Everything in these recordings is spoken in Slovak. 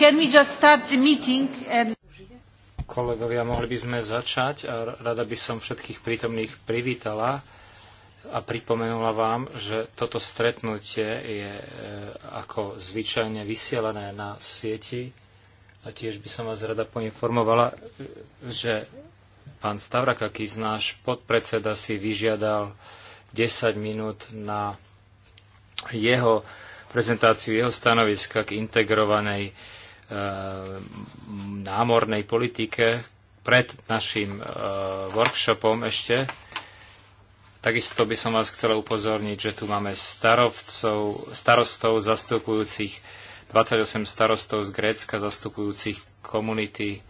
Can we just start the meeting and... Kolegovia, mohli by sme začať a rada by som všetkých prítomných privítala a pripomenula vám, že toto stretnutie je e, ako zvyčajne vysielané na sieti a tiež by som vás rada poinformovala, e, že pán Stavrakakis, náš podpredseda, si vyžiadal 10 minút na jeho prezentáciu jeho stanoviska k integrovanej Eh, námornej politike pred našim eh, workshopom ešte. Takisto by som vás chcel upozorniť, že tu máme starovcov, starostov zastupujúcich 28 starostov z Grécka, zastupujúcich komunity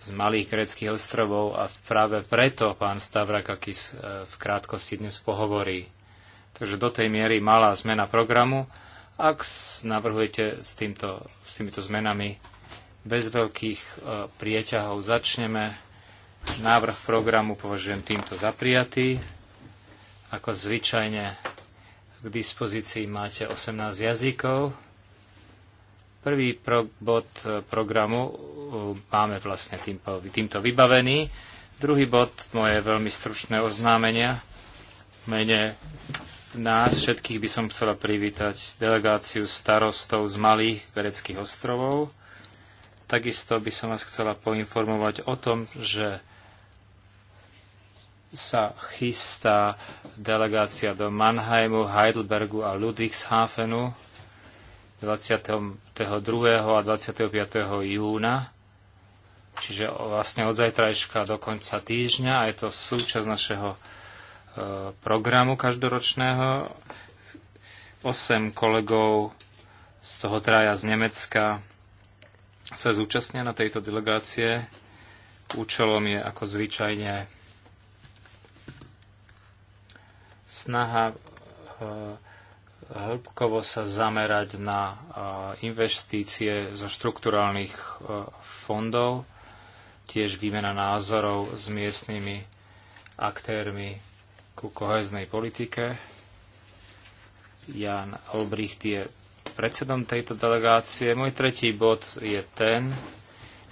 z malých gréckých ostrovov a práve preto pán Stavrakakis eh, v krátkosti dnes pohovorí. Takže do tej miery malá zmena programu. Ak navrhujete s, týmto, s týmito zmenami bez veľkých e, prieťahov začneme. Návrh programu považujem týmto za prijatý. Ako zvyčajne k dispozícii máte 18 jazykov. Prvý pro, bod e, programu e, máme vlastne týmto, týmto vybavený. Druhý bod, moje veľmi stručné oznámenia mene nás všetkých by som chcela privítať delegáciu starostov z malých greckých ostrovov. Takisto by som vás chcela poinformovať o tom, že sa chystá delegácia do Mannheimu, Heidelbergu a Ludwigshafenu 22. a 25. júna, čiže vlastne od zajtrajška do konca týždňa a je to súčasť našeho E, programu každoročného. Osem kolegov, z toho traja z Nemecka, sa zúčastnia na tejto delegácie. Účelom je ako zvyčajne snaha e, hĺbkovo sa zamerať na e, investície zo štrukturálnych fondov, tiež výmena názorov s miestnymi aktérmi ku koheznej politike. Jan Olbricht je predsedom tejto delegácie. Môj tretí bod je ten,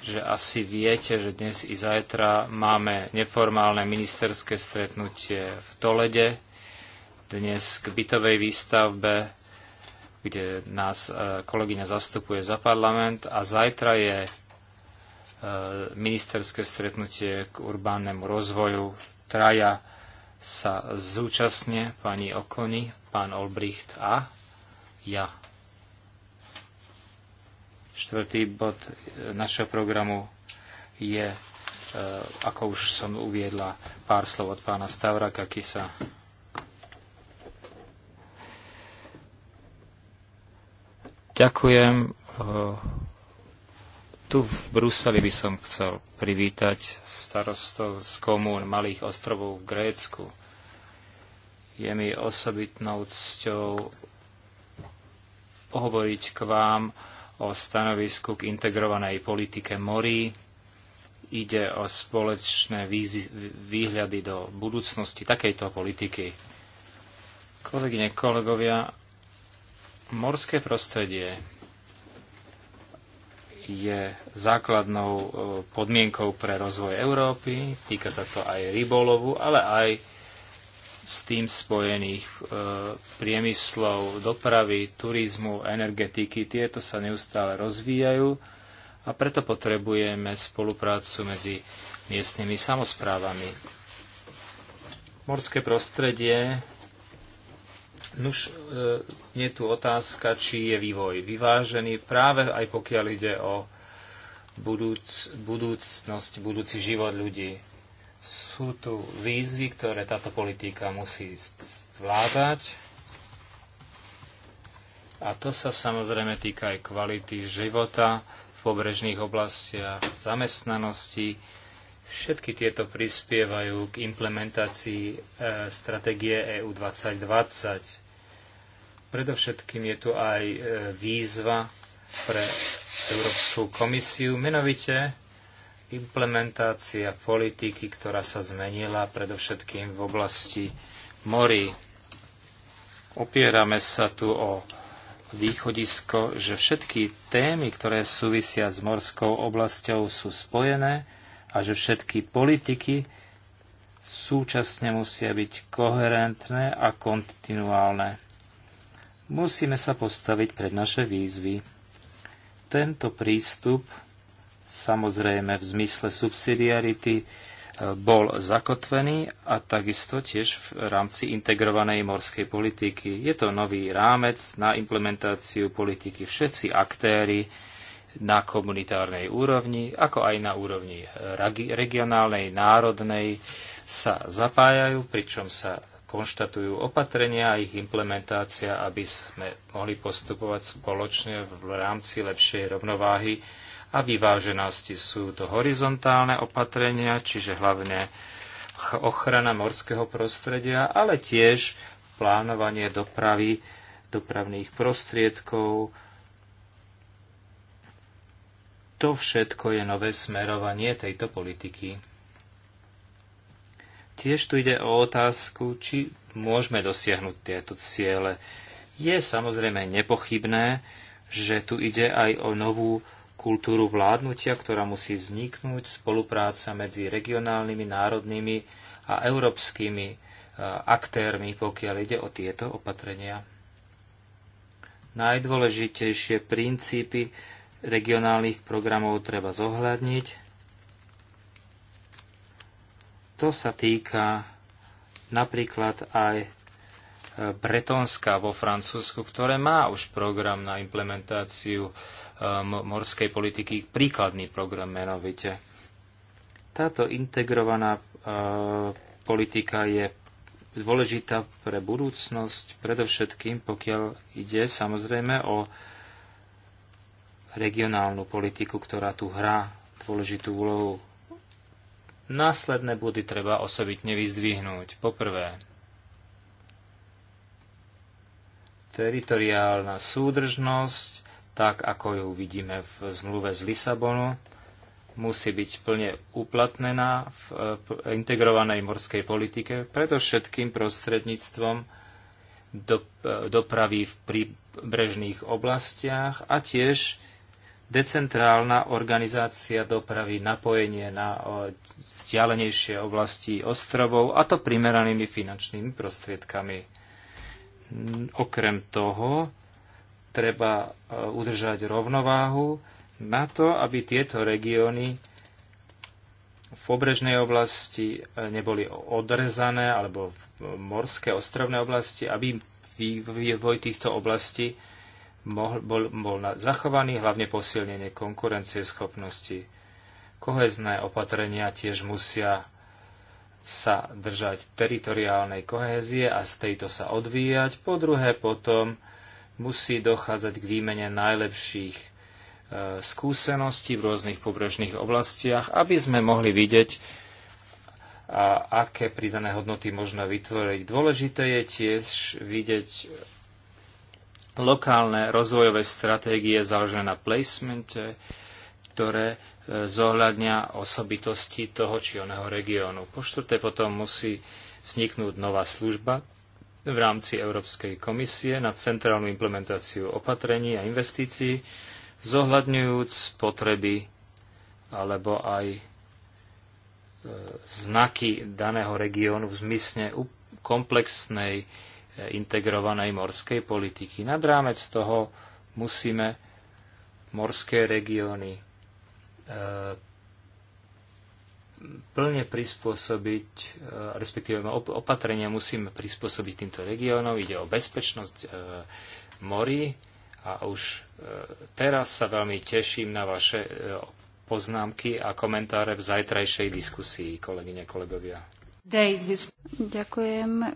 že asi viete, že dnes i zajtra máme neformálne ministerské stretnutie v Tolede, dnes k bytovej výstavbe, kde nás e, kolegyňa zastupuje za parlament a zajtra je e, ministerské stretnutie k urbánnemu rozvoju traja sa zúčastne pani Okony, pán Olbricht a ja. Štvrtý bod našeho programu je, e, ako už som uviedla, pár slov od pána Stavraka Kisa. Ďakujem. E, tu v Bruseli by som chcel privítať starostov z komún malých ostrovov v Grécku. Je mi osobitnou cťou hovoriť k vám o stanovisku k integrovanej politike morí. Ide o spoločné výhľady do budúcnosti takejto politiky. Kolegyne, kolegovia, morské prostredie je základnou e, podmienkou pre rozvoj Európy. Týka sa to aj rybolovu, ale aj s tým spojených e, priemyslov, dopravy, turizmu, energetiky. Tieto sa neustále rozvíjajú a preto potrebujeme spoluprácu medzi miestnymi samozprávami. Morské prostredie Nuž, je tu otázka, či je vývoj vyvážený práve aj pokiaľ ide o budúc, budúcnosť, budúci život ľudí. Sú tu výzvy, ktoré táto politika musí zvládať. A to sa samozrejme týka aj kvality života v pobrežných oblastiach, zamestnanosti. Všetky tieto prispievajú k implementácii e, stratégie EU 2020 Predovšetkým je tu aj e, výzva pre Európsku komisiu, menovite implementácia politiky, ktorá sa zmenila predovšetkým v oblasti morí. Opierame sa tu o východisko, že všetky témy, ktoré súvisia s morskou oblasťou, sú spojené a že všetky politiky súčasne musia byť koherentné a kontinuálne. Musíme sa postaviť pred naše výzvy. Tento prístup, samozrejme v zmysle subsidiarity, e, bol zakotvený a takisto tiež v rámci integrovanej morskej politiky. Je to nový rámec na implementáciu politiky všetci aktéry na komunitárnej úrovni, ako aj na úrovni regionálnej, národnej, sa zapájajú, pričom sa konštatujú opatrenia a ich implementácia, aby sme mohli postupovať spoločne v rámci lepšej rovnováhy a vyváženosti. Sú to horizontálne opatrenia, čiže hlavne ochrana morského prostredia, ale tiež plánovanie dopravy, dopravných prostriedkov. To všetko je nové smerovanie tejto politiky. Tiež tu ide o otázku, či môžeme dosiahnuť tieto ciele. Je samozrejme nepochybné, že tu ide aj o novú kultúru vládnutia, ktorá musí vzniknúť, spolupráca medzi regionálnymi, národnými a európskymi e, aktérmi, pokiaľ ide o tieto opatrenia. Najdôležitejšie princípy regionálnych programov treba zohľadniť, to sa týka napríklad aj e, Bretonska vo Francúzsku, ktoré má už program na implementáciu e, morskej politiky, príkladný program menovite. Táto integrovaná e, politika je dôležitá pre budúcnosť, predovšetkým pokiaľ ide samozrejme o regionálnu politiku, ktorá tu hrá dôležitú úlohu. Následné body treba osobitne vyzdvihnúť. Poprvé, teritoriálna súdržnosť, tak ako ju vidíme v zmluve z Lisabonu, musí byť plne uplatnená v e, integrovanej morskej politike, predovšetkým prostredníctvom e, dopravy v príbrežných oblastiach a tiež decentrálna organizácia dopravy, napojenie na vzdialenejšie oblasti ostrovov a to primeranými finančnými prostriedkami. Okrem toho treba e, udržať rovnováhu na to, aby tieto regióny v pobrežnej oblasti e, neboli odrezané alebo v morské ostrovné oblasti, aby vývoj týchto oblastí bol, bol zachovaný, hlavne posilnenie konkurencieschopnosti. Kohezné opatrenia tiež musia sa držať teritoriálnej kohézie a z tejto sa odvíjať. Po druhé potom musí dochádzať k výmene najlepších e, skúseností v rôznych pobrežných oblastiach, aby sme mohli vidieť, a aké pridané hodnoty možno vytvoriť. Dôležité je tiež vidieť lokálne rozvojové stratégie založené na placemente, ktoré e, zohľadňa osobitosti toho či oného regiónu. Po štvrté potom musí vzniknúť nová služba v rámci Európskej komisie na centrálnu implementáciu opatrení a investícií, zohľadňujúc potreby alebo aj e, znaky daného regiónu v zmysle komplexnej integrovanej morskej politiky. Nad rámec toho musíme morské regióny e, plne prispôsobiť, e, respektíve opatrenia musíme prispôsobiť týmto regiónom. Ide o bezpečnosť e, morí a už teraz sa veľmi teším na vaše poznámky a komentáre v zajtrajšej diskusii, kolegyne, kolegovia. Ďakujem.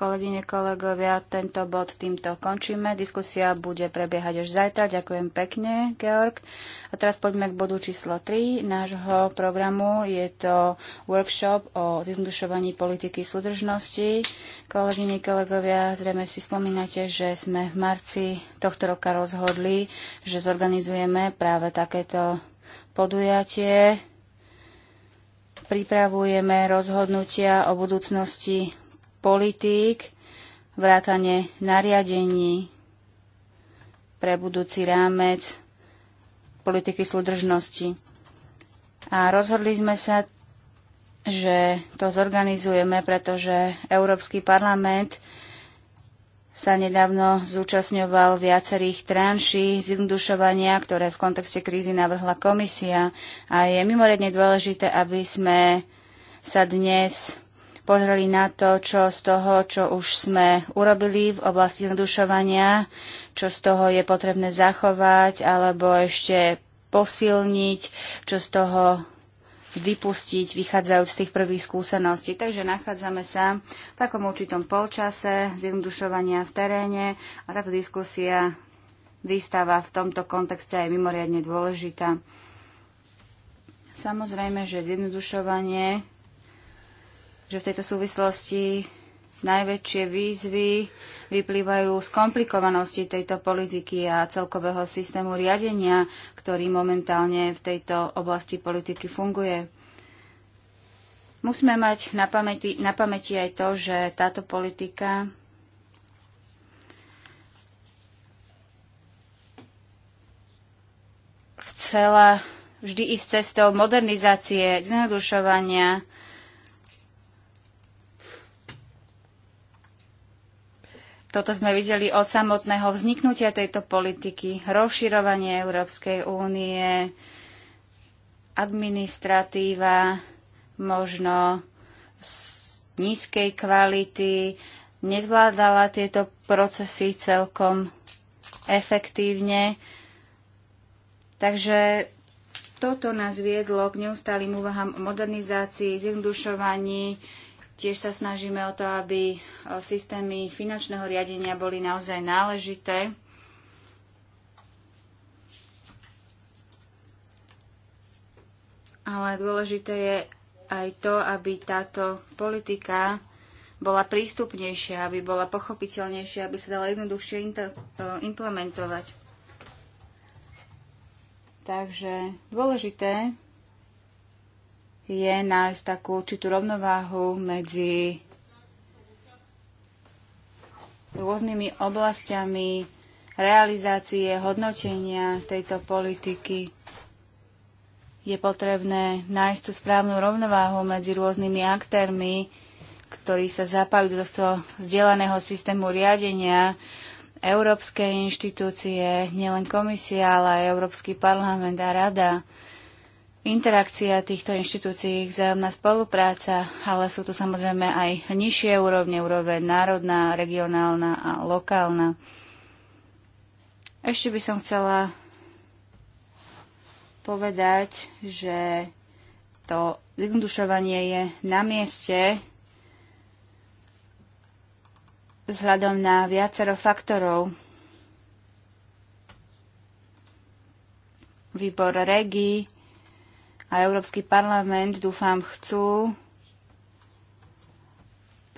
Kolegyne, kolegovia, tento bod týmto končíme. Diskusia bude prebiehať až zajtra. Ďakujem pekne, Georg. A teraz poďme k bodu číslo 3 nášho programu. Je to workshop o zjednodušovaní politiky súdržnosti. Kolegyne, kolegovia, zrejme si spomínate, že sme v marci tohto roka rozhodli, že zorganizujeme práve takéto podujatie pripravujeme rozhodnutia o budúcnosti politík, vrátane nariadení pre budúci rámec politiky súdržnosti. A rozhodli sme sa, že to zorganizujeme, pretože Európsky parlament sa nedávno zúčastňoval viacerých tranší zjednodušovania, ktoré v kontexte krízy navrhla komisia. A je mimoriadne dôležité, aby sme sa dnes pozreli na to, čo z toho, čo už sme urobili v oblasti zjednodušovania, čo z toho je potrebné zachovať alebo ešte posilniť, čo z toho vypustiť, vychádzajúc z tých prvých skúseností. Takže nachádzame sa v takom určitom polčase zjednodušovania v teréne a táto diskusia výstava v tomto kontexte je mimoriadne dôležitá. Samozrejme, že zjednodušovanie že v tejto súvislosti najväčšie výzvy vyplývajú z komplikovanosti tejto politiky a celkového systému riadenia, ktorý momentálne v tejto oblasti politiky funguje. Musíme mať na pamäti, na pamäti aj to, že táto politika chcela vždy ísť cestou modernizácie, zjednodušovania Toto sme videli od samotného vzniknutia tejto politiky, rozširovanie Európskej únie, administratíva možno z nízkej kvality nezvládala tieto procesy celkom efektívne. Takže toto nás viedlo k neustálým úvahám o modernizácii, zjednodušovaní, Tiež sa snažíme o to, aby e, systémy finančného riadenia boli naozaj náležité. Ale dôležité je aj to, aby táto politika bola prístupnejšia, aby bola pochopiteľnejšia, aby sa dala jednoduchšie e, implementovať. Takže dôležité je nájsť takú určitú rovnováhu medzi rôznymi oblastiami realizácie, hodnotenia tejto politiky. Je potrebné nájsť tú správnu rovnováhu medzi rôznymi aktérmi, ktorí sa zapájajú do tohto vzdelaného systému riadenia, európske inštitúcie, nielen komisia, ale aj Európsky parlament a rada interakcia týchto inštitúcií, ich vzájomná spolupráca, ale sú tu samozrejme aj nižšie úrovne, úroveň národná, regionálna a lokálna. Ešte by som chcela povedať, že to zjednodušovanie je na mieste vzhľadom na viacero faktorov. Výbor regií a Európsky parlament, dúfam, chcú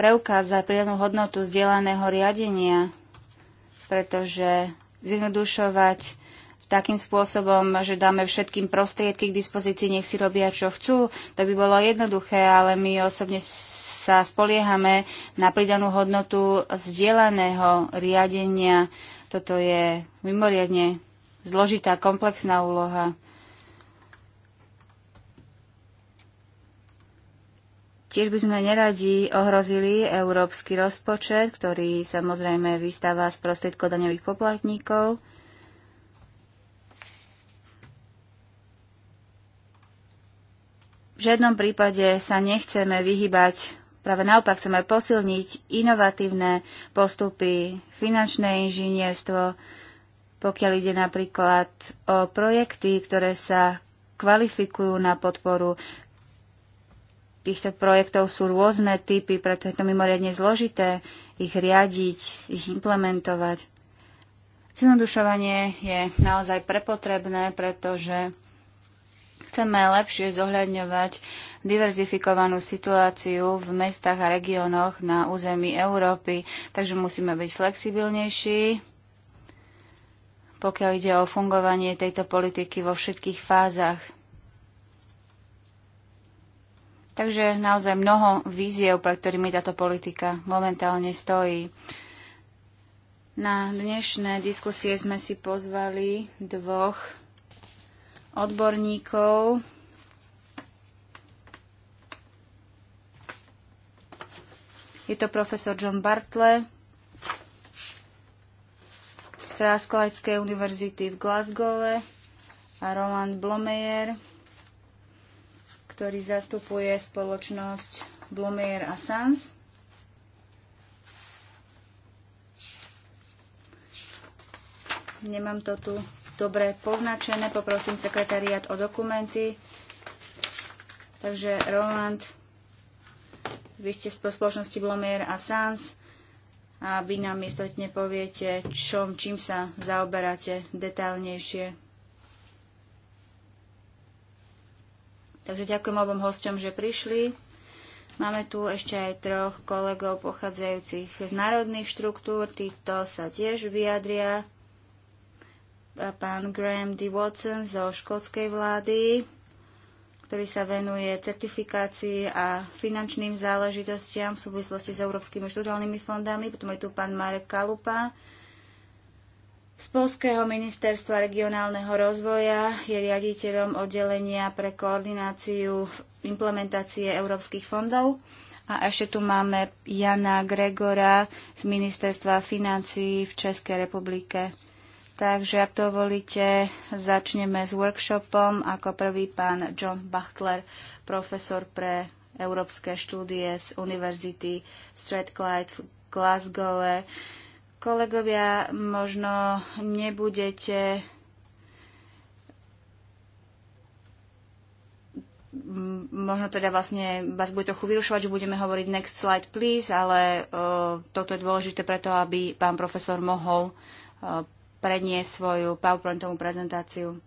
preukázať prídenú hodnotu zdieľaného riadenia, pretože zjednodušovať takým spôsobom, že dáme všetkým prostriedky k dispozícii, nech si robia, čo chcú. To by bolo jednoduché, ale my osobne sa spoliehame na pridanú hodnotu zdieľaného riadenia. Toto je mimoriadne zložitá, komplexná úloha. Tiež by sme neradi ohrozili európsky rozpočet, ktorý samozrejme vystáva z prostriedkov daňových poplatníkov. V žiadnom prípade sa nechceme vyhybať, práve naopak chceme posilniť inovatívne postupy, finančné inžinierstvo, pokiaľ ide napríklad o projekty, ktoré sa kvalifikujú na podporu týchto projektov sú rôzne typy, preto je to mimoriadne zložité ich riadiť, ich implementovať. Zjednodušovanie je naozaj prepotrebné, pretože chceme lepšie zohľadňovať diverzifikovanú situáciu v mestách a regiónoch na území Európy, takže musíme byť flexibilnejší, pokiaľ ide o fungovanie tejto politiky vo všetkých fázach. Takže naozaj mnoho víziev, pre ktorými táto politika momentálne stojí. Na dnešné diskusie sme si pozvali dvoch odborníkov. Je to profesor John Bartle z Trásklajskej univerzity v Glasgow a Roland Blomeyer ktorý zastupuje spoločnosť Blumier a Sons. Nemám to tu dobre poznačené. Poprosím sekretariat o dokumenty. Takže Roland, vy ste z spoločnosti Blomier a Sans a vy nám istotne poviete, čom, čím sa zaoberáte detálnejšie. Takže ďakujem obom hosťom, že prišli. Máme tu ešte aj troch kolegov pochádzajúcich z národných štruktúr. Títo sa tiež vyjadria. Pán Graham D. Watson zo škótskej vlády, ktorý sa venuje certifikácii a finančným záležitostiam v súvislosti s európskymi študálnymi fondami. Potom je tu pán Marek Kalupa, z Polského ministerstva regionálneho rozvoja je riaditeľom oddelenia pre koordináciu implementácie európskych fondov. A ešte tu máme Jana Gregora z Ministerstva financií v Českej republike. Takže, ak to volíte, začneme s workshopom. Ako prvý pán John Bachtler, profesor pre európske štúdie z Univerzity Strathclyde v Glasgowe Kolegovia, možno nebudete možno teda vlastne vás bude trochu vyrušovať, že budeme hovoriť next slide please, ale uh, toto je dôležité preto, aby pán profesor mohol uh, predniesť svoju PowerPointovú prezentáciu.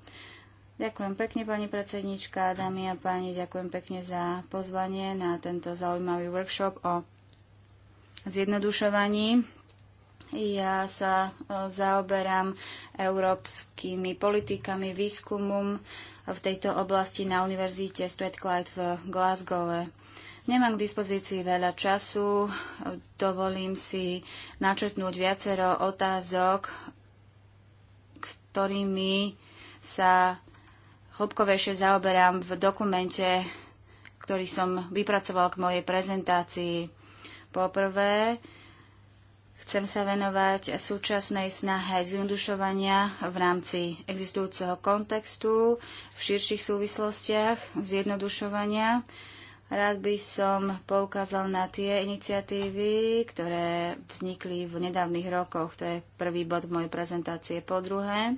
Ďakujem pekne, pani predsednička, dámy a páni, ďakujem pekne za pozvanie na tento zaujímavý workshop o zjednodušovaní ja sa e, zaoberám európskymi politikami, výskumom v tejto oblasti na univerzite Strathclyde v Glasgow. Nemám k dispozícii veľa času, dovolím si načetnúť viacero otázok, s ktorými sa hlubkovejšie zaoberám v dokumente, ktorý som vypracoval k mojej prezentácii. Poprvé, Chcem sa venovať súčasnej snahe zjednodušovania v rámci existujúceho kontextu, v širších súvislostiach zjednodušovania. Rád by som poukázal na tie iniciatívy, ktoré vznikli v nedávnych rokoch. To je prvý bod mojej prezentácie. Po druhé,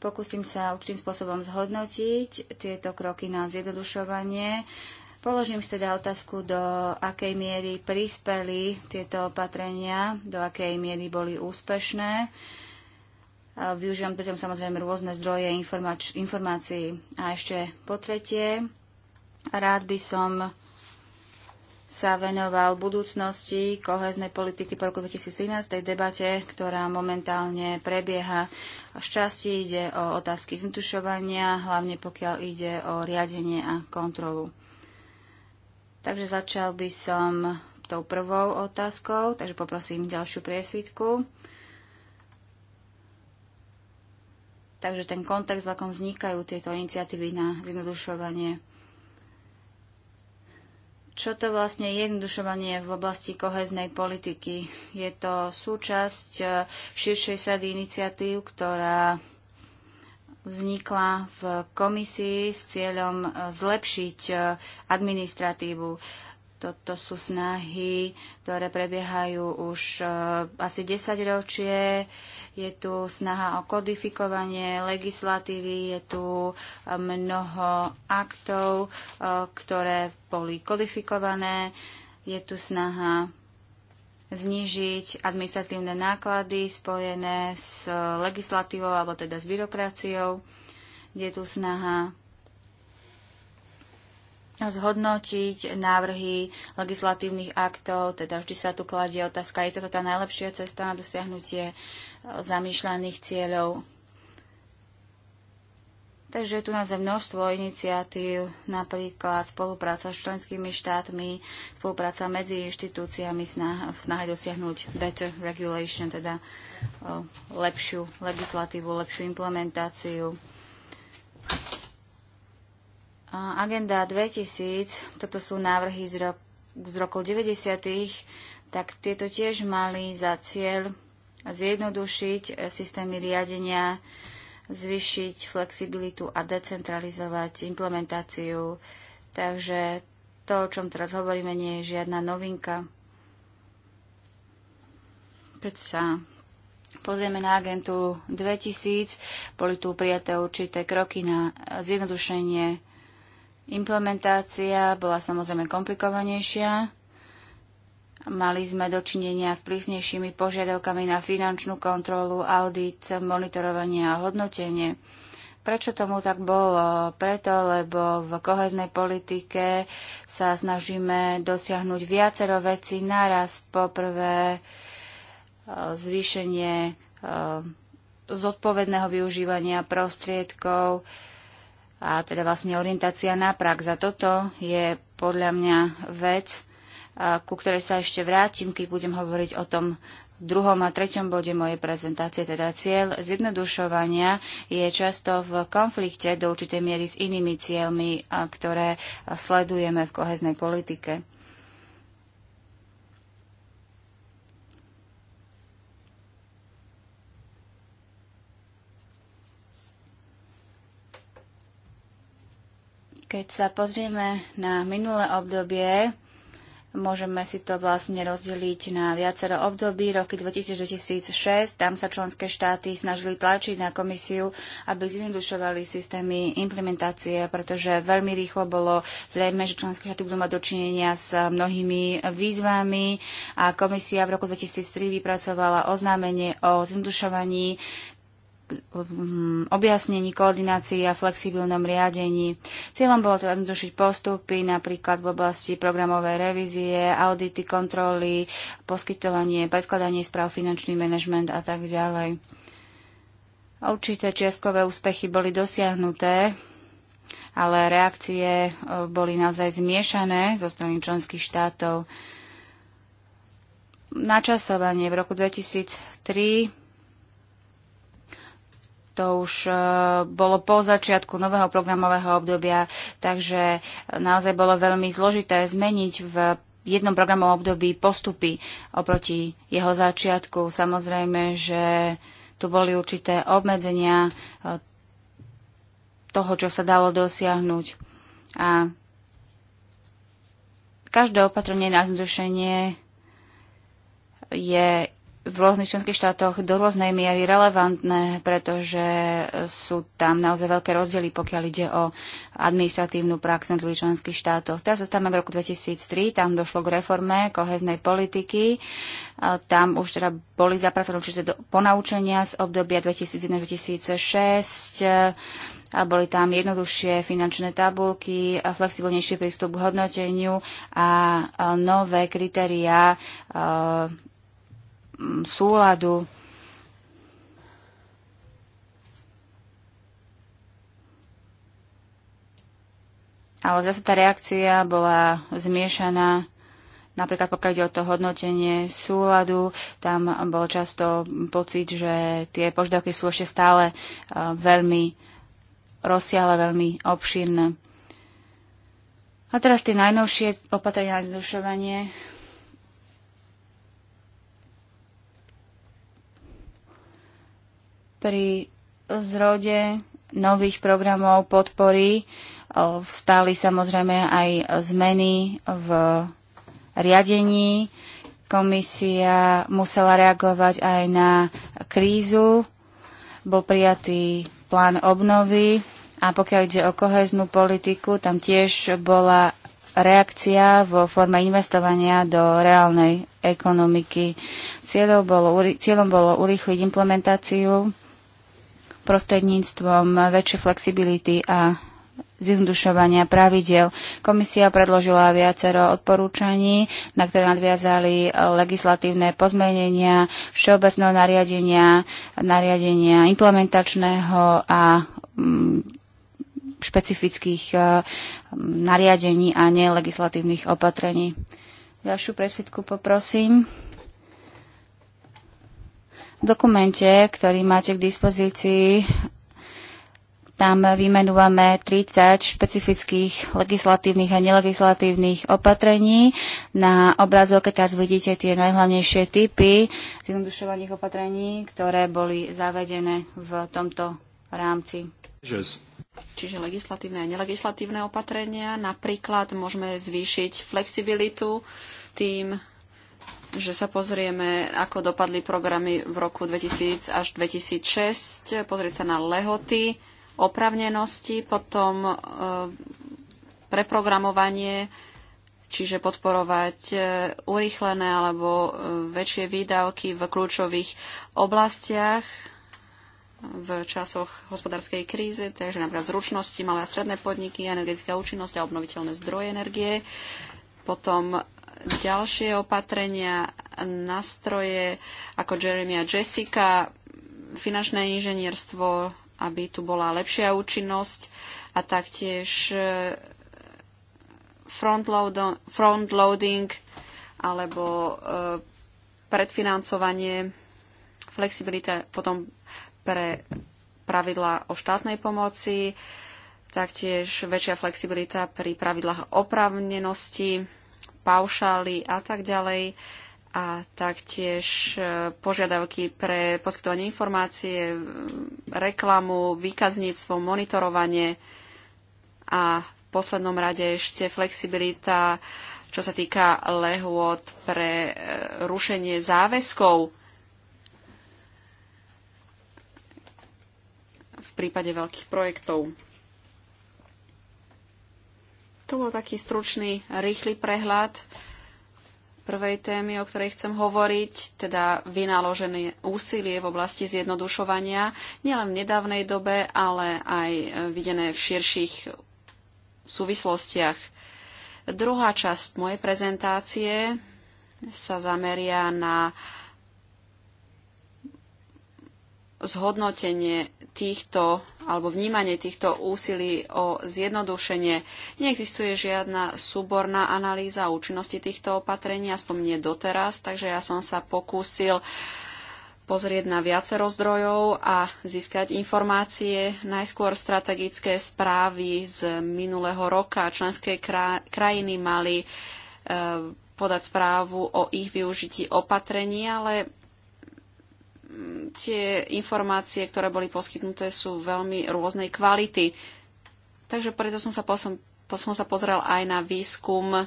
pokúsim sa určitým spôsobom zhodnotiť tieto kroky na zjednodušovanie Položím si teda otázku, do akej miery prispeli tieto opatrenia, do akej miery boli úspešné. Využívam pritom samozrejme rôzne zdroje informač- informácií. A ešte po tretie, rád by som sa venoval budúcnosti koheznej politiky po roku 2013, tej debate, ktorá momentálne prebieha. V časti ide o otázky zintušovania, hlavne pokiaľ ide o riadenie a kontrolu. Takže začal by som tou prvou otázkou, takže poprosím ďalšiu priesvitku. Takže ten kontext, v akom vznikajú tieto iniciatívy na zjednodušovanie. Čo to vlastne je zjednodušovanie v oblasti koheznej politiky? Je to súčasť eh, širšej sady iniciatív, ktorá vznikla v komisii s cieľom e, zlepšiť e, administratívu. Toto sú snahy, ktoré prebiehajú už e, asi 10 ročie. Je tu snaha o kodifikovanie legislatívy, je tu mnoho aktov, ktoré boli kodifikované. Je tu snaha znížiť administratívne náklady spojené s legislatívou alebo teda s byrokraciou. kde Je tu snaha zhodnotiť návrhy legislatívnych aktov, teda vždy sa tu kladie otázka, je to tá najlepšia cesta na dosiahnutie zamýšľaných cieľov. Takže tu tu naozaj množstvo iniciatív, napríklad spolupráca s členskými štátmi, spolupráca medzi inštitúciami v snahe dosiahnuť better regulation, teda lepšiu legislatívu, lepšiu implementáciu. Agenda 2000, toto sú návrhy z, rok, z rokov 90., tak tieto tiež mali za cieľ zjednodušiť e, systémy riadenia, zvyšiť flexibilitu a decentralizovať implementáciu. Takže to, o čom teraz hovoríme, nie je žiadna novinka. Keď sa pozrieme na agentu 2000, boli tu prijaté určité kroky na zjednodušenie implementácia, bola samozrejme komplikovanejšia Mali sme dočinenia s prísnejšími požiadavkami na finančnú kontrolu, audit, monitorovanie a hodnotenie. Prečo tomu tak bolo? Preto, lebo v koheznej politike sa snažíme dosiahnuť viacero vecí naraz. Poprvé eh, zvýšenie eh, zodpovedného využívania prostriedkov a teda vlastne orientácia na prax. A toto je podľa mňa vec, ku ktorej sa ešte vrátim, keď budem hovoriť o tom v druhom a treťom bode mojej prezentácie, teda cieľ zjednodušovania, je často v konflikte do určitej miery s inými cieľmi, ktoré sledujeme v koheznej politike. Keď sa pozrieme na minulé obdobie, Môžeme si to vlastne rozdeliť na viacero období. Roky 2000-2006, tam sa členské štáty snažili tlačiť na komisiu, aby zjednodušovali systémy implementácie, pretože veľmi rýchlo bolo zrejme, že členské štáty budú mať dočinenia s mnohými výzvami a komisia v roku 2003 vypracovala oznámenie o zjednodušovaní, objasnení, koordinácii a flexibilnom riadení. Cieľom bolo teda zdušiť postupy napríklad v oblasti programovej revízie, audity, kontroly, poskytovanie, predkladanie správ, finančný manažment a tak ďalej. Určité čiastkové úspechy boli dosiahnuté, ale reakcie e, boli naozaj zmiešané zo strany členských štátov. Načasovanie v roku 2003 to už e, bolo po začiatku nového programového obdobia, takže naozaj bolo veľmi zložité zmeniť v jednom programovom období postupy oproti jeho začiatku. Samozrejme, že tu boli určité obmedzenia e, toho, čo sa dalo dosiahnuť. A každé opatrenie na zrušenie je v rôznych členských štátoch do rôznej miery relevantné, pretože sú tam naozaj veľké rozdiely, pokiaľ ide o administratívnu prax na druhých členských štátoch. Teraz sa stáme v roku 2003, tam došlo k reforme koheznej politiky. Tam už teda boli zapracované určité ponaučenia z obdobia 2001-2006 a boli tam jednoduchšie finančné tabulky, flexibilnejší prístup k hodnoteniu a nové kritériá Mm, súladu. Ale zase tá reakcia bola zmiešaná. Napríklad pokiaľ ide o to hodnotenie súladu, tam bol často pocit, že tie požiadavky sú ešte stále e, veľmi rozsiahle, veľmi obšírne. A teraz tie najnovšie opatrenia na zrušovanie pri zrode nových programov podpory vstali samozrejme aj zmeny v riadení. Komisia musela reagovať aj na krízu. Bol prijatý plán obnovy a pokiaľ ide o koheznú politiku, tam tiež bola reakcia vo forme investovania do reálnej ekonomiky. Cieľom bolo, cieľom bolo urýchliť implementáciu prostredníctvom väčšej flexibility a zjednodušovania pravidel. Komisia predložila viacero odporúčaní, na ktoré nadviazali legislatívne pozmenenia, všeobecného nariadenia, nariadenia implementačného a mm, špecifických e, mm, nariadení a nelegislatívnych opatrení. Ďalšiu presvitku poprosím dokumente, ktorý máte k dispozícii, tam vymenúvame 30 špecifických legislatívnych a nelegislatívnych opatrení. Na obrazovke teraz vidíte tie najhlavnejšie typy zjednodušovaných opatrení, ktoré boli zavedené v tomto rámci. Yes. Čiže legislatívne a nelegislatívne opatrenia. Napríklad môžeme zvýšiť flexibilitu tým, že sa pozrieme, ako dopadli programy v roku 2000 až 2006, pozrieť sa na lehoty, opravnenosti, potom e, preprogramovanie, čiže podporovať e, urýchlené alebo e, väčšie výdavky v kľúčových oblastiach v časoch hospodárskej krízy, takže napríklad zručnosti, malé a stredné podniky, energetická účinnosť a obnoviteľné zdroje energie, potom ďalšie opatrenia, nástroje ako Jeremy a Jessica, finančné inženierstvo, aby tu bola lepšia účinnosť a taktiež e, frontloading loading alebo e, predfinancovanie, flexibilita potom pre pravidlá o štátnej pomoci, taktiež väčšia flexibilita pri pravidlách oprávnenosti paušály a tak ďalej a taktiež e, požiadavky pre poskytovanie informácie, e, reklamu, výkazníctvo, monitorovanie a v poslednom rade ešte flexibilita, čo sa týka lehôd pre e, rušenie záväzkov v prípade veľkých projektov. To bol taký stručný, rýchly prehľad prvej témy, o ktorej chcem hovoriť, teda vynaložené úsilie v oblasti zjednodušovania, nielen v nedávnej dobe, ale aj e, videné v širších súvislostiach. Druhá časť mojej prezentácie sa zameria na uh, zhodnotenie týchto alebo vnímanie týchto úsilí o zjednodušenie. Neexistuje žiadna súborná analýza účinnosti týchto opatrení, aspoň nie doteraz, takže ja som sa pokúsil pozrieť na viacero zdrojov a získať informácie, najskôr strategické správy z minulého roka. Členské krajiny mali eh, podať správu o ich využití opatrení, ale tie informácie, ktoré boli poskytnuté, sú veľmi rôznej kvality. Takže preto som sa, posom, som sa pozrel aj na výskum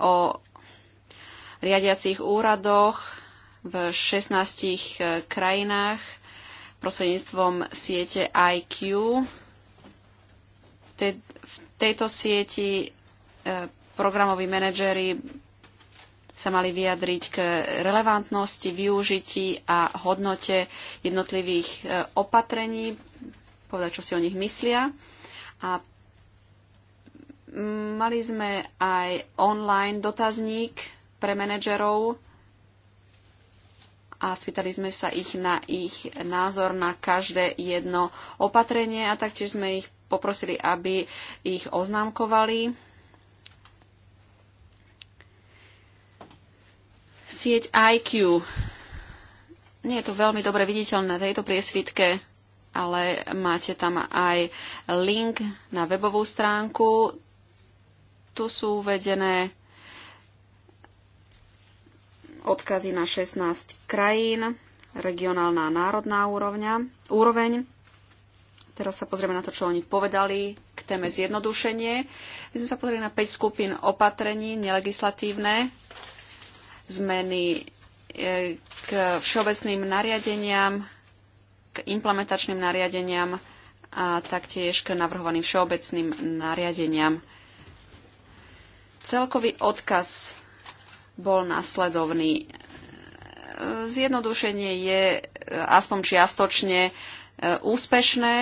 o riadiacich úradoch v 16 e, krajinách prostredníctvom siete IQ. V tejto sieti e, programoví manažery sa mali vyjadriť k relevantnosti, využití a hodnote jednotlivých e, opatrení, povedať, čo si o nich myslia. A mali sme aj online dotazník pre manažerov a spýtali sme sa ich na ich názor na každé jedno opatrenie a taktiež sme ich poprosili, aby ich oznámkovali Sieť IQ. Nie je to veľmi dobre viditeľné na tejto priesvitke, ale máte tam aj link na webovú stránku. Tu sú uvedené odkazy na 16 krajín, regionálna a národná úrovňa, úroveň. Teraz sa pozrieme na to, čo oni povedali k téme zjednodušenie. My sme sa pozreli na 5 skupín opatrení nelegislatívne, zmeny e, k všeobecným nariadeniam, k implementačným nariadeniam a taktiež k navrhovaným všeobecným nariadeniam. Celkový odkaz bol následovný. E, zjednodušenie je e, aspoň čiastočne úspešné.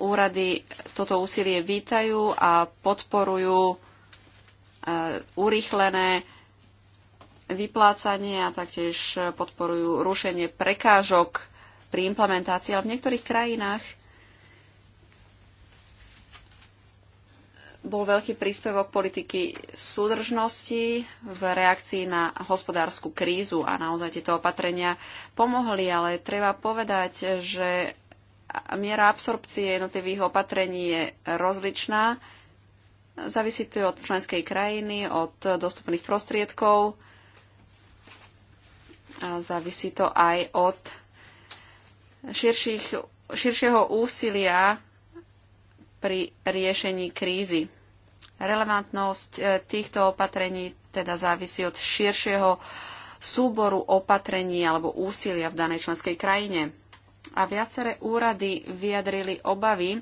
Úrady toto úsilie vítajú a podporujú urýchlené vyplácanie a taktiež podporujú rušenie prekážok pri implementácii, ale v niektorých krajinách bol veľký príspevok politiky súdržnosti v reakcii na hospodárskú krízu a naozaj tieto opatrenia pomohli, ale treba povedať, že miera absorpcie jednotlivých opatrení je rozličná. Závisí to od členskej krajiny, od dostupných prostriedkov závisí to aj od širších, širšieho úsilia pri riešení krízy. Relevantnosť e, týchto opatrení teda závisí od širšieho súboru opatrení alebo úsilia v danej členskej krajine. A viaceré úrady vyjadrili obavy,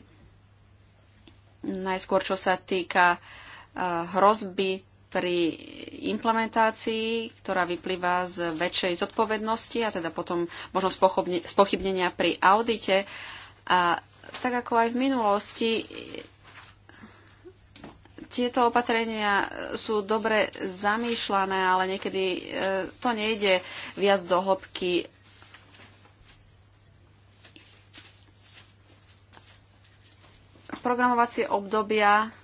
najskôr čo sa týka e, hrozby pri implementácii, ktorá vyplýva z väčšej zodpovednosti a teda potom možno spochybnenia pri audite. A tak ako aj v minulosti, tieto opatrenia sú dobre zamýšľané, ale niekedy e, to nejde viac do hĺbky programovacie obdobia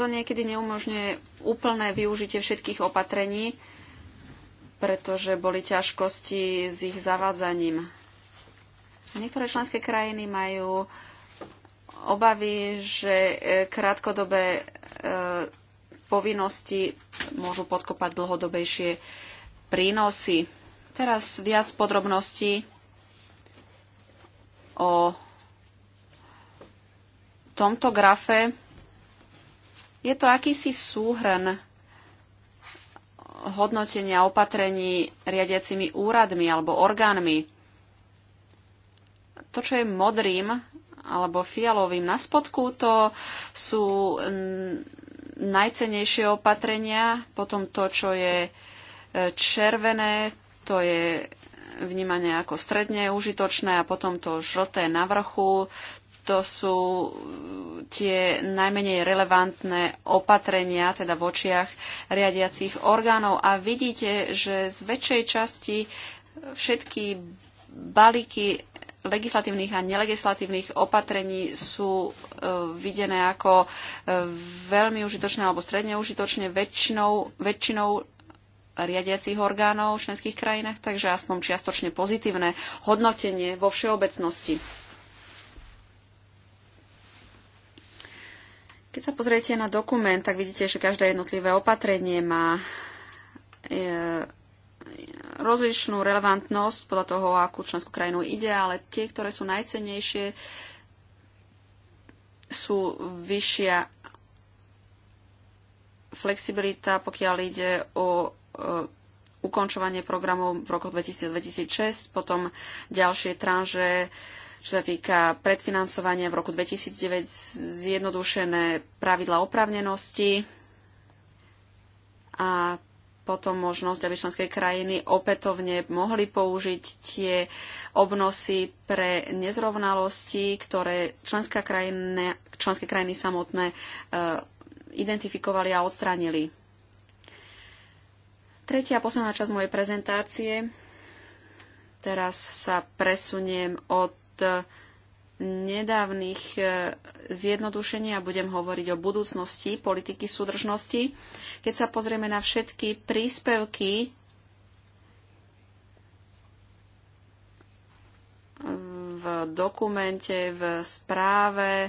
to niekedy neumožňuje úplné využitie všetkých opatrení, pretože boli ťažkosti s ich zavádzaním. Niektoré členské krajiny majú obavy, že e, krátkodobé e, povinnosti môžu podkopať dlhodobejšie prínosy. Teraz viac podrobností o tomto grafe je to akýsi súhrn hodnotenia opatrení riadiacimi úradmi alebo orgánmi. To, čo je modrým alebo fialovým na spodku, to sú najcenejšie opatrenia, potom to, čo je e, červené, to je vnímané ako stredne užitočné a potom to žlté na vrchu, to sú e, tie najmenej relevantné opatrenia, teda v očiach riadiacich orgánov. A vidíte, že z väčšej časti všetky balíky legislatívnych a nelegislatívnych opatrení sú e, videné ako e, veľmi užitočné alebo stredne užitočné väčšinou, väčšinou riadiacich orgánov v členských krajinách, takže aspoň čiastočne pozitívne hodnotenie vo všeobecnosti. Keď sa pozriete na dokument, tak vidíte, že každé jednotlivé opatrenie má e, rozlišnú relevantnosť podľa toho, akú členskú krajinu ide, ale tie, ktoré sú najcennejšie, sú vyššia flexibilita, pokiaľ ide o e, ukončovanie programov v roku 2000-2006, potom ďalšie tranže čo sa týka predfinancovania v roku 2009 zjednodušené pravidla oprávnenosti a potom možnosť, aby členské krajiny opätovne mohli použiť tie obnosy pre nezrovnalosti, ktoré členská členské krajiny samotné e, identifikovali a odstránili. Tretia a posledná časť mojej prezentácie Teraz sa presuniem od nedávnych e, zjednodušení a budem hovoriť o budúcnosti politiky súdržnosti. Keď sa pozrieme na všetky príspevky v dokumente, v správe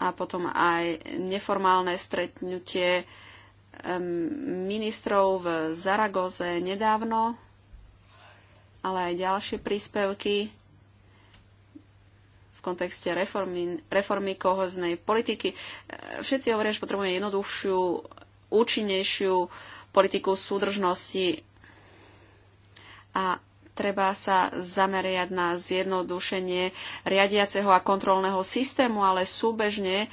a potom aj neformálne stretnutie ministrov v Zaragoze nedávno, ale aj ďalšie príspevky v kontexte reformy, reformy kohoznej politiky. E, všetci hovoria, že potrebujeme jednoduchšiu, účinnejšiu politiku súdržnosti a treba sa zameriať na zjednodušenie riadiaceho a kontrolného systému, ale súbežne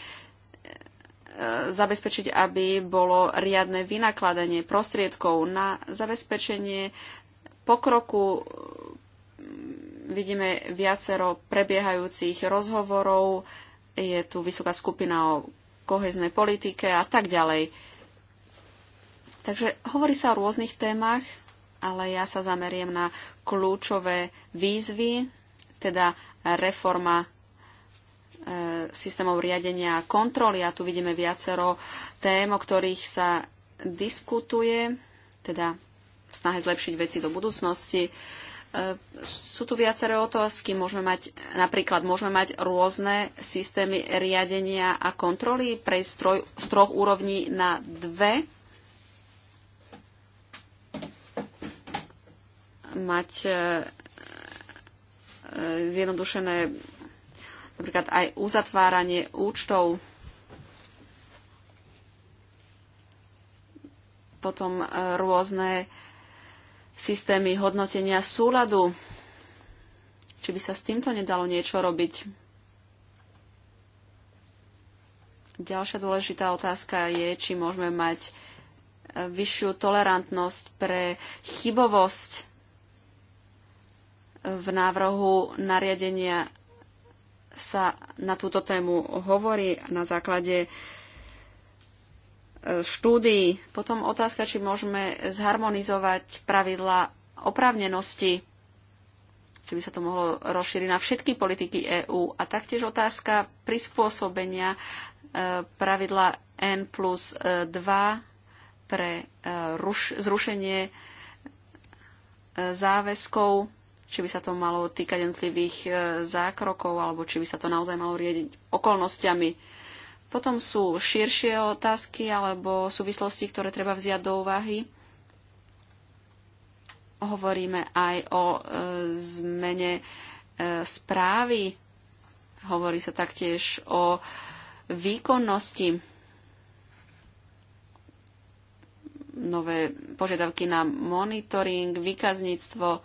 zabezpečiť, aby bolo riadne vynakladanie prostriedkov na zabezpečenie pokroku. Vidíme viacero prebiehajúcich rozhovorov, je tu vysoká skupina o koheznej politike a tak ďalej. Takže hovorí sa o rôznych témach, ale ja sa zameriem na kľúčové výzvy, teda reforma E, systémov riadenia a kontroly. A tu vidíme viacero tém, o ktorých sa diskutuje, teda v snahe zlepšiť veci do budúcnosti. E, sú tu viaceré otázky. Môžeme mať, napríklad môžeme mať rôzne systémy riadenia a kontroly, pre stroj, z troch úrovní na dve. Mať e, zjednodušené napríklad aj uzatváranie účtov. Potom e, rôzne systémy hodnotenia súladu. Či by sa s týmto nedalo niečo robiť? Ďalšia dôležitá otázka je, či môžeme mať e, vyššiu tolerantnosť pre chybovosť v návrhu nariadenia sa na túto tému hovorí na základe e, štúdií. Potom otázka, či môžeme zharmonizovať pravidla oprávnenosti, či by sa to mohlo rozšíriť na všetky politiky EÚ. A taktiež otázka prispôsobenia e, pravidla N plus 2 e, pre zrušenie záväzkov či by sa to malo týkať jednotlivých e, zákrokov, alebo či by sa to naozaj malo riediť okolnostiami. Potom sú širšie otázky alebo súvislosti, ktoré treba vziať do úvahy. Hovoríme aj o e, zmene e, správy. Hovorí sa taktiež o výkonnosti. Nové požiadavky na monitoring, výkazníctvo,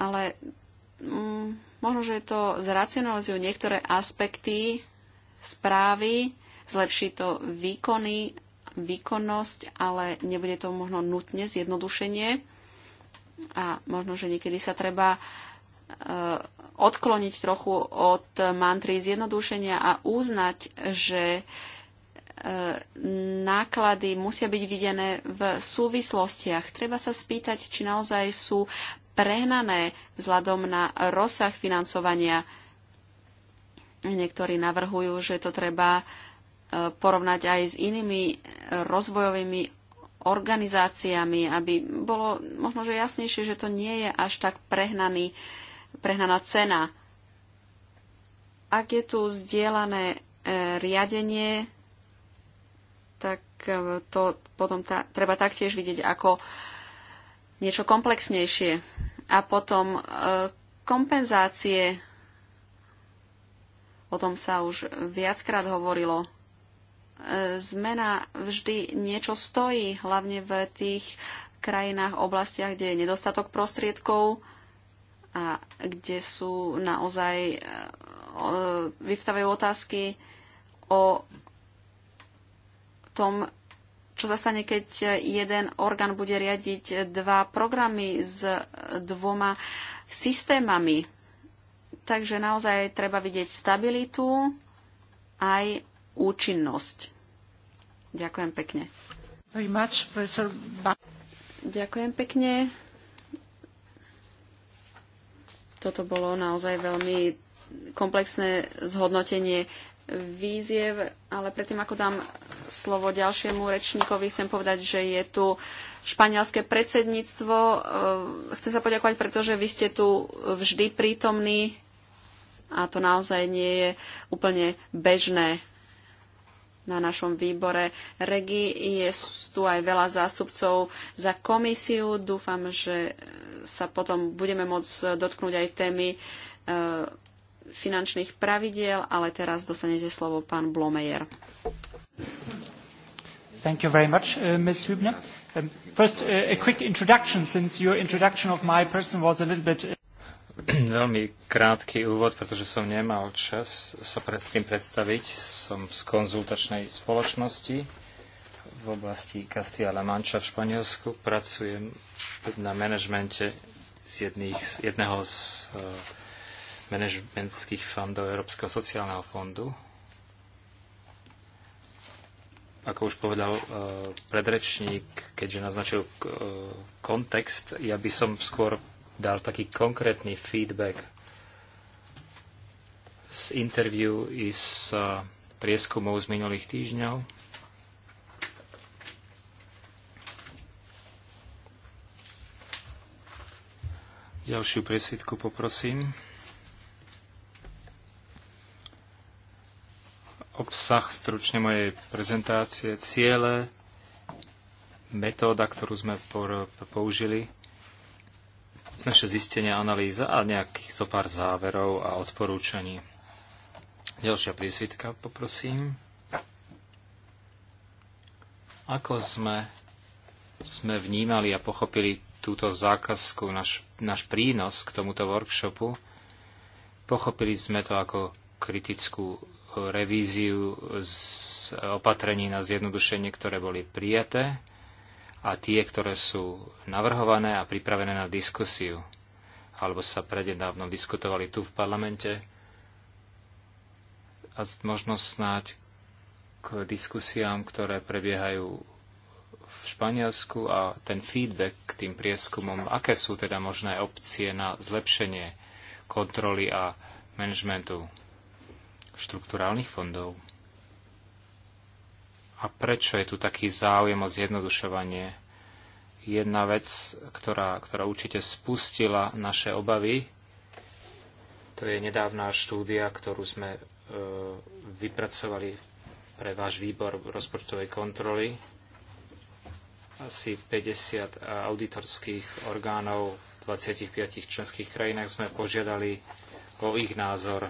ale mm, možno, že to zracionalizujú niektoré aspekty správy, zlepší to výkony, výkonnosť, ale nebude to možno nutne zjednodušenie a možno, že niekedy sa treba e, odkloniť trochu od mantry zjednodušenia a uznať, že e, náklady musia byť videné v súvislostiach. Treba sa spýtať, či naozaj sú prehnané vzhľadom na rozsah financovania. Niektorí navrhujú, že to treba e, porovnať aj s inými rozvojovými organizáciami, aby bolo možno, že jasnejšie, že to nie je až tak prehnaný, prehnaná cena. Ak je tu zdieľané e, riadenie, tak e, to potom tá, treba taktiež vidieť ako niečo komplexnejšie. A potom e, kompenzácie, o tom sa už viackrát hovorilo. E, zmena vždy niečo stojí, hlavne v tých krajinách, oblastiach, kde je nedostatok prostriedkov a kde sú naozaj e, vyvstávajú otázky o tom, čo sa stane, keď jeden orgán bude riadiť dva programy s dvoma systémami. Takže naozaj treba vidieť stabilitu aj účinnosť. Ďakujem pekne. Much, Ďakujem pekne. Toto bolo naozaj veľmi komplexné zhodnotenie výziev, ale predtým ako dám slovo ďalšiemu rečníkovi, chcem povedať, že je tu španielské predsedníctvo. E, chcem sa poďakovať, pretože vy ste tu vždy prítomní a to naozaj nie je úplne bežné na našom výbore. Regi je tu aj veľa zástupcov za komisiu. Dúfam, že sa potom budeme môcť dotknúť aj témy e, finančných pravidiel, ale teraz dostanete slovo pán Blomeyer. Thank you very much, uh, Ms. Hübner. Um, first, uh, a quick introduction, since your introduction of my person was a little bit... Uh, Veľmi krátky úvod, pretože som nemal čas sa pred tým predstaviť. Som z konzultačnej spoločnosti v oblasti Castilla-La Mancha v Španielsku. Pracujem na manažmente z jedných, jedného z uh, manažmentských fondov Európskeho sociálneho fondu. Ako už povedal e, predrečník, keďže naznačil e, kontext, ja by som skôr dal taký konkrétny feedback z interviu i z e, prieskumov z minulých týždňov. Ďalšiu presvitku poprosím. obsah stručne mojej prezentácie, ciele, metóda, ktorú sme použili, naše zistenia, analýza a nejakých zo pár záverov a odporúčaní. Ďalšia prísvitka, poprosím. Ako sme, sme vnímali a pochopili túto zákazku, náš, náš prínos k tomuto workshopu, pochopili sme to ako kritickú revíziu z opatrení na zjednodušenie, ktoré boli prijaté a tie, ktoré sú navrhované a pripravené na diskusiu alebo sa prededávno diskutovali tu v parlamente a možno snáď k diskusiám, ktoré prebiehajú v Španielsku a ten feedback k tým prieskumom, aké sú teda možné opcie na zlepšenie kontroly a manažmentu štrukturálnych fondov. A prečo je tu taký záujem o zjednodušovanie? Jedna vec, ktorá, ktorá určite spustila naše obavy, to je nedávna štúdia, ktorú sme e, vypracovali pre váš výbor rozpočtovej kontroly. Asi 50 auditorských orgánov v 25 členských krajinách sme požiadali o ich názor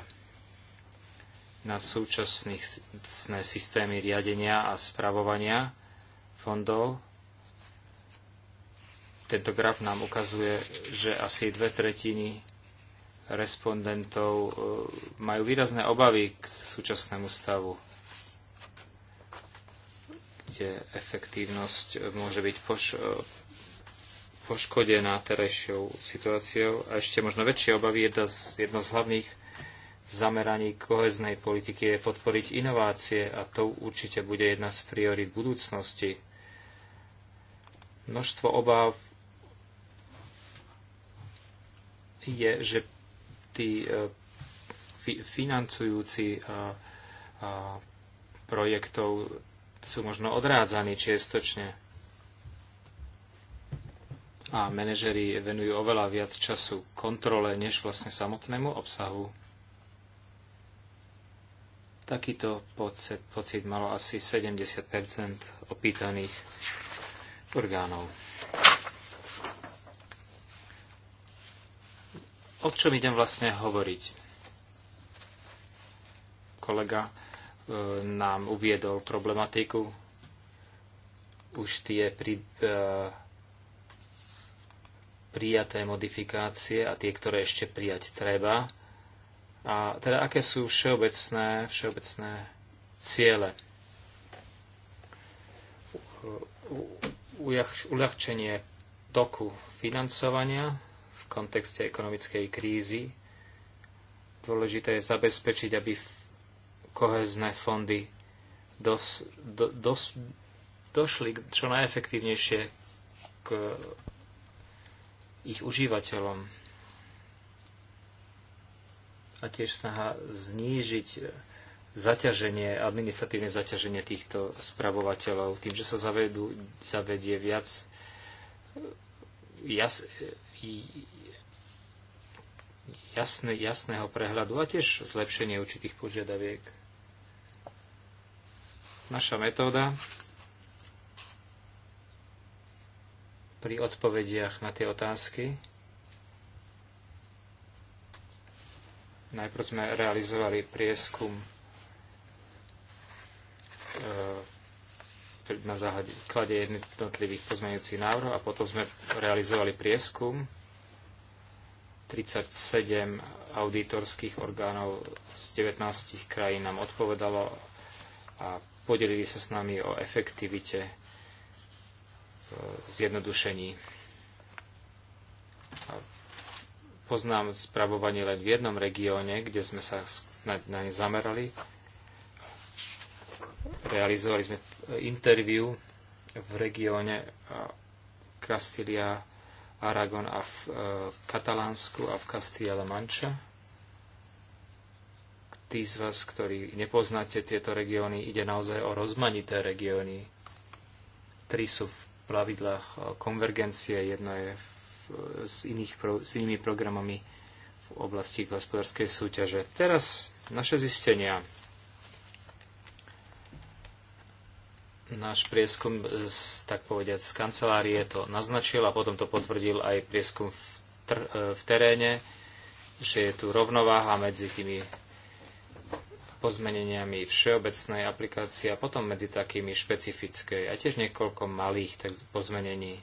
na súčasné systémy riadenia a spravovania fondov. Tento graf nám ukazuje, že asi dve tretiny respondentov e, majú výrazné obavy k súčasnému stavu, kde efektívnosť môže byť poš- e, poškodená terajšou situáciou. A ešte možno väčšie obavy, jedna z, jedno z hlavných zameraní koheznej politiky je podporiť inovácie a to určite bude jedna z priorít budúcnosti. Množstvo obáv je, že tí e, financujúci e, e, projektov sú možno odrádzaní čiestočne. a manažeri venujú oveľa viac času kontrole než vlastne samotnému obsahu Takýto pocit, pocit malo asi 70 opýtaných orgánov. O čom idem vlastne hovoriť? Kolega e, nám uviedol problematiku. Už tie pri, e, prijaté modifikácie a tie, ktoré ešte prijať treba, a teda aké sú všeobecné, všeobecné ciele? Uľahčenie toku financovania v kontexte ekonomickej krízy. Dôležité je zabezpečiť, aby kohezné fondy dos, do, dos, došli čo najefektívnejšie k ich užívateľom a tiež snaha znížiť zaťaženie, administratívne zaťaženie týchto spravovateľov tým, že sa zavedú, zavedie viac jas, jasne, jasného prehľadu a tiež zlepšenie určitých požiadaviek. Naša metóda pri odpovediach na tie otázky Najprv sme realizovali prieskum e, na základe jednotlivých pozmeňujúcich návrhov a potom sme realizovali prieskum 37 auditorských orgánov z 19 krajín nám odpovedalo a podelili sa s nami o efektivite e, zjednodušení. A Poznám spravovanie len v jednom regióne, kde sme sa na ne zamerali. Realizovali sme e, interviu v regióne e, Kastília, Aragon a v e, Katalánsku a v Castilla Mancha. Tí z vás, ktorí nepoznáte tieto regióny, ide naozaj o rozmanité regióny. Tri sú v pravidlách konvergencie, jedno je v s, iných, s inými programami v oblasti hospodárskej súťaže. Teraz naše zistenia. Náš prieskum, tak povediať, z kancelárie to naznačil a potom to potvrdil aj prieskum v, tr- e, v teréne, že je tu rovnováha medzi tými pozmeneniami všeobecnej aplikácie a potom medzi takými špecifickej a tiež niekoľko malých tak pozmenení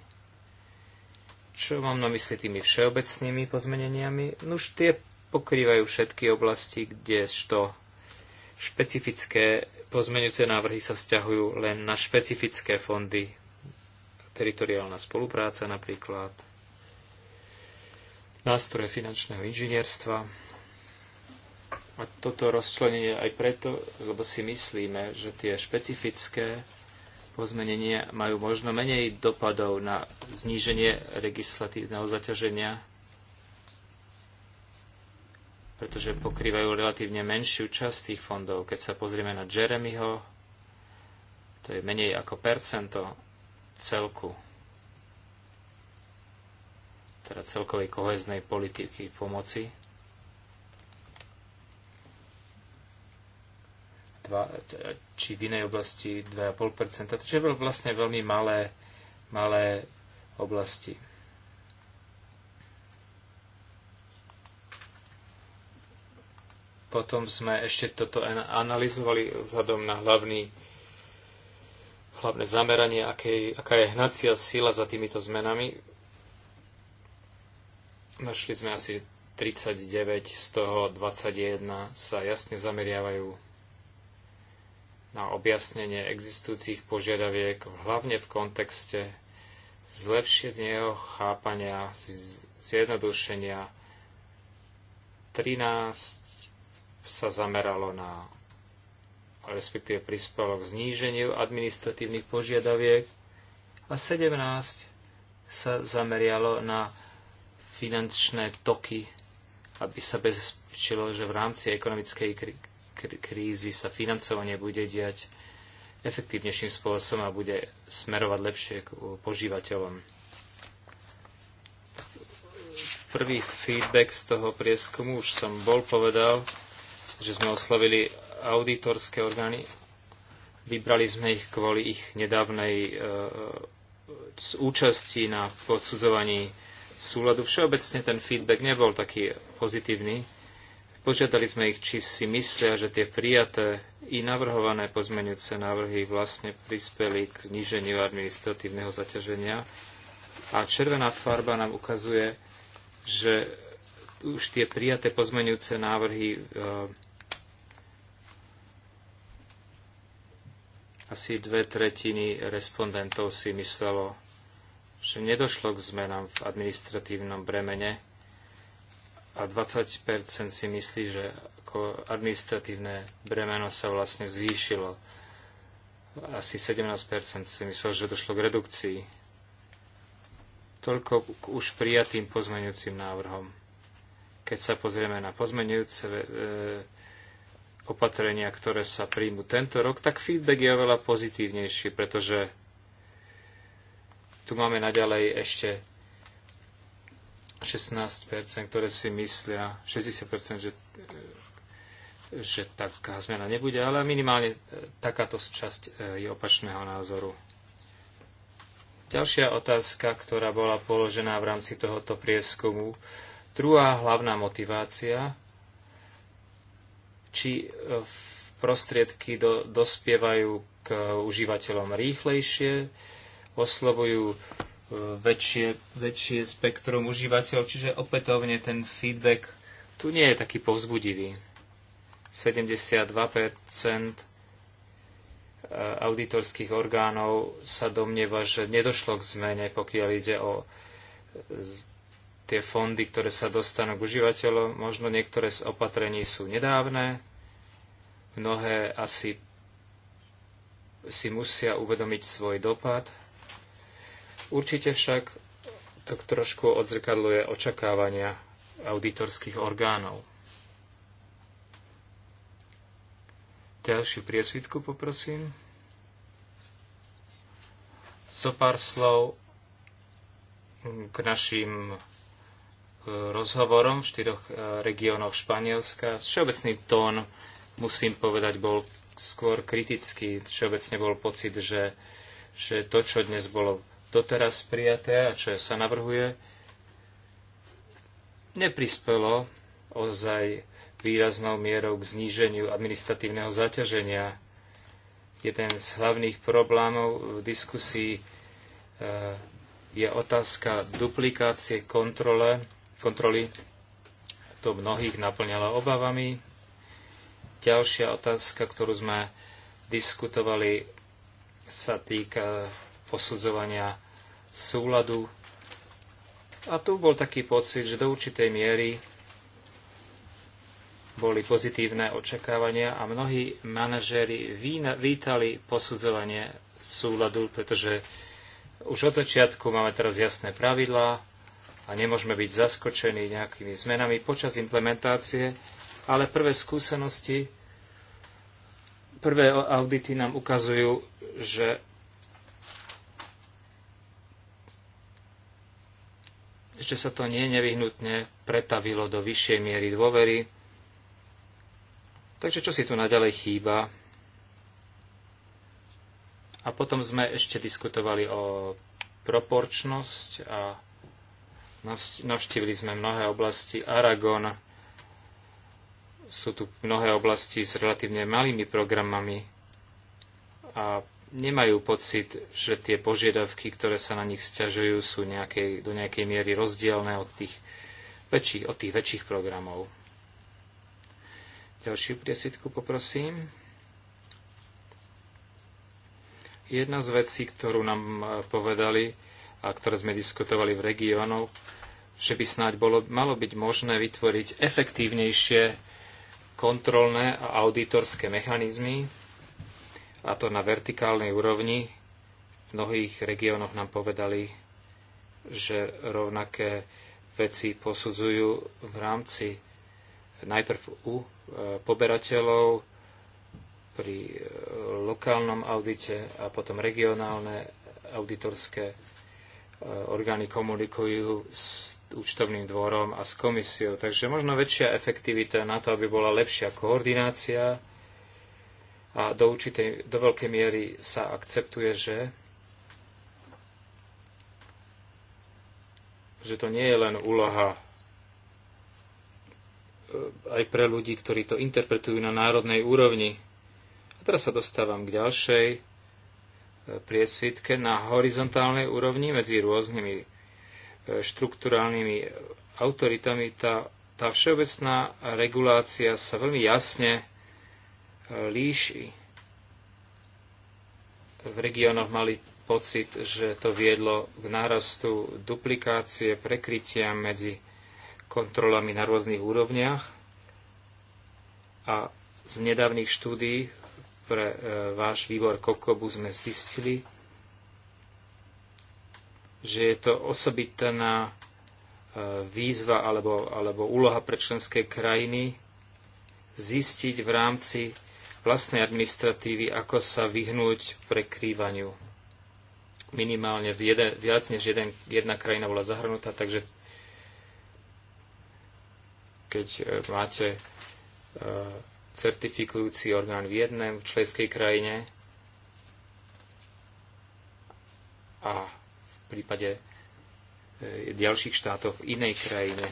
čo mám na mysli tými všeobecnými pozmeneniami? No už tie pokrývajú všetky oblasti, kde što špecifické pozmenujúce návrhy sa vzťahujú len na špecifické fondy, teritoriálna spolupráca napríklad, nástroje finančného inžinierstva. A toto rozčlenenie aj preto, lebo si myslíme, že tie špecifické pozmenenia majú možno menej dopadov na zníženie legislatívneho zaťaženia, pretože pokrývajú relatívne menšiu časť tých fondov. Keď sa pozrieme na Jeremyho, to je menej ako percento celku, teda celkovej koheznej politiky pomoci, 2, či v inej oblasti 2,5%. Takže je vlastne veľmi malé, malé oblasti. Potom sme ešte toto analyzovali vzhľadom na hlavný, hlavné zameranie, aké, aká je hnacia sila za týmito zmenami. Našli sme asi 39, z toho 21 sa jasne zameriavajú na objasnenie existujúcich požiadaviek, hlavne v kontexte zlepšeného chápania, zjednodušenia. 13 sa zameralo na respektíve prispelo k zníženiu administratívnych požiadaviek a 17 sa zamerialo na finančné toky, aby sa bezpečilo, že v rámci ekonomickej krízy sa financovanie bude diať efektívnejším spôsobom a bude smerovať lepšie k požívateľom. Prvý feedback z toho prieskumu už som bol povedal, že sme oslovili auditorské orgány. Vybrali sme ich kvôli ich nedávnej e, e účasti na posudzovaní súladu. Všeobecne ten feedback nebol taký pozitívny. Požiadali sme ich, či si myslia, že tie prijaté i navrhované pozmeňujúce návrhy vlastne prispeli k zníženiu administratívneho zaťaženia. A červená farba nám ukazuje, že už tie prijaté pozmeňujúce návrhy e, asi dve tretiny respondentov si myslelo, že nedošlo k zmenám v administratívnom bremene a 20 si myslí, že ako administratívne bremeno sa vlastne zvýšilo. Asi 17 si myslel, že došlo k redukcii. Toľko k už prijatým pozmeňujúcim návrhom. Keď sa pozrieme na pozmeňujúce e, opatrenia, ktoré sa príjmu tento rok, tak feedback je oveľa pozitívnejší, pretože tu máme naďalej ešte 16%, ktoré si myslia, 60%, že, že taká zmena nebude, ale minimálne e, takáto časť e, je opačného názoru. Ďalšia otázka, ktorá bola položená v rámci tohoto prieskumu. Druhá hlavná motivácia, či e, prostriedky do, dospievajú k užívateľom rýchlejšie, oslovujú väčšie, väčšie spektrum užívateľov, čiže opätovne ten feedback tu nie je taký povzbudivý. 72% e, auditorských orgánov sa domnieva, že nedošlo k zmene, pokiaľ ide o tie fondy, ktoré sa dostanú k užívateľom. Možno niektoré z opatrení sú nedávne, mnohé asi si musia uvedomiť svoj dopad Určite však to trošku odzrkadluje očakávania auditorských orgánov. Ďalšiu priesvitku poprosím. So pár slov k našim e, rozhovorom v štyroch e, regiónoch Španielska. Všeobecný tón, musím povedať, bol skôr kritický. Všeobecne bol pocit, že, že to, čo dnes bolo doteraz prijaté a čo sa navrhuje, neprispelo ozaj výraznou mierou k zníženiu administratívneho zaťaženia. Jeden z hlavných problémov v diskusii e, je otázka duplikácie kontrole, kontroly. To mnohých naplňalo obavami. Ďalšia otázka, ktorú sme diskutovali, sa týka posudzovania súladu. A tu bol taký pocit, že do určitej miery boli pozitívne očakávania a mnohí manažéri vítali posudzovanie súladu, pretože už od začiatku máme teraz jasné pravidlá a nemôžeme byť zaskočení nejakými zmenami počas implementácie, ale prvé skúsenosti, prvé audity nám ukazujú, že že sa to nie nevyhnutne pretavilo do vyššej miery dôvery. Takže čo si tu naďalej chýba? A potom sme ešte diskutovali o proporčnosť a navštívili sme mnohé oblasti. Aragon, sú tu mnohé oblasti s relatívne malými programami a nemajú pocit, že tie požiadavky, ktoré sa na nich sťažujú, sú nejakej, do nejakej miery rozdielne od tých väčších, od tých väčších programov. Ďalšiu priesvitku poprosím. Jedna z vecí, ktorú nám e, povedali a ktoré sme diskutovali v regiónoch, že by snáď bolo, malo byť možné vytvoriť efektívnejšie kontrolné a auditorské mechanizmy, a to na vertikálnej úrovni. V mnohých regiónoch nám povedali, že rovnaké veci posudzujú v rámci najprv u e, poberateľov pri e, lokálnom audite a potom regionálne auditorské e, orgány komunikujú s účtovným dvorom a s komisiou. Takže možno väčšia efektivita na to, aby bola lepšia koordinácia a do určitej, do veľkej miery sa akceptuje, že že to nie je len úloha e, aj pre ľudí, ktorí to interpretujú na národnej úrovni. A teraz sa dostávam k ďalšej e, priesvitke na horizontálnej úrovni medzi rôznymi e, štruktúrálnymi autoritami. Tá, tá všeobecná regulácia sa veľmi jasne líši. V regiónoch mali pocit, že to viedlo k nárastu duplikácie, prekrytia medzi kontrolami na rôznych úrovniach a z nedávnych štúdí pre e, váš výbor Kokobu sme zistili, že je to osobitná e, výzva alebo, alebo úloha pre členské krajiny zistiť v rámci vlastnej administratívy, ako sa vyhnúť prekrývaniu. Minimálne v jeden, viac než jeden, jedna krajina bola zahrnutá, takže keď e, máte e, certifikujúci orgán v jednej v členskej krajine a v prípade e, ďalších štátov v inej krajine.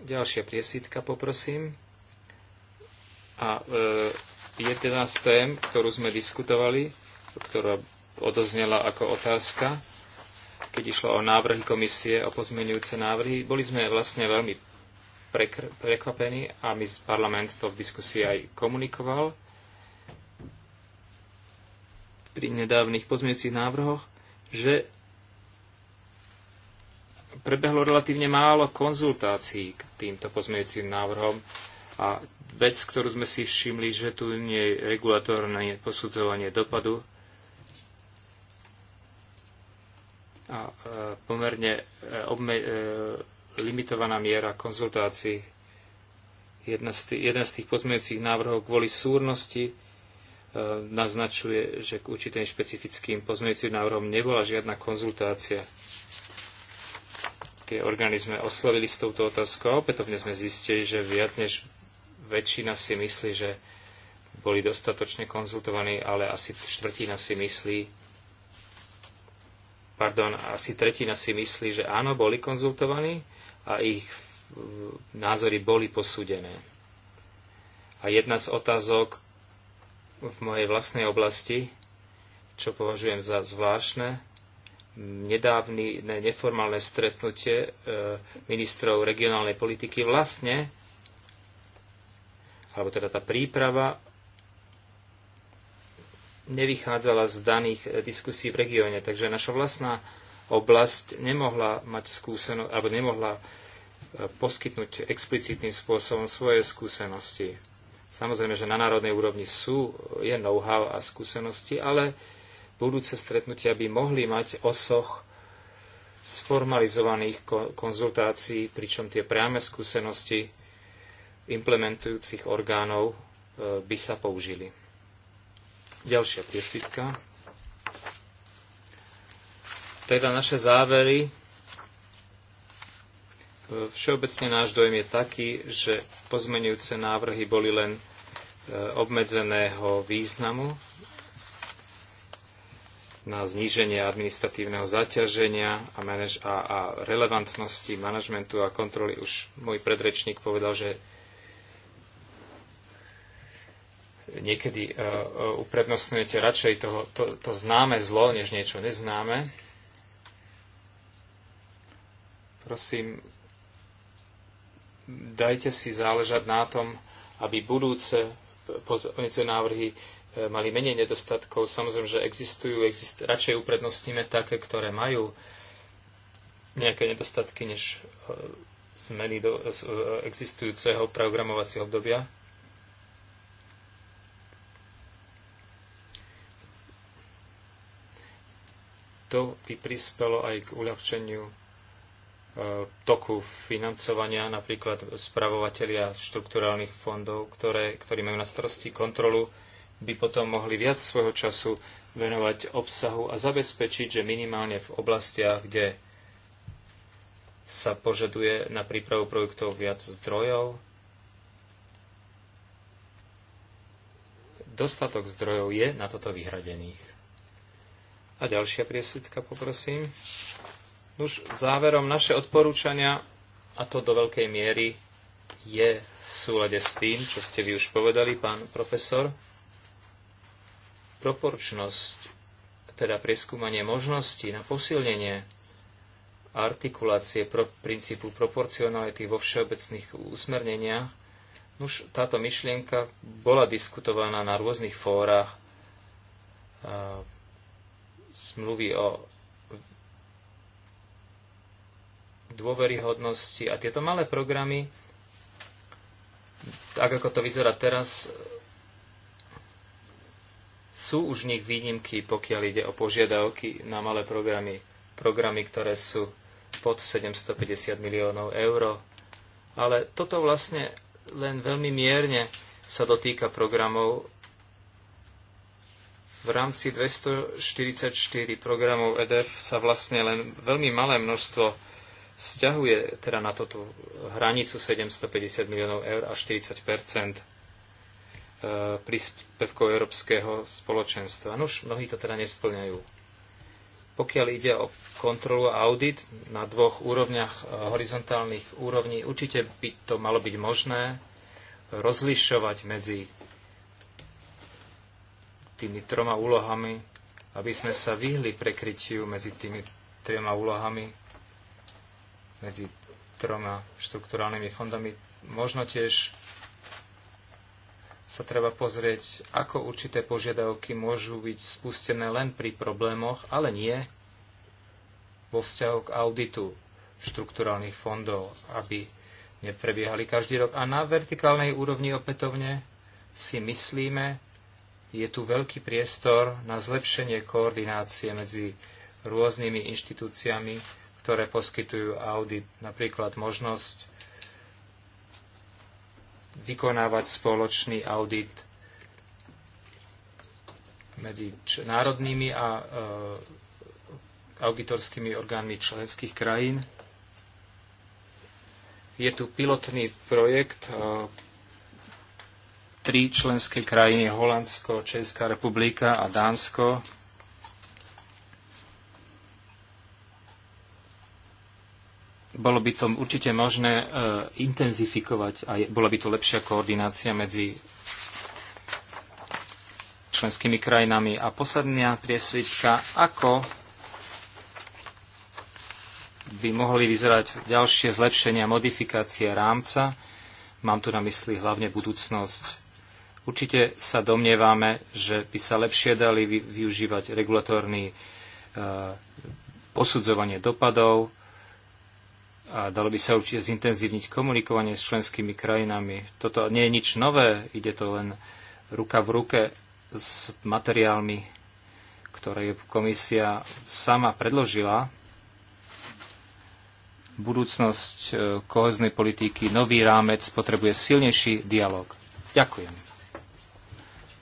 Ďalšia priesvitka poprosím. A e, jedna z tém, ktorú sme diskutovali, ktorá odoznela ako otázka, keď išlo o návrhy komisie, o pozmeňujúce návrhy, boli sme vlastne veľmi prekvapení a my parlament to v diskusii aj komunikoval pri nedávnych pozmeňujúcich návrhoch, že prebehlo relatívne málo konzultácií k týmto pozmeňujúcim návrhom a vec, ktorú sme si všimli, že tu nie je regulatórne posudzovanie dopadu a e, pomerne e, obme, e, limitovaná miera konzultácií. Jedna z tých, jeden z tých pozmeňujúcich návrhov kvôli súrnosti naznačuje, že k určitým špecifickým pozmeňujúcim návrhom nebola žiadna konzultácia. Tie orgány sme oslovili s touto otázkou a opätovne sme zistili, že viac než väčšina si myslí, že boli dostatočne konzultovaní, ale asi štvrtina si myslí, pardon, asi tretina si myslí, že áno, boli konzultovaní a ich názory boli posúdené. A jedna z otázok v mojej vlastnej oblasti, čo považujem za zvláštne, nedávne neformálne stretnutie e, ministrov regionálnej politiky vlastne alebo teda tá príprava nevychádzala z daných eh, diskusí v regióne. Takže naša vlastná oblasť nemohla mať skúsenosť, alebo nemohla eh, poskytnúť explicitným spôsobom svoje skúsenosti. Samozrejme, že na národnej úrovni sú, eh, je know-how a skúsenosti, ale budúce stretnutia by mohli mať osoch sformalizovaných konzultácií, pričom tie priame skúsenosti implementujúcich orgánov e, by sa použili. Ďalšia priesvitka. Teda naše závery. E, všeobecne náš dojem je taký, že pozmenujúce návrhy boli len e, obmedzeného významu na zníženie administratívneho zaťaženia a, manaž- a, a relevantnosti manažmentu a kontroly. Už môj predrečník povedal, že niekedy e, e, uprednostňujete radšej toho, to, to známe zlo, než niečo neznáme. Prosím, dajte si záležať na tom, aby budúce pozornice návrhy e, mali menej nedostatkov. Samozrejme, že existujú, exist, radšej uprednostníme také, ktoré majú nejaké nedostatky, než zmeny do existujúceho programovacieho obdobia. to by prispelo aj k uľahčeniu e, toku financovania, napríklad spravovateľia štrukturálnych fondov, ktoré, ktorí majú na starosti kontrolu, by potom mohli viac svojho času venovať obsahu a zabezpečiť, že minimálne v oblastiach, kde sa požaduje na prípravu projektov viac zdrojov, dostatok zdrojov je na toto vyhradených. A ďalšia priesvitka, poprosím. Už záverom naše odporúčania, a to do veľkej miery, je v súlade s tým, čo ste vy už povedali, pán profesor. Proporčnosť, teda preskúmanie možností na posilnenie artikulácie pro princípu proporcionality vo všeobecných usmerneniach, už táto myšlienka bola diskutovaná na rôznych fórach Mluví o dôveryhodnosti a tieto malé programy, tak ako to vyzerá teraz, sú už v nich výnimky, pokiaľ ide o požiadavky na malé programy. Programy, ktoré sú pod 750 miliónov eur. Ale toto vlastne len veľmi mierne sa dotýka programov v rámci 244 programov EDF sa vlastne len veľmi malé množstvo vzťahuje teda na toto hranicu 750 miliónov eur a 40 e, príspevkov Európskeho spoločenstva. No už mnohí to teda nesplňajú. Pokiaľ ide o kontrolu a audit na dvoch úrovniach e, horizontálnych úrovní, určite by to malo byť možné rozlišovať medzi tými troma úlohami, aby sme sa vyhli prekrytiu medzi tými troma úlohami, medzi troma štrukturálnymi fondami. Možno tiež sa treba pozrieť, ako určité požiadavky môžu byť spustené len pri problémoch, ale nie vo vzťahu k auditu štrukturálnych fondov, aby neprebiehali každý rok. A na vertikálnej úrovni opätovne si myslíme, je tu veľký priestor na zlepšenie koordinácie medzi rôznymi inštitúciami, ktoré poskytujú audit, napríklad možnosť vykonávať spoločný audit medzi národnými a e, auditorskými orgánmi členských krajín. Je tu pilotný projekt, e, tri členské krajiny, Holandsko, Česká republika a Dánsko, bolo by to určite možné e, intenzifikovať a je, bola by to lepšia koordinácia medzi členskými krajinami. A posledná priesvitka, ako by mohli vyzerať ďalšie zlepšenia, modifikácie rámca. Mám tu na mysli hlavne budúcnosť Určite sa domnievame, že by sa lepšie dali využívať regulatórny e, posudzovanie dopadov a dalo by sa určite zintenzívniť komunikovanie s členskými krajinami. Toto nie je nič nové, ide to len ruka v ruke s materiálmi, ktoré komisia sama predložila. Budúcnosť e, koheznej politiky, nový rámec potrebuje silnejší dialog. Ďakujem.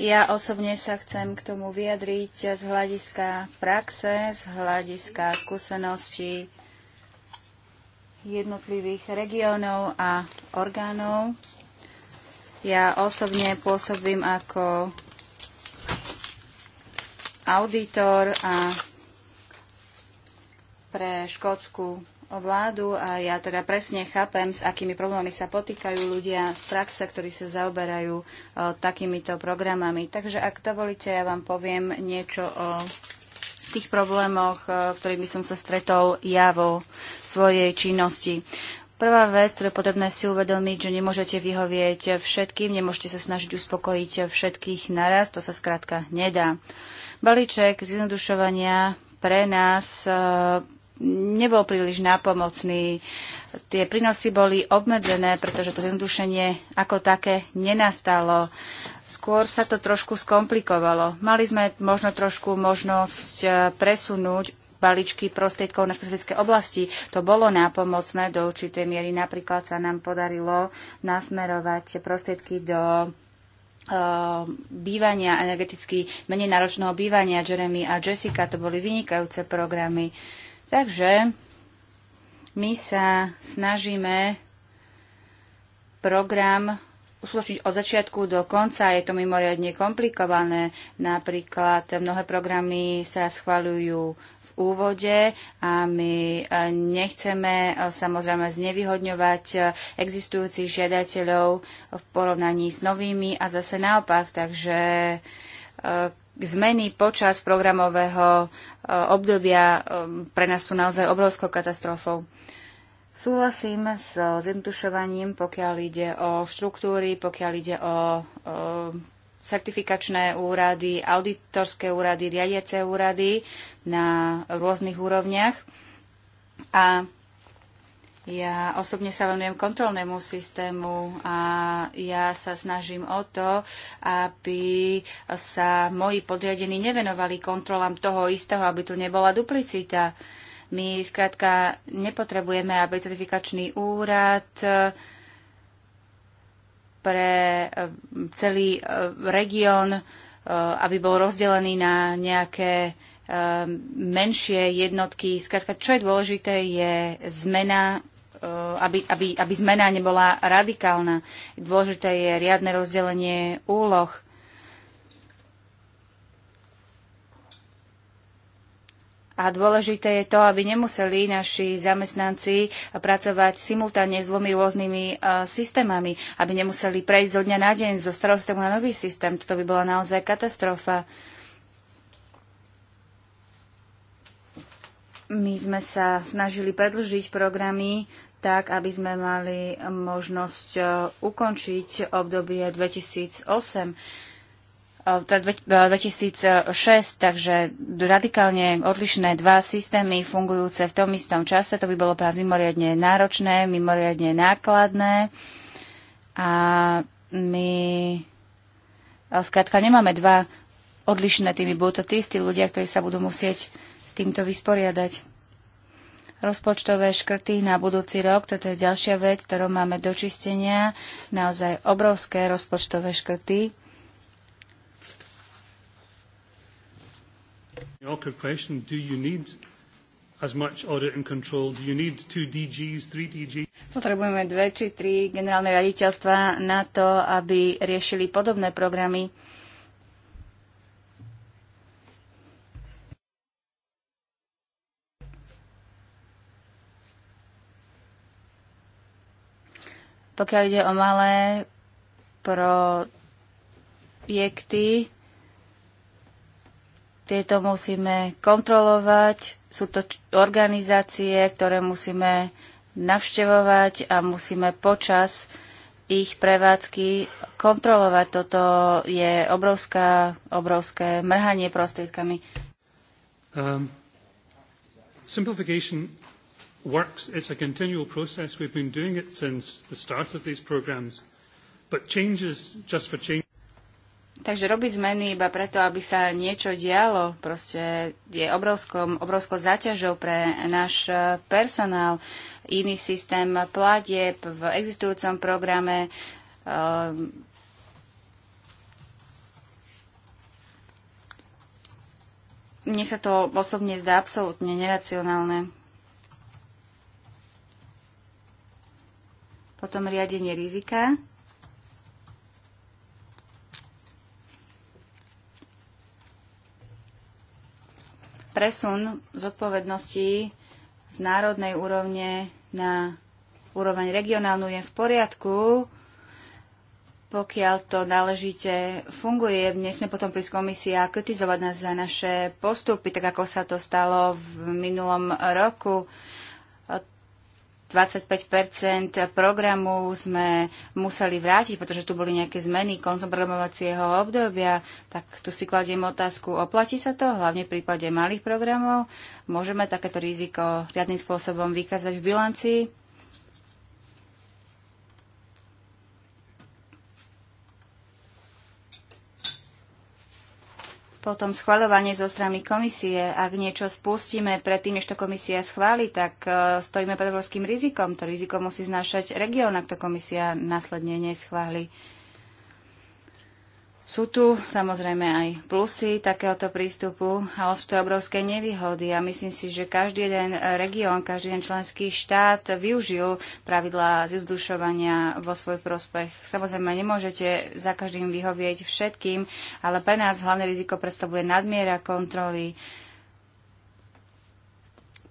Ja osobne sa chcem k tomu vyjadriť z hľadiska praxe, z hľadiska skúseností jednotlivých regiónov a orgánov. Ja osobne pôsobím ako auditor a pre škótsku vládu a ja teda presne chápem, s akými problémami sa potýkajú ľudia z praxe, ktorí sa zaoberajú o, e, takýmito programami. Takže ak dovolíte, ja vám poviem niečo o tých problémoch, o, e, ktorými som sa stretol ja vo svojej činnosti. Prvá vec, ktorú je potrebné si uvedomiť, že nemôžete vyhovieť všetkým, nemôžete sa snažiť uspokojiť všetkých naraz, to sa skrátka nedá. Balíček zjednodušovania pre nás e, nebol príliš nápomocný. Tie prínosy boli obmedzené, pretože to zjednodušenie ako také nenastalo. Skôr sa to trošku skomplikovalo. Mali sme možno trošku možnosť e, presunúť balíčky prostriedkov na špecifické oblasti. To bolo nápomocné do určitej miery. Napríklad sa nám podarilo nasmerovať prostriedky do e, bývania energeticky menej náročného bývania Jeremy a Jessica to boli vynikajúce programy. Uh, Takže my sa snažíme program uskutočniť od začiatku do konca. Je to mimoriadne komplikované. Napríklad mnohé programy sa schvaľujú v úvode a my e, nechceme e, samozrejme znevýhodňovať e, existujúcich žiadateľov v porovnaní s novými a zase naopak. Takže zmeny počas programového e, obdobia e, pre nás sú naozaj obrovskou katastrofou. Súhlasím s zjednodušovaním, pokiaľ ide o štruktúry, pokiaľ ide o, o e, certifikačné úrady, auditorské úrady, riadiace úrady na rôznych úrovniach. A ja osobne sa venujem kontrolnému systému a ja sa snažím o to, aby sa moji podriadení nevenovali kontrolám toho istého, aby tu nebola duplicita. My skrátka nepotrebujeme, aby certifikačný úrad eh, pre eh, celý eh, región, aby bol rozdelený na nejaké menšie jednotky. Skrátka, čo je dôležité, je zmena Eh, aby, aby, aby zmena nebola radikálna. Dôležité je riadne rozdelenie úloh. A dôležité je to, aby nemuseli naši zamestnanci pracovať simultánne s dvomi rôznymi uh, systémami, aby nemuseli prejsť zo dňa na deň zo starého systému na nový systém. Toto by bola naozaj katastrofa. My sme sa snažili predlžiť programy tak aby sme mali možnosť e, ukončiť obdobie 2008 2006, e, teda e, takže radikálne odlišné dva systémy fungujúce v tom istom čase, to by bolo práve mimoriadne náročné, mimoriadne nákladné a my skrátka nemáme dva odlišné týmy, budú to tí istí ľudia, ktorí sa budú musieť s týmto vysporiadať rozpočtové škrty na budúci rok. Toto je ďalšia vec, ktorou máme dočistenia. Naozaj obrovské rozpočtové škrty. Potrebujeme dve či tri generálne raditeľstva na to, aby riešili podobné programy Pokiaľ ide o malé projekty, tieto musíme kontrolovať. Sú to organizácie, ktoré musíme navštevovať a musíme počas ich prevádzky kontrolovať. Toto je obrovská, obrovské mrhanie prostriedkami. Um, simplification works. It's a continual process. We've been doing it since the start of these programs. But changes just for change. Takže robiť zmeny iba preto, aby sa niečo dialo, proste je obrovskou, obrovskou zaťažou pre náš e, personál. Iný systém platieb v existujúcom programe. E, mne sa to osobne zdá absolútne neracionálne. potom riadenie rizika, presun zodpovedností z národnej úrovne na úroveň regionálnu je v poriadku, pokiaľ to náležite funguje. nesme potom prísť komisia kritizovať nás za naše postupy, tak ako sa to stalo v minulom roku. 25 programu sme museli vrátiť, pretože tu boli nejaké zmeny koncom programovacieho obdobia, tak tu si kladiem otázku, oplatí sa to, hlavne v prípade malých programov? Môžeme takéto riziko riadnym spôsobom vykázať v bilancii? Potom schvaľovanie zo strany komisie. Ak niečo spustíme predtým, než to komisia schváli, tak e, stojíme pred obrovským rizikom. To riziko musí znašať región, ak to komisia následne neschváli. Sú tu samozrejme aj plusy takéhoto prístupu, ale sú to obrovské nevýhody a myslím si, že každý jeden región, každý jeden členský štát využil pravidlá zizdušovania vo svoj prospech. Samozrejme, nemôžete za každým vyhovieť všetkým, ale pre nás hlavné riziko predstavuje nadmiera kontroly,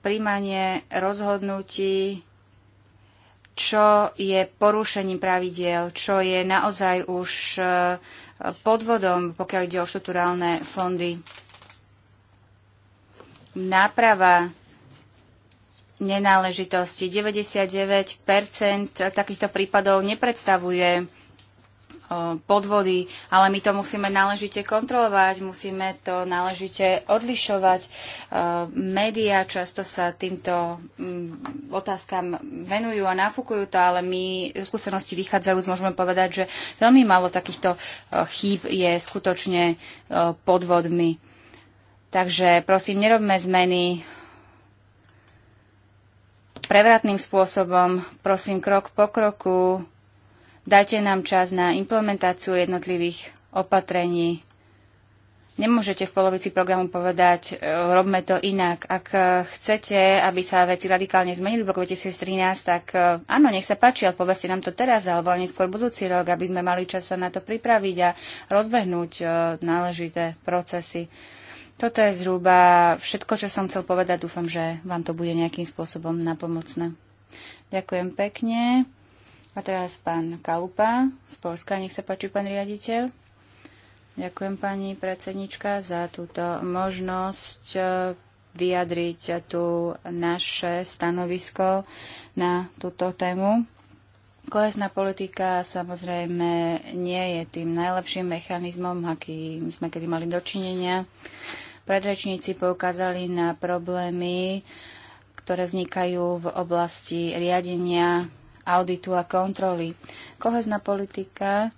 príjmanie rozhodnutí, čo je porušením pravidiel, čo je naozaj už podvodom, pokiaľ ide o štruktúrálne fondy. Náprava nenáležitosti. 99 takýchto prípadov nepredstavuje E, podvody, ale my to musíme náležite kontrolovať, musíme to náležite odlišovať. E, Média často sa týmto mm, otázkam venujú a nafúkujú to, ale my skúsenosti vychádzajú, môžeme povedať, že veľmi málo takýchto e, chýb je skutočne podvodmi. Takže prosím, nerobme zmeny prevratným spôsobom, prosím, krok po kroku, Dajte nám čas na implementáciu jednotlivých opatrení. Nemôžete v polovici programu povedať, e, robme to inak. Ak e, chcete, aby sa veci radikálne zmenili v roku 2013, tak e, áno, nech sa páči, ale povedzte nám to teraz alebo neskôr budúci rok, aby sme mali čas sa na to pripraviť a rozbehnúť náležité procesy. Toto je zhruba všetko, čo som chcel povedať. Dúfam, že vám to bude nejakým spôsobom napomocné. Ďakujem pekne. A teraz pán Kalupa z Polska, nech sa páči, pán riaditeľ. Ďakujem pani predsednička za túto možnosť e, vyjadriť tu naše stanovisko na túto tému. Kolesná politika samozrejme nie je tým najlepším mechanizmom, aký sme kedy mali dočinenia. Predrečníci poukázali na problémy, ktoré vznikajú v oblasti riadenia auditu a kontroly. Kohezná politika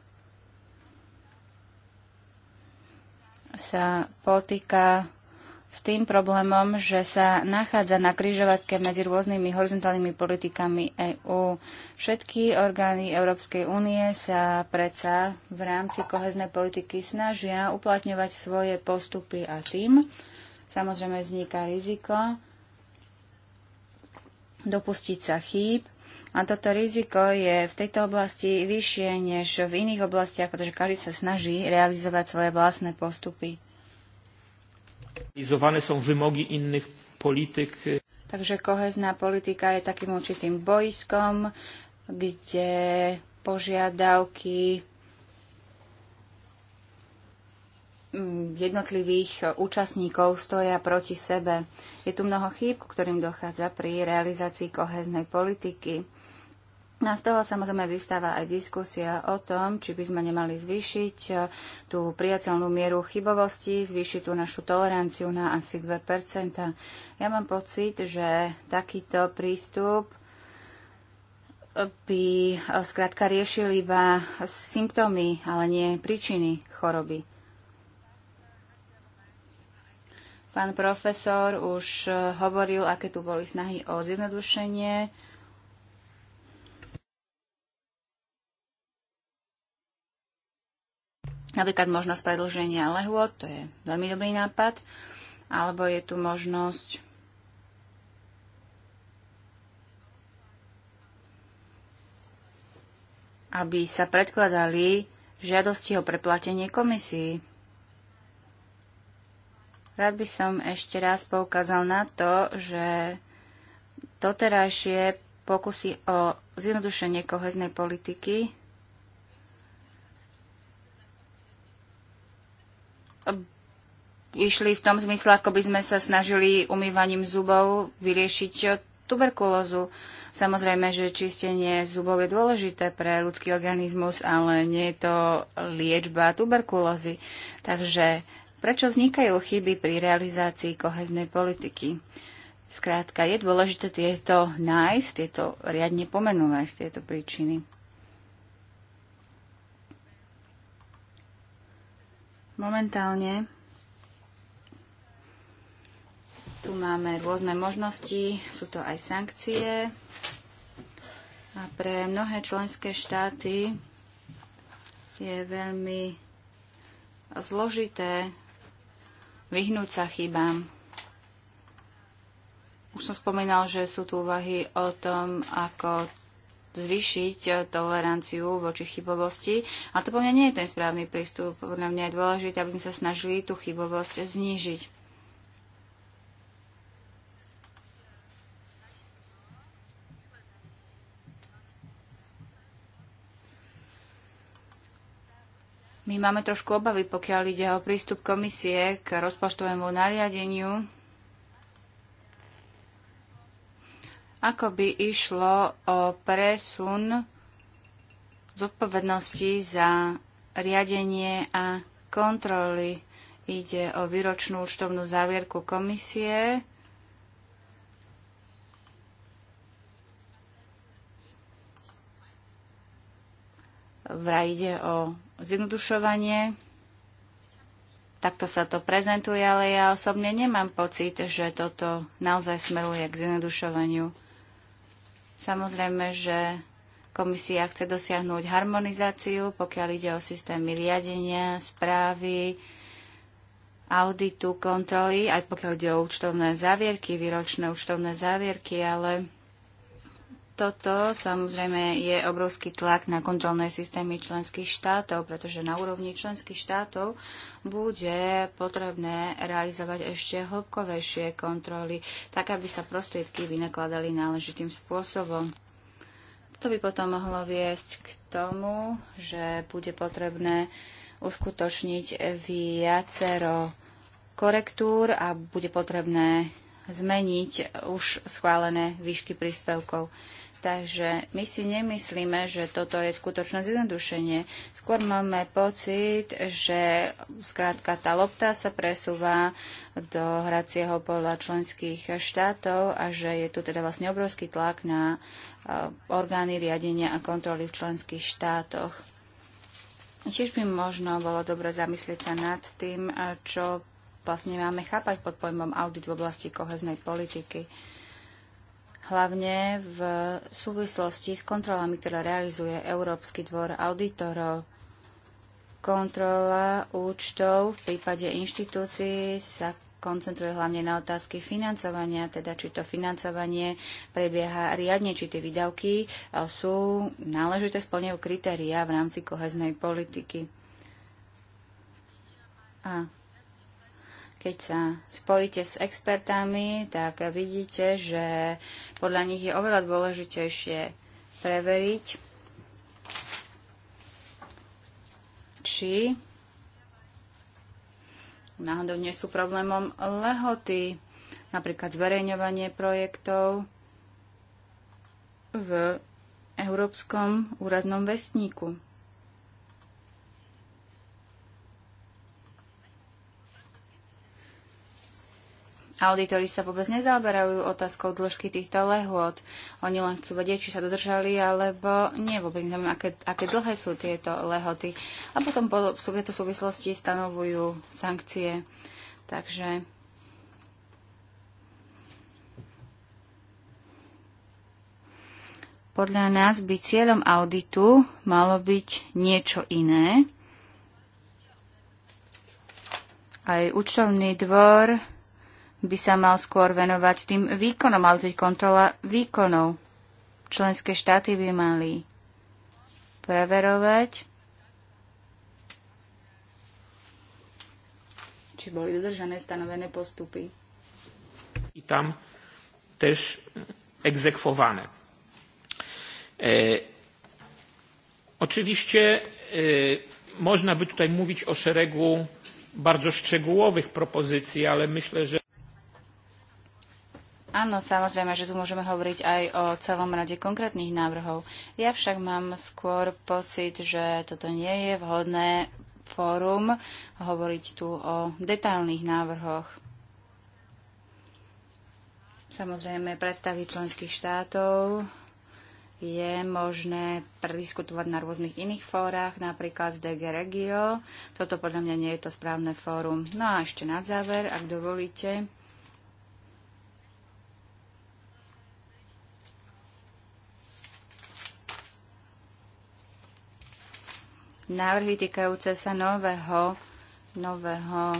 sa potýka s tým problémom, že sa nachádza na križovatke medzi rôznymi horizontálnymi politikami EÚ. Všetky orgány Európskej únie sa predsa v rámci koheznej politiky snažia uplatňovať svoje postupy a tým samozrejme vzniká riziko dopustiť sa chýb a toto riziko je v tejto oblasti vyššie než v iných oblastiach, pretože každý sa snaží realizovať svoje vlastné postupy. Realizované sú vymogy iných politik. Takže kohezná politika je takým určitým bojskom, kde požiadavky jednotlivých účastníkov stoja proti sebe. Je tu mnoho chýb, ktorým dochádza pri realizácii koheznej politiky. No z toho samozrejme vystáva aj diskusia o tom, či by sme nemali zvýšiť e, tú priateľnú mieru chybovosti, zvýšiť tú našu toleranciu na asi 2%. Ja mám pocit, že takýto prístup by e, skrátka riešil iba symptómy, ale nie príčiny choroby. Pán profesor už e, hovoril, aké tu boli snahy o zjednodušenie Napríklad možnosť predlženia lehôd, to je veľmi dobrý nápad, alebo je tu možnosť aby sa predkladali žiadosti o preplatenie komisii. Rád by som ešte raz poukázal na to, že doterajšie pokusy o zjednodušenie koheznej politiky išli v tom zmysle, ako by sme sa snažili umývaním zubov vyriešiť tuberkulózu. Samozrejme, že čistenie zubov je dôležité pre ľudský organizmus, ale nie je to liečba tuberkulózy. Takže prečo vznikajú chyby pri realizácii koheznej politiky? Skrátka, je dôležité tieto nájsť, tieto riadne pomenovať, tieto príčiny. Momentálne tu máme rôzne možnosti, sú to aj sankcie. A pre mnohé členské štáty je veľmi zložité vyhnúť sa chybám. Už som spomínal, že sú tu úvahy o tom, ako zvýšiť e, toleranciu voči chybovosti. A to po mňa nie je ten správny prístup. Podľa mňa je dôležité, aby sme sa snažili tú chybovosť znížiť. My máme trošku obavy, pokiaľ ide o prístup komisie k rozpočtovému nariadeniu ako by išlo o presun zodpovednosti za riadenie a kontroly. Ide o výročnú účtovnú závierku komisie. Vraj ide o zjednodušovanie. Takto sa to prezentuje, ale ja osobne nemám pocit, že toto naozaj smeruje k zjednodušovaniu. Samozrejme, že komisia chce dosiahnuť harmonizáciu, pokiaľ ide o systémy riadenia, správy, auditu, kontroly, aj pokiaľ ide o účtovné závierky, výročné účtovné závierky, ale toto samozrejme je obrovský tlak na kontrolné systémy členských štátov, pretože na úrovni členských štátov bude potrebné realizovať ešte hĺbkovejšie kontroly, tak aby sa prostriedky vynakladali náležitým spôsobom. To by potom mohlo viesť k tomu, že bude potrebné uskutočniť viacero korektúr a bude potrebné zmeniť už schválené výšky príspevkov. Takže my si nemyslíme, že toto je skutočné zjednodušenie. Skôr máme pocit, že skrátka tá lopta sa presúva do hracieho pola členských štátov a že je tu teda vlastne obrovský tlak na eh, orgány riadenia a kontroly v členských štátoch. Tiež by možno bolo dobre zamyslieť sa nad tým, eh, čo vlastne máme chápať pod pojmom audit v oblasti koheznej politiky hlavne v súvislosti s kontrolami, ktoré realizuje Európsky dvor auditorov. Kontrola účtov v prípade inštitúcií sa koncentruje hlavne na otázky financovania, teda či to financovanie prebieha riadne, či tie výdavky eh, sú náležité, splňajú kritériá v rámci koheznej politiky. A keď sa spojíte s expertami, tak vidíte, že podľa nich je oveľa dôležitejšie preveriť, či náhodou nie sú problémom lehoty, napríklad zverejňovanie projektov v Európskom úradnom vestníku. Auditori sa vôbec nezaoberajú otázkou dĺžky týchto lehôd. Oni len chcú vedieť, či sa dodržali, alebo nie. Vôbec neviem, aké, aké dlhé sú tieto lehoty. A potom v tejto súvislosti stanovujú sankcie. Takže Podľa nás by cieľom auditu malo byť niečo iné. Aj účtovný dvor by sa mal skôr venovať tým výkonom, ale byť kontrola výkonov. Členské štáty by mali preverovať, či boli dodržané stanovené postupy. I tam tež exekvované. E, oczywiście e, można by tutaj mówić o szeregu bardzo szczegółowych propozycji, ale myślę, że Áno, samozrejme, že tu môžeme hovoriť aj o celom rade konkrétnych návrhov. Ja však mám skôr pocit, že toto nie je vhodné fórum hovoriť tu o detailných návrhoch. Samozrejme, predstavy členských štátov je možné prediskutovať na rôznych iných fórach, napríklad z DG Regio. Toto podľa mňa nie je to správne fórum. No a ešte na záver, ak dovolíte, návrhy týkajúce sa nového, nového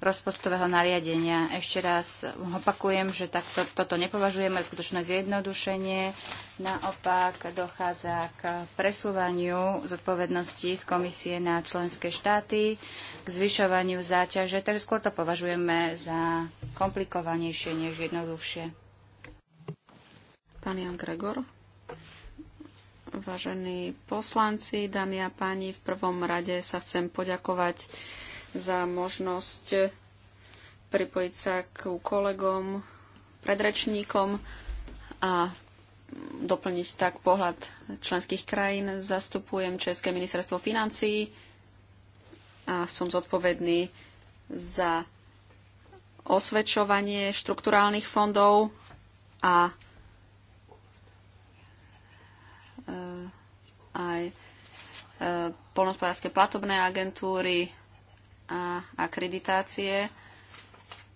rozpočtového nariadenia. Ešte raz opakujem, že takto, toto nepovažujeme za skutočné zjednodušenie. Naopak dochádza k presúvaniu zodpovedností z komisie na členské štáty, k zvyšovaniu záťaže, takže skôr to považujeme za komplikovanejšie než jednoduchšie. Pán Jan Gregor. Vážení poslanci, dámy a páni, v prvom rade sa chcem poďakovať za možnosť pripojiť sa k kolegom, predrečníkom a doplniť tak pohľad členských krajín. Zastupujem České ministerstvo financií a som zodpovedný za osvedčovanie štrukturálnych fondov a aj e, polnospodárske platobné agentúry a akreditácie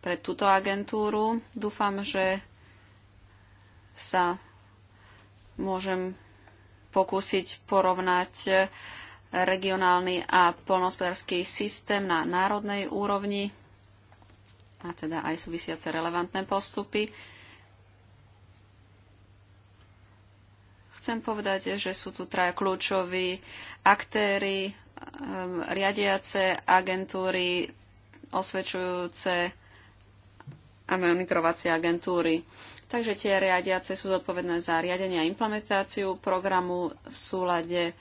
pre túto agentúru. Dúfam, že sa môžem pokúsiť porovnať e, regionálny a polnohospodársky systém na národnej úrovni a teda aj súvisiace relevantné postupy. Chcem povedať, že sú tu traja kľúčoví aktéry, um, riadiace agentúry, osvedčujúce a monitorovacie agentúry. Takže tie riadiace sú zodpovedné za riadenie a implementáciu programu v súlade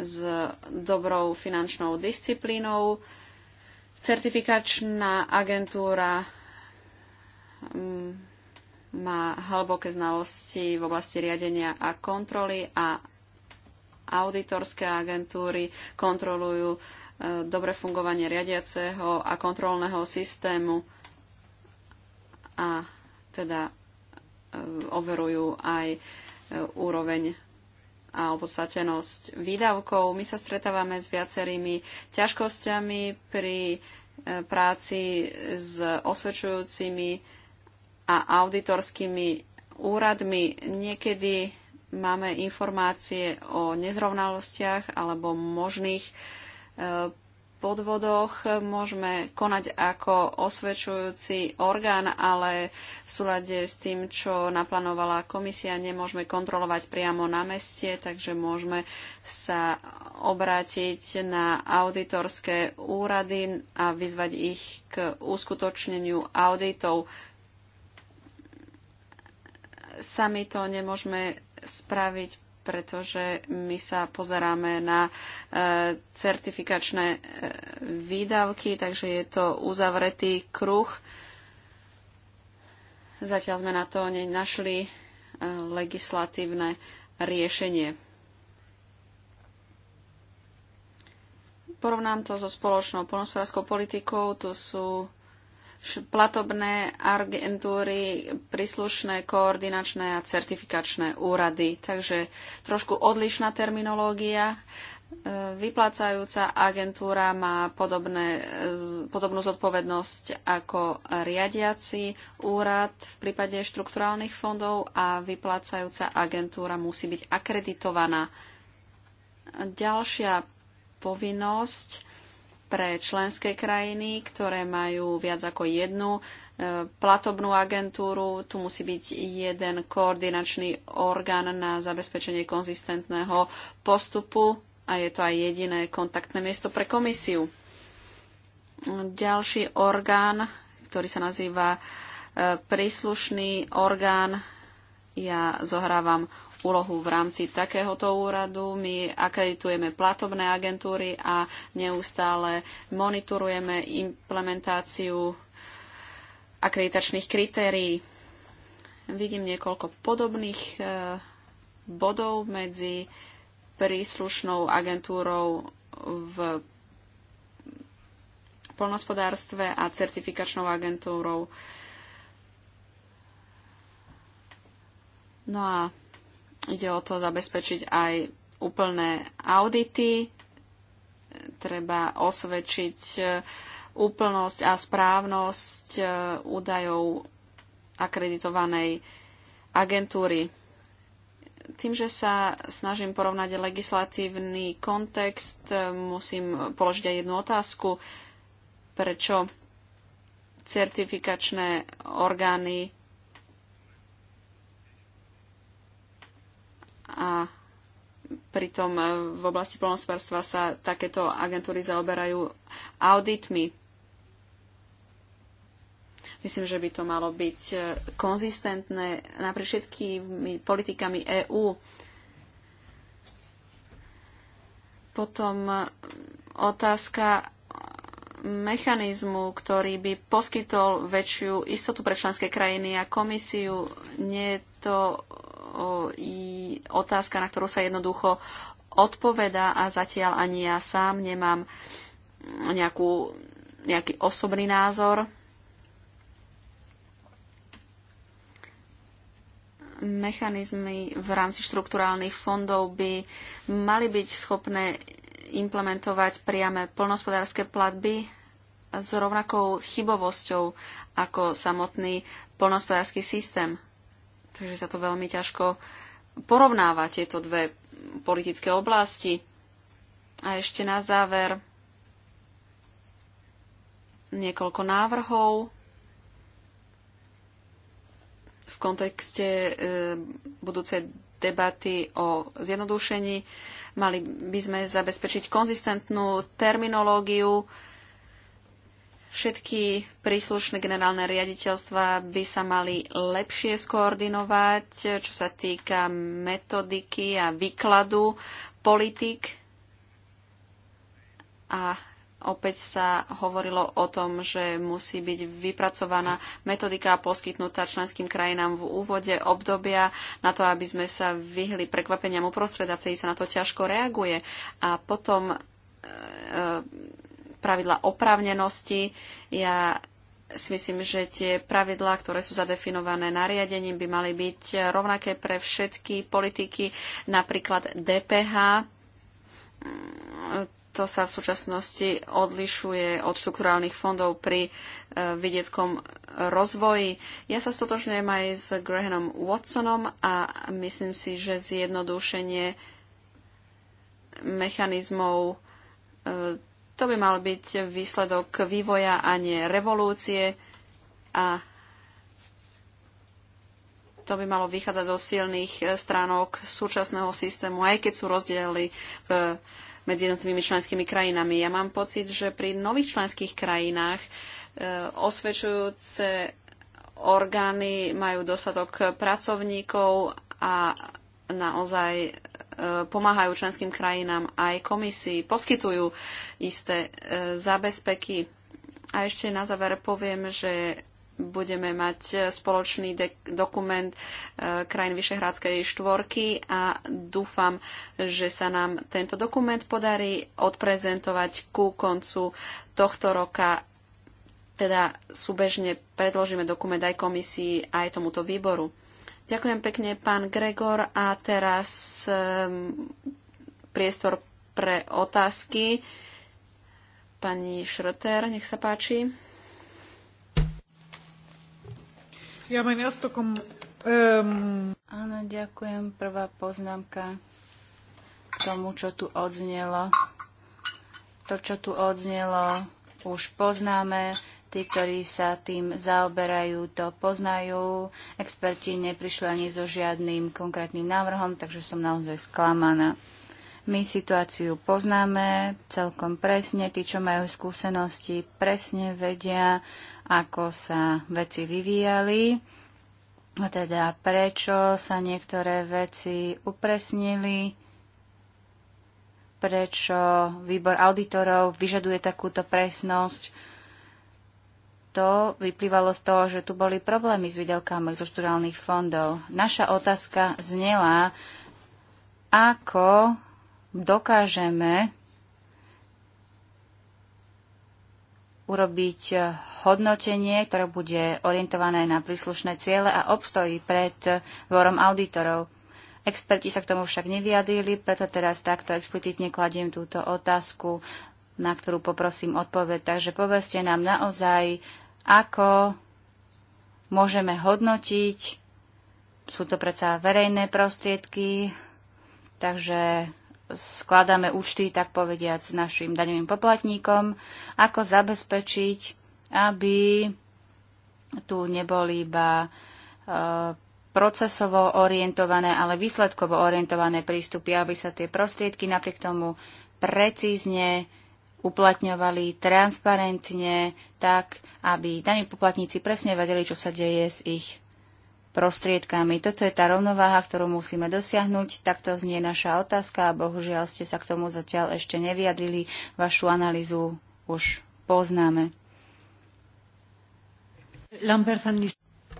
s dobrou finančnou disciplínou. Certifikačná agentúra mm, má hlboké znalosti v oblasti riadenia a kontroly a auditorské agentúry kontrolujú e, dobre fungovanie riadiaceho a kontrolného systému a teda e, overujú aj e, úroveň a opodstatenosť výdavkov. My sa stretávame s viacerými ťažkosťami pri práci s osvedčujúcimi a auditorskými úradmi. Niekedy máme informácie o nezrovnalostiach alebo možných e, podvodoch. Môžeme konať ako osvedčujúci orgán, ale v súlade s tým, čo naplánovala komisia, nemôžeme kontrolovať priamo na meste, takže môžeme sa obrátiť na auditorské úrady a vyzvať ich k uskutočneniu auditov sami to nemôžeme spraviť, pretože my sa pozeráme na e, certifikačné e, výdavky, takže je to uzavretý kruh. Zatiaľ sme na to nenašli e, legislatívne riešenie. Porovnám to so spoločnou polnospodárskou politikou. Tu sú platobné agentúry, príslušné koordinačné a certifikačné úrady. Takže trošku odlišná terminológia. E, vyplácajúca agentúra má podobné, e, podobnú zodpovednosť ako riadiaci úrad v prípade štrukturálnych fondov a vyplácajúca agentúra musí byť akreditovaná. Ďalšia povinnosť pre členské krajiny, ktoré majú viac ako jednu e, platobnú agentúru. Tu musí byť jeden koordinačný orgán na zabezpečenie konzistentného postupu a je to aj jediné kontaktné miesto pre komisiu. Ďalší orgán, ktorý sa nazýva e, príslušný orgán, ja zohrávam úlohu v rámci takéhoto úradu. My akreditujeme platobné agentúry a neustále monitorujeme implementáciu akreditačných kritérií. Vidím niekoľko podobných e, bodov medzi príslušnou agentúrou v polnospodárstve a certifikačnou agentúrou. No a Ide o to zabezpečiť aj úplné audity, treba osvedčiť e, úplnosť a správnosť e, údajov akreditovanej agentúry. Tým, že sa snažím porovnať legislatívny kontext, e, musím položiť aj jednu otázku, prečo certifikačné orgány a pritom eh, v oblasti polnospodárstva sa takéto agentúry zaoberajú auditmi. Myslím, že by to malo byť eh, konzistentné napriek všetkými politikami EÚ. Potom eh, otázka mechanizmu, ktorý by poskytol väčšiu istotu pre členské krajiny a komisiu. Nie je to otázka, na ktorú sa jednoducho odpoveda a zatiaľ ani ja sám nemám nejakú, nejaký osobný názor. Mechanizmy v rámci štruktúrálnych fondov by mali byť schopné implementovať priame plnospodárske platby s rovnakou chybovosťou ako samotný polnospodársky systém. Takže sa to veľmi ťažko porovnáva tieto dve politické oblasti. A ešte na záver niekoľko návrhov v e, budúcej debaty o zjednodušení. Mali by sme zabezpečiť konzistentnú terminológiu, Všetky príslušné generálne riaditeľstva by sa mali lepšie skoordinovať, čo sa týka metodiky a výkladu politik. A opäť sa hovorilo o tom, že musí byť vypracovaná metodika a poskytnutá členským krajinám v úvode obdobia na to, aby sme sa vyhli prekvapeniam uprostred a vtedy sa na to ťažko reaguje. A potom e, e pravidla oprávnenosti. Ja si myslím, že tie pravidlá, ktoré sú zadefinované nariadením, by mali byť rovnaké pre všetky politiky, napríklad DPH. To sa v súčasnosti odlišuje od štrukturálnych fondov pri e, vidieckom rozvoji. Ja sa stotožňujem aj s Grahamom Watsonom a myslím si, že zjednodušenie mechanizmov e, to by mal byť výsledok vývoja a nie revolúcie a to by malo vychádzať zo silných eh, stránok súčasného systému, aj keď sú rozdiely v, medzi jednotlivými členskými krajinami. Ja mám pocit, že pri nových členských krajinách e, osvedčujúce orgány majú dostatok pracovníkov a naozaj E, pomáhajú členským krajinám aj komisii, poskytujú isté e, zabezpeky. A ešte na záver poviem, že budeme mať spoločný dokument e, krajín Vyšehradskej štvorky a dúfam, že sa nám tento dokument podarí odprezentovať ku koncu tohto roka. Teda súbežne predložíme dokument aj komisii, aj tomuto výboru. Ďakujem pekne, pán Gregor. A teraz um, priestor pre otázky. Pani Šrter, nech sa páči. Ja mám ja Um... Áno, ďakujem. Prvá poznámka k tomu, čo tu odznelo. To, čo tu odznelo, už poznáme. Tí, ktorí sa tým zaoberajú, to poznajú. Experti neprišli ani so žiadnym konkrétnym návrhom, takže som naozaj sklamaná. My situáciu poznáme celkom presne. Tí, čo majú skúsenosti, presne vedia, ako sa veci vyvíjali. A teda prečo sa niektoré veci upresnili, prečo výbor auditorov vyžaduje takúto presnosť to vyplývalo z toho, že tu boli problémy s výdavkami zo štruktúrálnych fondov. Naša otázka znela, ako dokážeme urobiť hodnotenie, ktoré bude orientované na príslušné ciele a obstojí pred dvorom auditorov. Experti sa k tomu však nevyjadrili, preto teraz takto explicitne kladiem túto otázku, na ktorú poprosím odpoveď. Takže povedzte nám naozaj, ako môžeme hodnotiť. Sú to predsa verejné prostriedky, takže skladáme účty, tak povediať, s našim daňovým poplatníkom, ako zabezpečiť, aby tu neboli iba e, procesovo orientované, ale výsledkovo orientované prístupy, aby sa tie prostriedky napriek tomu precízne uplatňovali transparentne tak, aby daní poplatníci presne vedeli, čo sa deje s ich prostriedkami. Toto je tá rovnováha, ktorú musíme dosiahnuť. Takto znie naša otázka a bohužiaľ ste sa k tomu zatiaľ ešte nevyjadrili. Vašu analýzu už poznáme.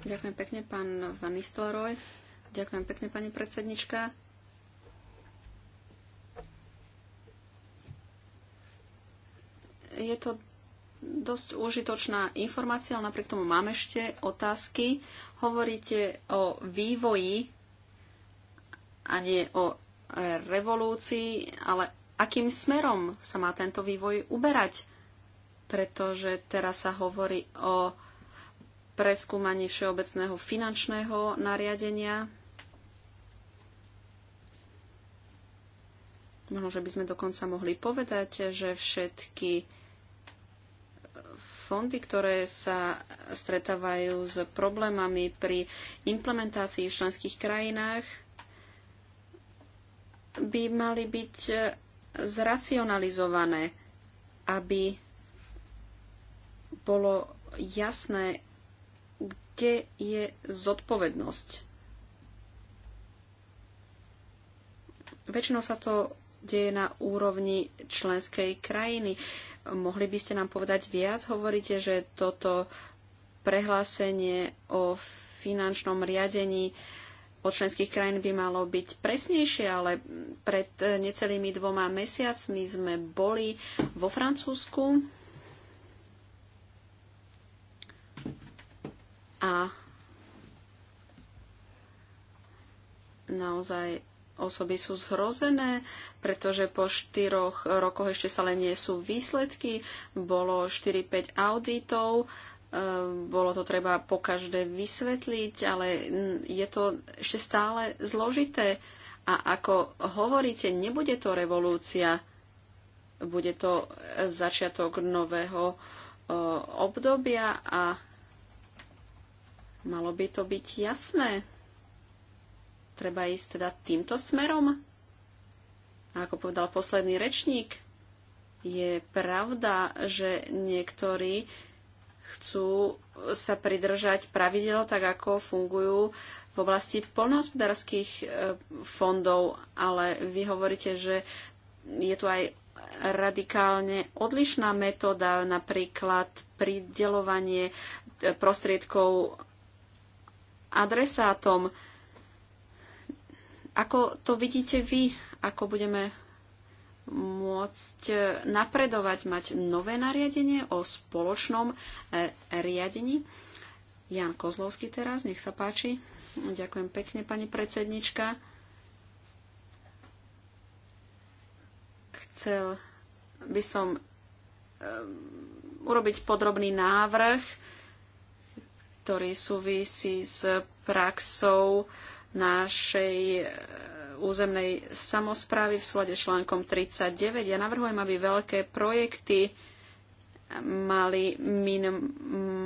Ďakujem pekne, pán Van Nistelrooy. Ďakujem pekne, pani predsednička. je to dosť užitočná informácia, ale napriek tomu mám ešte otázky. Hovoríte o vývoji a nie o revolúcii, ale akým smerom sa má tento vývoj uberať? Pretože teraz sa hovorí o preskúmaní všeobecného finančného nariadenia. Možno, že by sme dokonca mohli povedať, že všetky fondy, ktoré sa stretávajú s problémami pri implementácii v členských krajinách, by mali byť zracionalizované, aby bolo jasné, kde je zodpovednosť. Väčšinou sa to deje na úrovni členskej krajiny. Mohli by ste nám povedať viac? Hovoríte, že toto prehlásenie o finančnom riadení od členských krajín by malo byť presnejšie, ale pred e, necelými dvoma mesiacmi sme boli vo Francúzsku a naozaj osoby sú zhrozené, pretože po štyroch rokoch ešte sa len nie sú výsledky. Bolo 4-5 auditov, e, bolo to treba po každé vysvetliť, ale je to ešte stále zložité. A ako hovoríte, nebude to revolúcia, bude to začiatok nového e, obdobia a malo by to byť jasné treba ísť teda týmto smerom? A ako povedal posledný rečník, je pravda, že niektorí chcú sa pridržať pravidel tak, ako fungujú v oblasti polnohospodárských e, fondov, ale vy hovoríte, že je tu aj radikálne odlišná metóda, napríklad pridelovanie e, prostriedkov adresátom. Ako to vidíte vy? Ako budeme môcť napredovať, mať nové nariadenie o spoločnom e, riadení? Jan Kozlovský teraz, nech sa páči. Ďakujem pekne, pani predsednička. Chcel by som e, urobiť podrobný návrh, ktorý súvisí s praxou našej e, územnej samozprávy v súlade s článkom 39. Ja navrhujem, aby veľké projekty mali minim,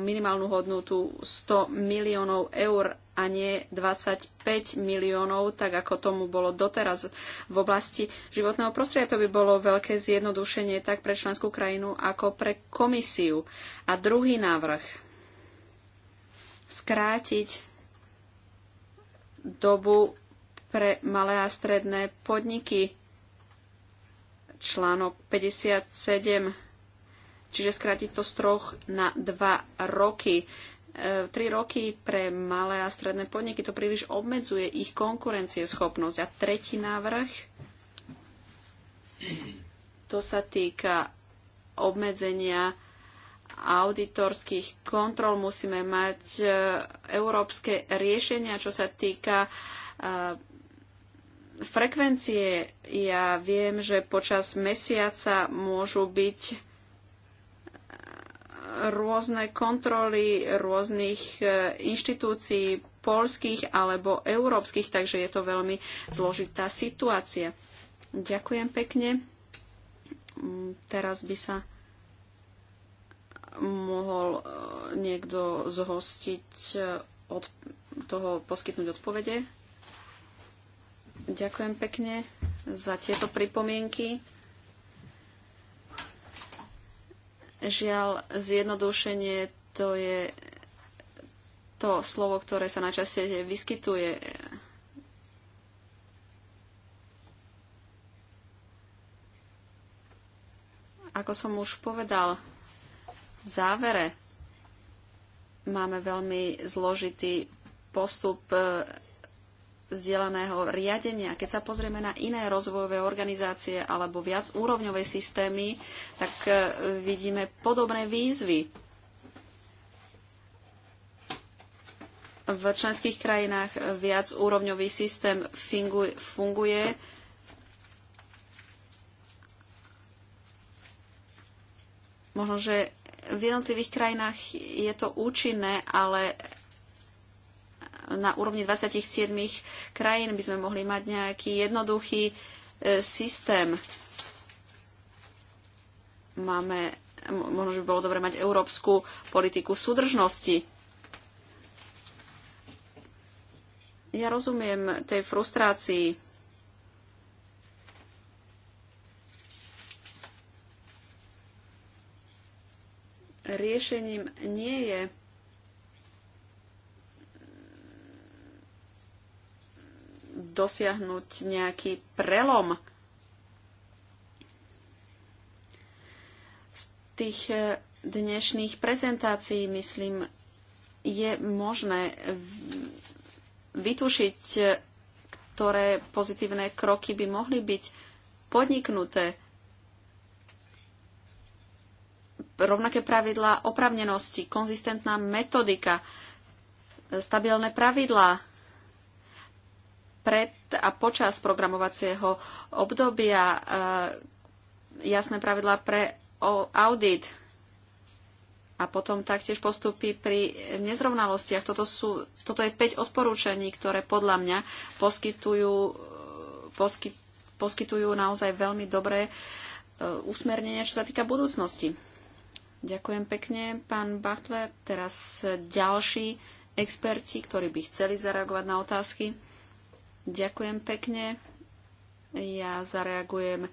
minimálnu hodnotu 100 miliónov eur a nie 25 miliónov, tak ako tomu bolo doteraz v oblasti životného prostredia. To by bolo veľké zjednodušenie tak pre členskú krajinu ako pre komisiu. A druhý návrh. Skrátiť dobu pre malé a stredné podniky. Článok 57, čiže skrátiť to z troch na dva roky. E, tri roky pre malé a stredné podniky to príliš obmedzuje ich konkurencieschopnosť. A tretí návrh, to sa týka obmedzenia auditorských kontrol. Musíme mať e, európske riešenia, čo sa týka e, frekvencie. Ja viem, že počas mesiaca môžu byť e, rôzne kontroly rôznych inštitúcií polských alebo európskych, takže je to veľmi zložitá situácia. Ďakujem pekne. Mm, teraz by sa mohol e, niekto zhostiť e, od toho poskytnúť odpovede. Ďakujem pekne za tieto pripomienky. Žiaľ, zjednodušenie to je to slovo, ktoré sa najčastejšie vyskytuje. Ako som už povedal, závere. Máme veľmi zložitý postup e, zdieľaného riadenia. Keď sa pozrieme na iné rozvojové organizácie alebo viac úrovňové systémy, tak e, vidíme podobné výzvy. V členských krajinách viac úrovňový systém funguje. Možno, že v jednotlivých krajinách je to účinné, ale na úrovni 27 krajín by sme mohli mať nejaký jednoduchý e, systém. Máme, možno by bolo dobre mať európsku politiku súdržnosti. Ja rozumiem tej frustrácii riešením nie je eh, dosiahnuť nejaký prelom z tých eh, dnešných prezentácií, myslím, je možné vytušiť, eh, ktoré pozitívne kroky by mohli byť podniknuté. rovnaké pravidlá opravnenosti, konzistentná metodika, stabilné pravidlá pred a počas programovacieho obdobia, e, jasné pravidlá pre audit a potom taktiež postupy pri nezrovnalostiach. Toto, sú, toto je 5 odporúčaní, ktoré podľa mňa poskytujú, poskytujú naozaj veľmi dobré e, usmernenia, čo sa týka budúcnosti. Ďakujem pekne, pán Butler. Teraz ďalší experti, ktorí by chceli zareagovať na otázky. Ďakujem pekne. Ja zareagujem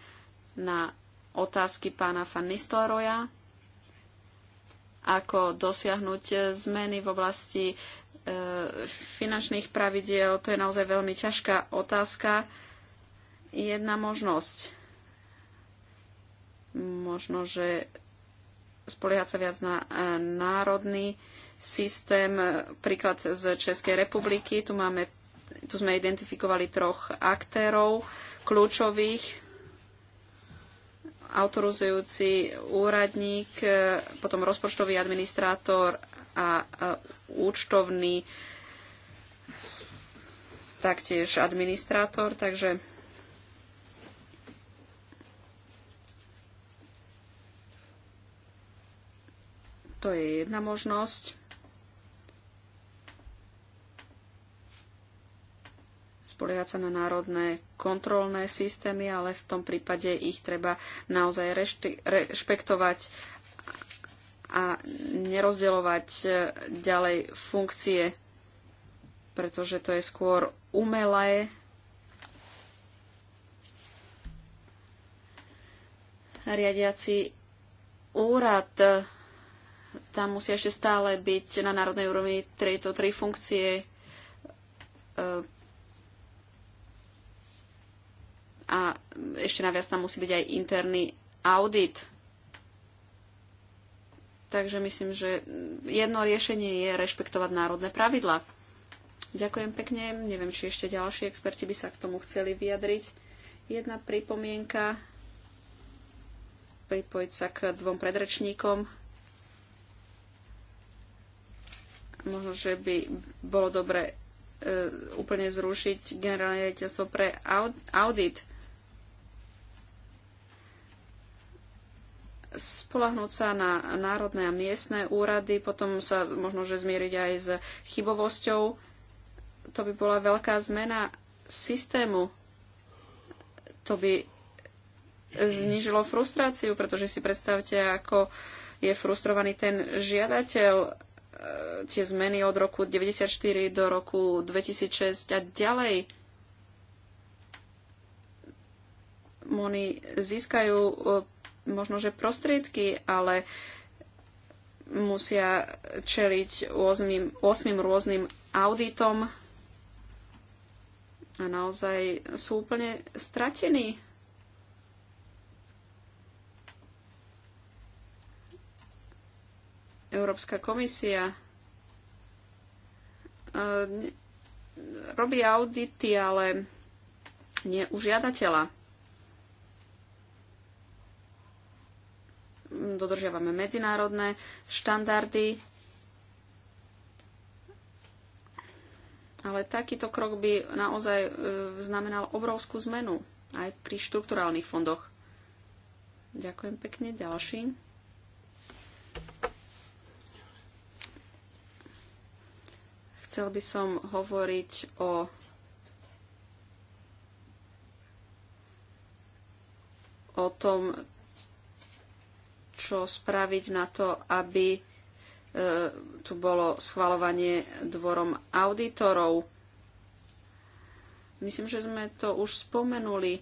na otázky pána Van Nistelroja, ako dosiahnuť zmeny v oblasti e, finančných pravidiel. To je naozaj veľmi ťažká otázka. Jedna možnosť. Možno, že spoliehať sa viac na e, národný systém. Príklad z Českej republiky. Tu, máme, tu sme identifikovali troch aktérov kľúčových autorizujúci úradník, e, potom rozpočtový administrátor a e, účtovný taktiež administrátor, takže To je jedna možnosť. spoliehať sa na národné kontrolné systémy, ale v tom prípade ich treba naozaj rešpektovať a nerozdeľovať e, ďalej funkcie, pretože to je skôr umelé riadiaci úrad tam musia ešte stále byť na národnej úrovni tieto tri funkcie eh, a ešte naviac tam musí byť aj interný audit. Takže myslím, že jedno riešenie je rešpektovať národné pravidla. Ďakujem pekne. Neviem, či ešte ďalší experti by sa k tomu chceli vyjadriť. Jedna pripomienka. Pripojiť sa k dvom predrečníkom Možno, že by bolo dobre e, úplne zrušiť generálne riaditeľstvo pre audit. spolahnúť sa na národné a miestne úrady, potom sa možno, že zmieriť aj s chybovosťou. To by bola veľká zmena systému. To by znižilo frustráciu, pretože si predstavte, ako je frustrovaný ten žiadateľ, E, tie zmeny od roku 1994 do roku 2006 a ďalej Oni získajú e, možno, že prostriedky, ale musia čeliť 8, 8 rôznym auditom a naozaj sú úplne stratení Európska komisia e, robí audity, ale nie u žiadateľa. Dodržiavame medzinárodné štandardy, ale takýto krok by naozaj e, znamenal obrovskú zmenu aj pri štrukturálnych fondoch. Ďakujem pekne. Ďalší. Chcel by som hovoriť o o tom, čo spraviť na to, aby e, tu bolo schvalovanie dvorom auditorov. Myslím, že sme to už spomenuli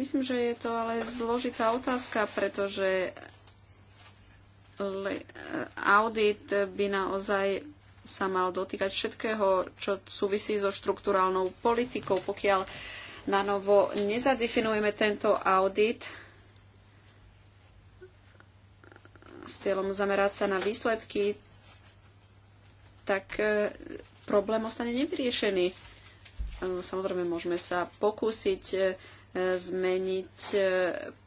Myslím, že je to ale zložitá otázka, pretože audit by naozaj sa mal dotýkať všetkého, čo súvisí so štruktúrálnou politikou. Pokiaľ na novo nezadefinujeme tento audit s cieľom zamerať sa na výsledky, tak e, problém ostane nevyriešený. E, samozrejme, môžeme sa pokúsiť e, zmeniť e,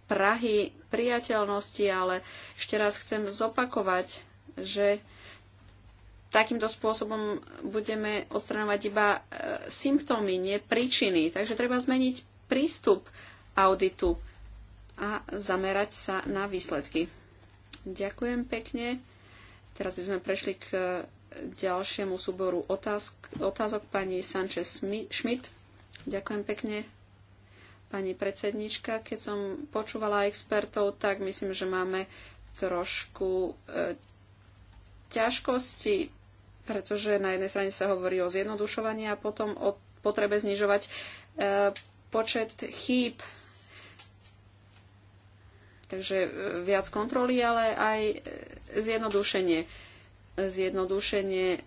prahy priateľnosti, ale ešte raz chcem zopakovať, že takýmto spôsobom budeme odstraňovať iba e, symptómy, nie príčiny. Takže treba zmeniť prístup auditu a zamerať sa na výsledky. Ďakujem pekne. Teraz by sme prešli k e, ďalšiemu súboru otázok pani Sanchez Schmidt. Ďakujem pekne, pani predsednička. Keď som počúvala expertov, tak myslím, že máme trošku e, ťažkosti, pretože na jednej strane sa hovorí o zjednodušovaní a potom o potrebe znižovať e, počet chýb. Takže e, viac kontroly, ale aj e, zjednodušenie. Zjednodušenie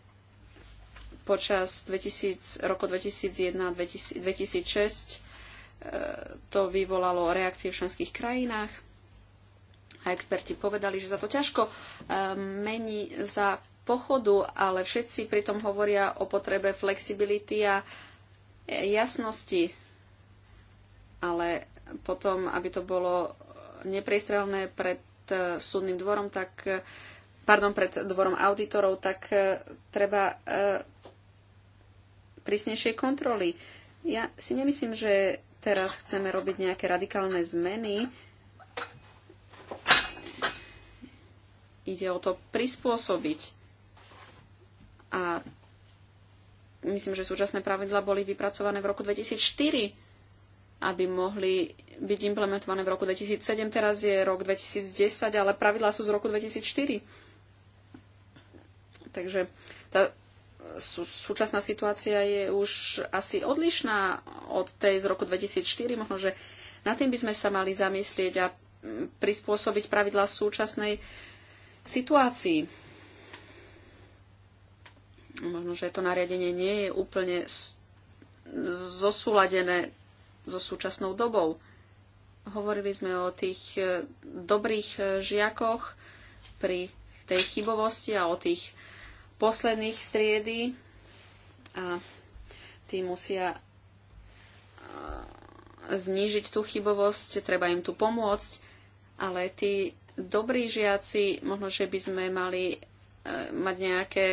počas 2000, roku 2001-2006 to vyvolalo reakcie v členských krajinách a experti povedali, že za to ťažko eh, mení za pochodu, ale všetci pritom hovoria o potrebe flexibility a jasnosti. Ale potom, aby to bolo neprestrelné pred eh, súdnym dvorom, tak eh, pardon, pred dvorom auditorov, tak treba prísnejšie kontroly. Ja si nemyslím, že teraz chceme robiť nejaké radikálne zmeny, ide o to prispôsobiť. A myslím, že súčasné pravidla boli vypracované v roku 2004, aby mohli byť implementované v roku 2007. Teraz je rok 2010, ale pravidlá sú z roku 2004. Takže tá súčasná situácia je už asi odlišná od tej z roku 2004. Možno, že na tým by sme sa mali zamyslieť a mm, prispôsobiť pravidla súčasnej situácii. Možno, že to nariadenie nie je úplne zosúladené so súčasnou dobou. Hovorili sme o tých e, dobrých e, žiakoch pri tej chybovosti a o tých posledných striedy a tí musia znížiť tú chybovosť, treba im tu pomôcť, ale tí dobrí žiaci, možno, že by sme mali e, mať nejaké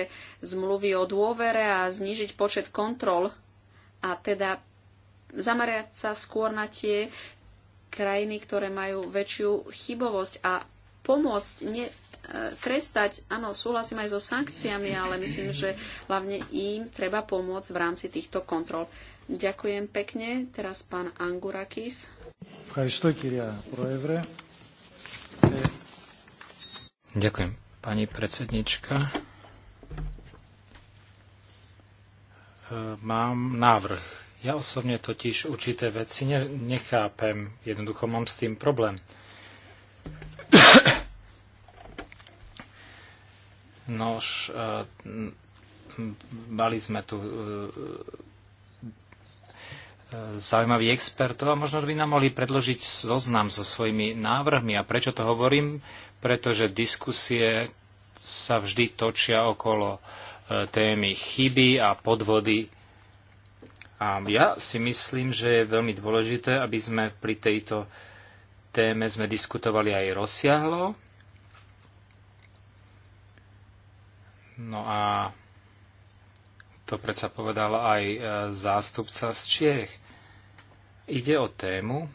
zmluvy o dôvere a znížiť počet kontrol a teda zamerať sa skôr na tie krajiny, ktoré majú väčšiu chybovosť a pomôcť, ne, e, trestať. Áno, súhlasím aj so sankciami, ale myslím, že hlavne im treba pomôcť v rámci týchto kontrol. Ďakujem pekne. Teraz pán Angurakis. Ďakujem, pani predsednička. E, mám návrh. Ja osobne totiž určité veci nechápem. Jednoducho mám s tým problém Nož, e, mali sme tu e, e, zaujímavých expertov a možno by nám mohli predložiť zoznam so svojimi návrhmi. A prečo to hovorím? Pretože diskusie sa vždy točia okolo témy chyby a podvody. A ja si myslím, že je veľmi dôležité, aby sme pri tejto téme sme diskutovali aj rozsiahlo, No a to predsa povedal aj e, zástupca z Čiech. Ide o tému,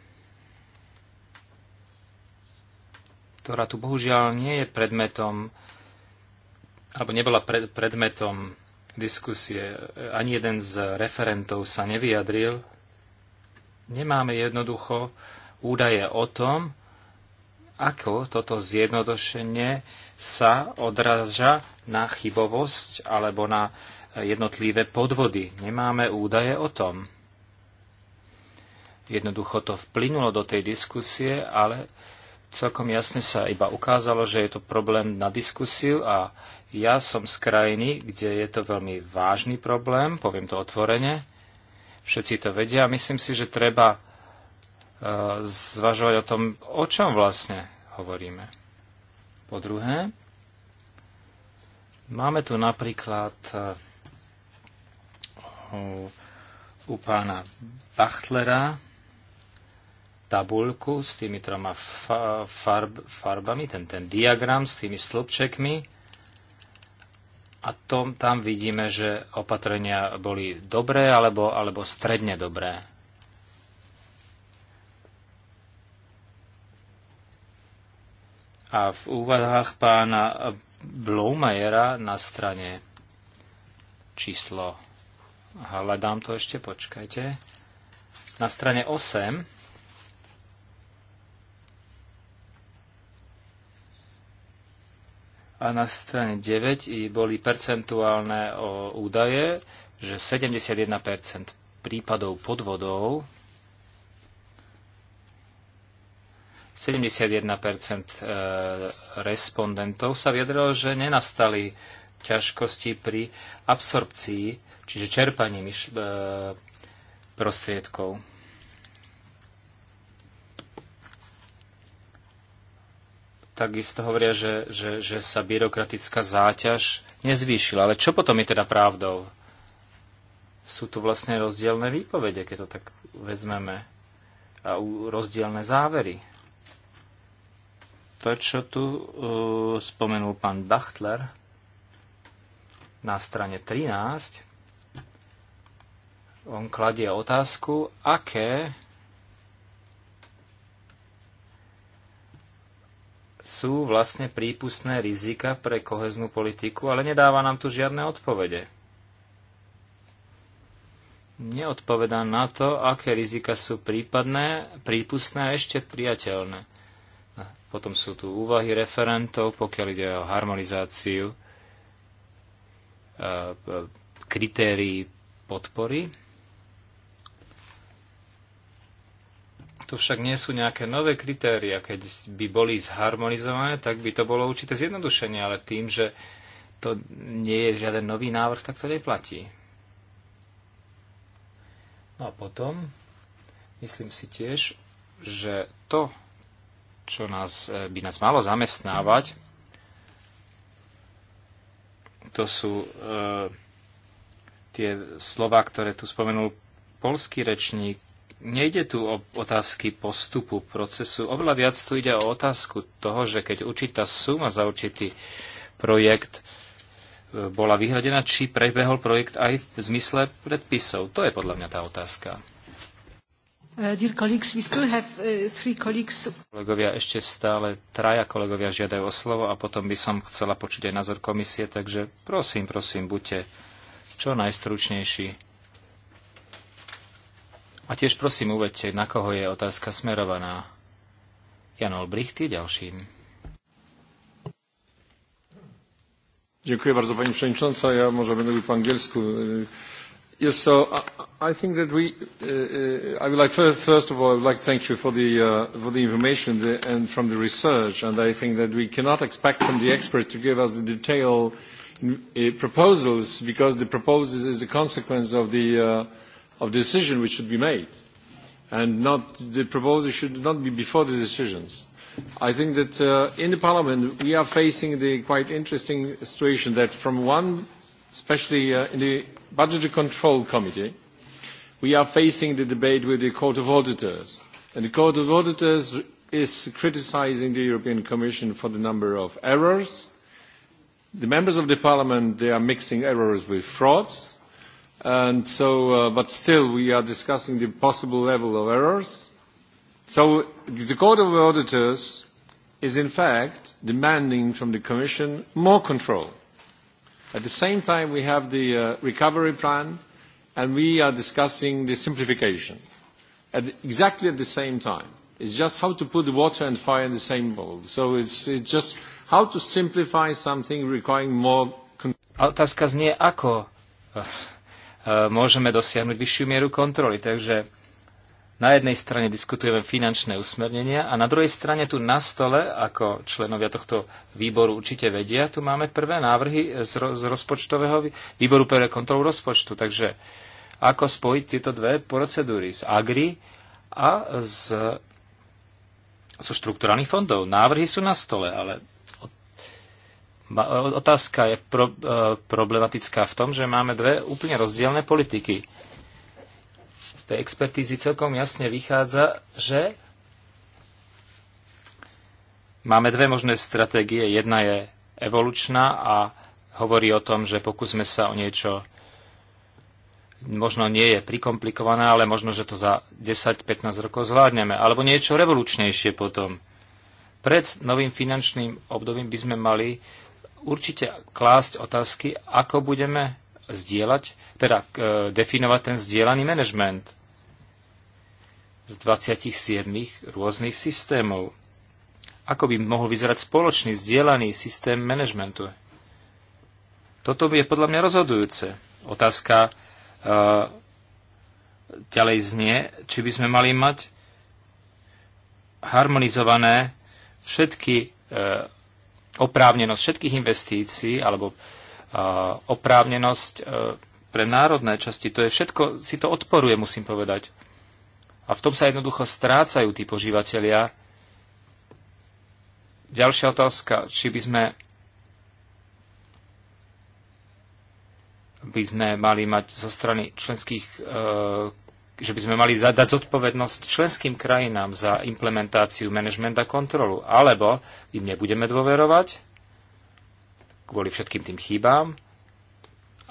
ktorá tu bohužiaľ nie je predmetom, alebo nebola pred, predmetom diskusie. Ani jeden z referentov sa nevyjadril. Nemáme jednoducho údaje o tom, ako toto zjednodušenie sa odráža na chybovosť alebo na jednotlivé podvody. Nemáme údaje o tom. Jednoducho to vplynulo do tej diskusie, ale celkom jasne sa iba ukázalo, že je to problém na diskusiu a ja som z krajiny, kde je to veľmi vážny problém, poviem to otvorene. Všetci to vedia a myslím si, že treba e, zvažovať o tom, o čom vlastne hovoríme. Po druhé, Máme tu napríklad e, u pána Bachtlera tabulku s tými troma farb, farbami, ten, ten diagram s tými slupčekmi. A tom, tam vidíme, že opatrenia boli dobré alebo, alebo stredne dobré. A v úvahách pána Blumajera na strane číslo. Hľadám to ešte, počkajte. Na strane 8 a na strane 9 boli percentuálne údaje, že 71% prípadov podvodov 71 e, respondentov sa vyjadrilo, že nenastali ťažkosti pri absorpcii, čiže čerpaní e, prostriedkov. Takisto hovoria, že, že, že sa byrokratická záťaž nezvýšila. Ale čo potom je teda pravdou? Sú tu vlastne rozdielne výpovede, keď to tak vezmeme a rozdielne závery. To, čo tu uh, spomenul pán Dachtler na strane 13, on kladie otázku, aké sú vlastne prípustné rizika pre koheznú politiku, ale nedáva nám tu žiadne odpovede. Neodpovedá na to, aké rizika sú prípadné, prípustné a ešte priateľné. Potom sú tu úvahy referentov, pokiaľ ide o harmonizáciu e, e, kritérií podpory. Tu však nie sú nejaké nové kritéria. Keď by boli zharmonizované, tak by to bolo určité zjednodušenie, ale tým, že to nie je žiaden nový návrh, tak to neplatí. No a potom, myslím si tiež, že to, čo nás, e, by nás malo zamestnávať, to sú e, tie slova, ktoré tu spomenul polský rečník. Nejde tu o otázky postupu, procesu. Oveľa viac tu ide o otázku toho, že keď určitá suma za určitý projekt e, bola vyhradená, či prebehol projekt aj v zmysle predpisov. To je podľa mňa tá otázka. Uh, uh, kolegovia, ešte stále traja kolegovia žiadajú o slovo a potom by som chcela počuť aj názor komisie, takže prosím, prosím, buďte čo najstručnejší. A tiež prosím, uvedte, na koho je otázka smerovaná. Jan Olbricht je ďalším. Ďakujem bardzo Pani Przewodnicząca. Ja môžem będę po angielsku. Yes, so I, I think that we, uh, uh, I would like first, first of all, I would like to thank you for the, uh, for the information the, and from the research, and I think that we cannot expect from the experts to give us the detailed uh, proposals because the proposals is a consequence of the uh, of decision which should be made, and not the proposal should not be before the decisions. I think that uh, in the Parliament we are facing the quite interesting situation that from one, especially uh, in the Budgetary Control Committee, we are facing the debate with the Court of Auditors. And the Court of Auditors is criticising the European Commission for the number of errors. The members of the Parliament, they are mixing errors with frauds. And so, uh, but still, we are discussing the possible level of errors. So the Court of Auditors is in fact demanding from the Commission more control At the same time, we have the uh, recovery plan, and we are discussing the simplification at exactly at the same time. It's just how to put water and fire in the same bowl. So it's, it's just how to simplify something requiring more... Otázka znie, ako eh, eh, môžeme dosiahnuť vyššiu mieru kontroly. Takže na jednej strane diskutujeme finančné usmernenia a na druhej strane tu na stole, ako členovia tohto výboru určite vedia, tu máme prvé návrhy z, ro- z rozpočtového výboru pre kontrolu rozpočtu. Takže ako spojiť tieto dve procedúry z Agri a z, zo štruktúrálnych fondov. Návrhy sú na stole, ale otázka je pro, e, problematická v tom, že máme dve úplne rozdielne politiky z tej expertízy celkom jasne vychádza, že máme dve možné stratégie. Jedna je evolučná a hovorí o tom, že pokúsme sa o niečo možno nie je prikomplikované, ale možno, že to za 10-15 rokov zvládneme. Alebo niečo revolučnejšie potom. Pred novým finančným obdobím by sme mali určite klásť otázky, ako budeme zdieľať, teda e, definovať ten zdieľaný manažment z 27 rôznych systémov. Ako by mohol vyzerať spoločný zdieľaný systém manažmentu? Toto je podľa mňa rozhodujúce. Otázka e, ďalej znie, či by sme mali mať harmonizované všetky uh, oprávnenosť všetkých investícií alebo uh, oprávnenosť e, pre národné časti. To je všetko, si to odporuje, musím povedať. A v tom sa jednoducho strácajú tí požívateľia. Ďalšia otázka, či by sme by sme mali mať zo strany členských, e, že by sme mali zadať zodpovednosť členským krajinám za implementáciu, manažmenta a kontrolu. Alebo im nebudeme dôverovať, kvôli všetkým tým chybám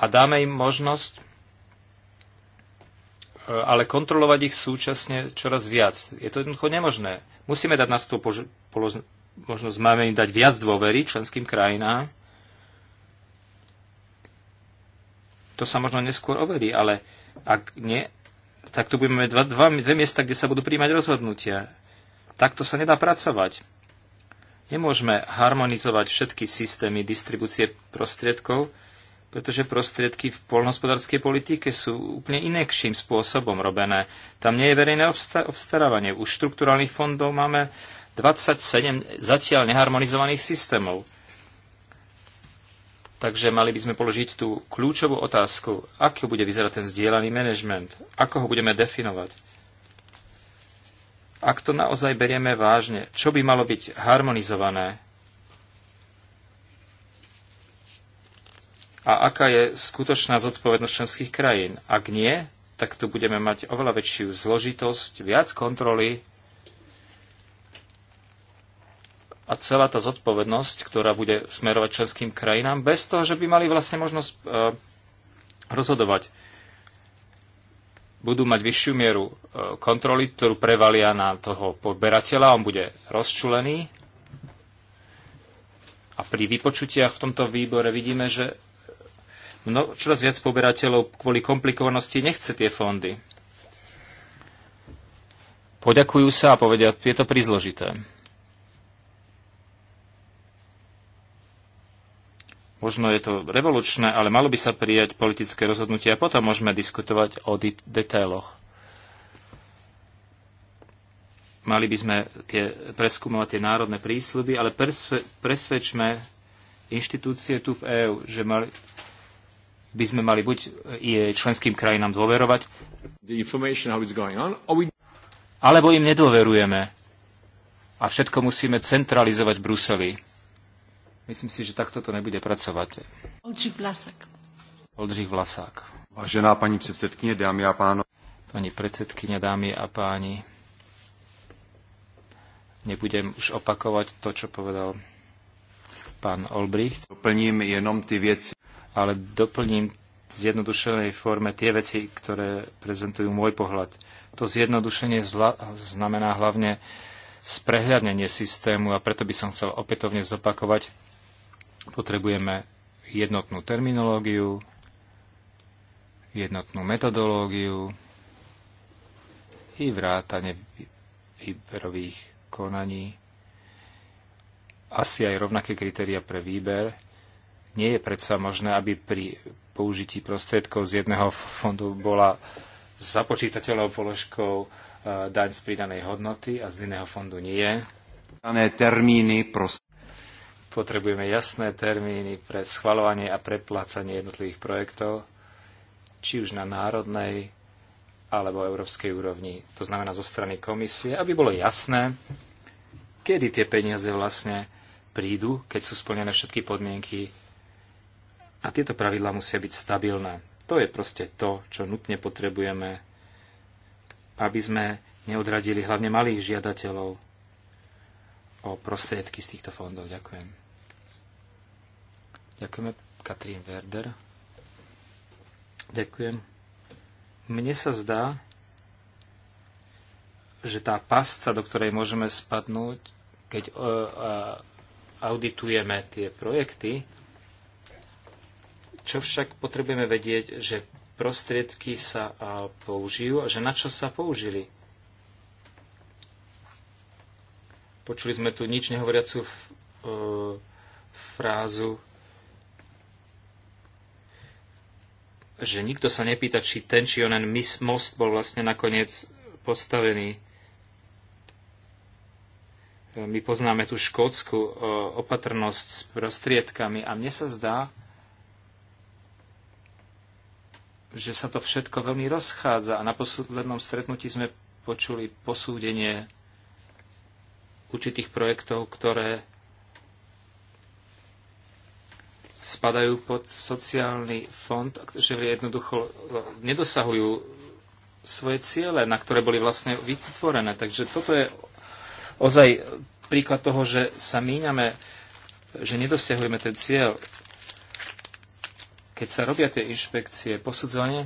a dáme im možnosť e, ale kontrolovať ich súčasne čoraz viac. Je to jednoducho nemožné. Musíme dať na stôl možnosť, máme im dať viac dôvery členským krajinám. To sa možno neskôr overí, ale ak nie, tak tu budeme dva, dva, dve miesta, kde sa budú príjmať rozhodnutia. Takto sa nedá pracovať. Nemôžeme harmonizovať všetky systémy distribúcie prostriedkov, pretože prostriedky v poľnohospodárskej politike sú úplne inekším spôsobom robené. Tam nie je verejné obstarávanie. Už štrukturálnych fondov máme 27 zatiaľ neharmonizovaných systémov. Takže mali by sme položiť tú kľúčovú otázku, ako bude vyzerať ten zdieľaný manažment, ako ho budeme definovať ak to naozaj berieme vážne, čo by malo byť harmonizované? A aká je skutočná zodpovednosť členských krajín? Ak nie, tak tu budeme mať oveľa väčšiu zložitosť, viac kontroly a celá tá zodpovednosť, ktorá bude smerovať členským krajinám, bez toho, že by mali vlastne možnosť eh, rozhodovať budú mať vyššiu mieru e, kontroly, ktorú prevalia na toho poberateľa, on bude rozčulený. A pri vypočutiach v tomto výbore vidíme, že mno, čoraz viac poberateľov kvôli komplikovanosti nechce tie fondy. Poďakujú sa a povedia, je to prízložité. Možno je to revolučné, ale malo by sa prijať politické rozhodnutie a potom môžeme diskutovať o detailoch. Mali by sme tie, preskúmovať tie národné prísľuby, ale presve, presvedčme inštitúcie tu v EÚ, že mali, by sme mali buď členským krajinám dôverovať, on, we... alebo im nedôverujeme. A všetko musíme centralizovať v Bruseli Myslím si, že takto to nebude pracovať. Oldřich Vlasák. Oldřich Vlasák. Vážená pani predsedkynie, dámy a páno. Pani predsedkynia, dámy a páni. Nebudem už opakovať to, čo povedal pán Olbricht. Doplním jenom ty veci. Ale doplním v zjednodušenej forme tie veci, ktoré prezentujú môj pohľad. To zjednodušenie zla, znamená hlavne sprehľadnenie systému a preto by som chcel opätovne zopakovať Potrebujeme jednotnú terminológiu, jednotnú metodológiu i vrátane výberových konaní. Asi aj rovnaké kritéria pre výber. Nie je predsa možné, aby pri použití prostriedkov z jedného fondu bola započítateľnou položkou e, daň z pridanej hodnoty a z iného fondu nie. Dané termíny prost... Potrebujeme jasné termíny pre schvalovanie a preplácanie jednotlivých projektov, či už na národnej alebo európskej úrovni, to znamená zo strany komisie, aby bolo jasné, kedy tie peniaze vlastne prídu, keď sú splnené všetky podmienky a tieto pravidlá musia byť stabilné. To je proste to, čo nutne potrebujeme, aby sme neodradili hlavne malých žiadateľov o prostriedky z týchto fondov. Ďakujem. Ďakujeme, Katrín Werder. Ďakujem. Mne sa zdá, že tá pasca, do ktorej môžeme spadnúť, keď e, e, auditujeme tie projekty, čo však potrebujeme vedieť, že prostriedky sa e, použijú a že na čo sa použili. Počuli sme tu nič nehovoriacu frázu že nikto sa nepýta, či ten či onen most bol vlastne nakoniec postavený. E, my poznáme tú škótsku e, opatrnosť s prostriedkami a mne sa zdá, že sa to všetko veľmi rozchádza a na poslednom stretnutí sme počuli posúdenie určitých projektov, ktoré spadajú pod sociálny fond, že jednoducho e, nedosahujú svoje ciele, na ktoré boli vlastne vytvorené. Takže toto je ozaj príklad toho, že sa míňame, že nedosiahujeme ten cieľ. Keď sa robia tie inšpekcie, posudzovanie,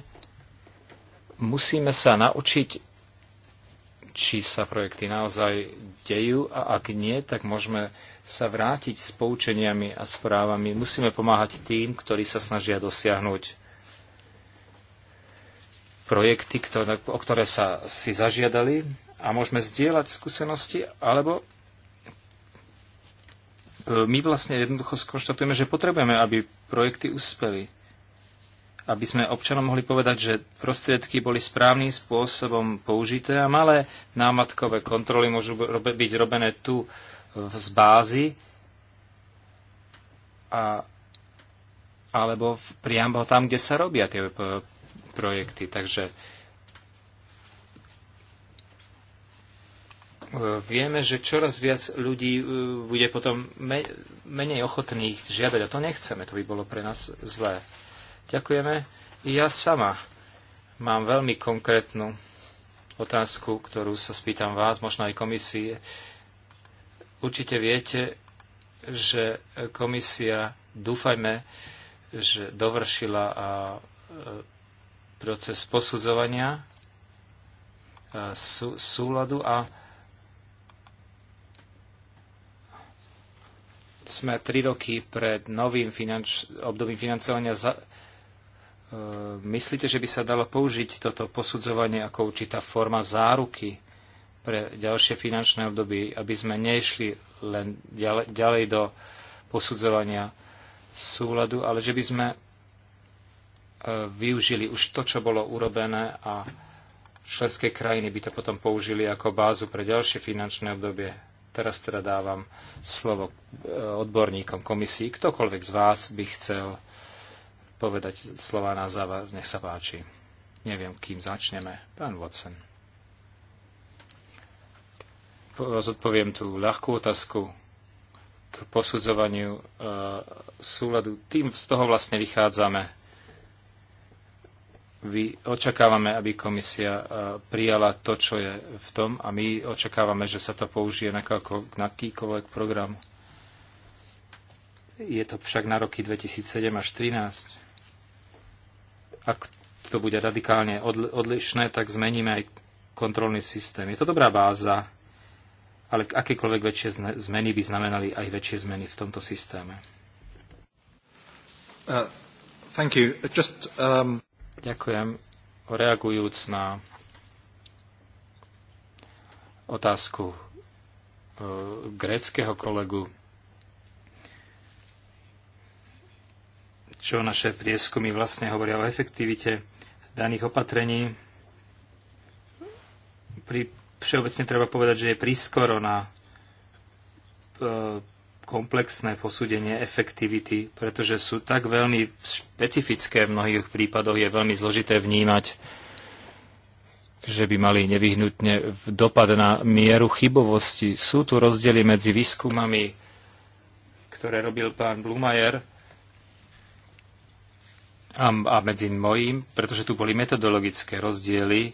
musíme sa naučiť, či sa projekty naozaj dejú a ak nie, tak môžeme sa vrátiť s poučeniami a správami. Musíme pomáhať tým, ktorí sa snažia dosiahnuť projekty, ktoré, o ktoré sa si zažiadali a môžeme zdieľať skúsenosti, alebo e, my vlastne jednoducho skonštatujeme, že potrebujeme, aby projekty uspeli. Aby sme občanom mohli povedať, že prostriedky boli správnym spôsobom použité a malé námatkové kontroly môžu byť robené tu v zbázi a, alebo priamo tam, kde sa robia tie e, projekty. Takže e, vieme, že čoraz viac ľudí e, bude potom menej ochotných žiadať a to nechceme, to by bolo pre nás zlé. Ďakujeme. Ja sama mám veľmi konkrétnu otázku, ktorú sa spýtam vás, možno aj komisie. Určite viete, že komisia, dúfajme, že dovršila a e, proces posudzovania a e, sú, súladu a sme tri roky pred novým finanč, obdobím financovania. Za, e, myslíte, že by sa dalo použiť toto posudzovanie ako určitá forma záruky pre ďalšie finančné obdobie, aby sme nešli len ďalej, ďalej do posudzovania súladu, ale že by sme e, využili už to, čo bolo urobené a členské krajiny by to potom použili ako bázu pre ďalšie finančné obdobie. Teraz teda dávam slovo e, odborníkom komisii. Ktokoľvek z vás by chcel povedať slova na záver, nech sa páči. Neviem, kým začneme. Pán Watson zodpoviem tú ľahkú otázku k posudzovaniu e, súladu. Tým z toho vlastne vychádzame. Vy očakávame, aby komisia e, prijala to, čo je v tom a my očakávame, že sa to použije na, kalko, na akýkoľvek program. Je to však na roky 2007 až 2013. Ak to bude radikálne odlišné, tak zmeníme aj kontrolný systém. Je to dobrá báza ale akékoľvek väčšie zmeny by znamenali aj väčšie zmeny v tomto systéme. Uh, thank you. Just, um... Ďakujem. Reagujúc na otázku uh, gréckého kolegu, čo naše prieskumy vlastne hovoria o efektivite daných opatrení pri Všeobecne treba povedať, že je prískoro na e, komplexné posúdenie efektivity, pretože sú tak veľmi špecifické v mnohých prípadoch, je veľmi zložité vnímať, že by mali nevyhnutne dopad na mieru chybovosti. Sú tu rozdiely medzi výskumami, ktoré robil pán Blumajer a, a medzi mojím, pretože tu boli metodologické rozdiely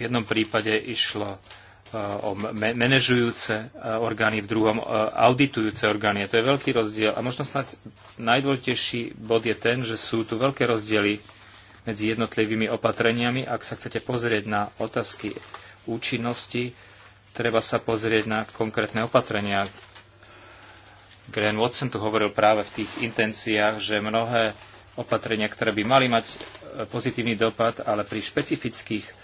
v jednom prípade išlo eh, o manažujúce eh, orgány, v druhom eh, auditujúce orgány. A to je veľký rozdiel. A možno snad najdôležitejší bod je ten, že sú tu veľké rozdiely medzi jednotlivými opatreniami. Ak sa chcete pozrieť na otázky účinnosti, treba sa pozrieť na konkrétne opatrenia. Graham Watson tu hovoril práve v tých intenciách, že mnohé opatrenia, ktoré by mali mať pozitívny dopad, ale pri špecifických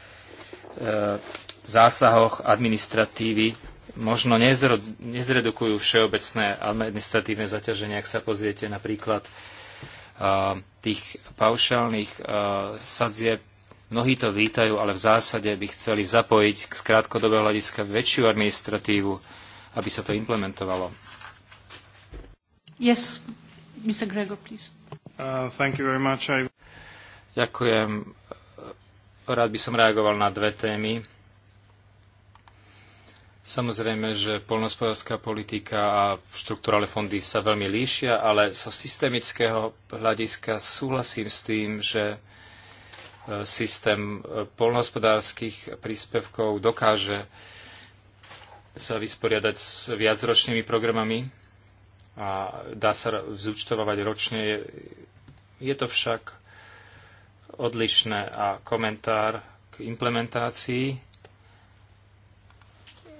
E, zásahoch administratívy možno nezredukujú všeobecné administratívne zaťaženie, ak sa pozriete napríklad e, tých paušálnych e, sadzieb. Mnohí to vítajú, ale v zásade by chceli zapojiť z krátkodobého hľadiska väčšiu administratívu, aby sa to implementovalo. Yes, Mr. Gregor, please. Uh, thank you very much. I... Ďakujem. Rád by som reagoval na dve témy. Samozrejme, že polnospodárska politika a štruktúrale fondy sa veľmi líšia, ale zo so systemického hľadiska súhlasím s tým, že e, systém e, polnohospodárskych príspevkov dokáže sa vysporiadať s viacročnými programami a dá sa zúčtovávať ročne. Je to však odlišné. A komentár k implementácii.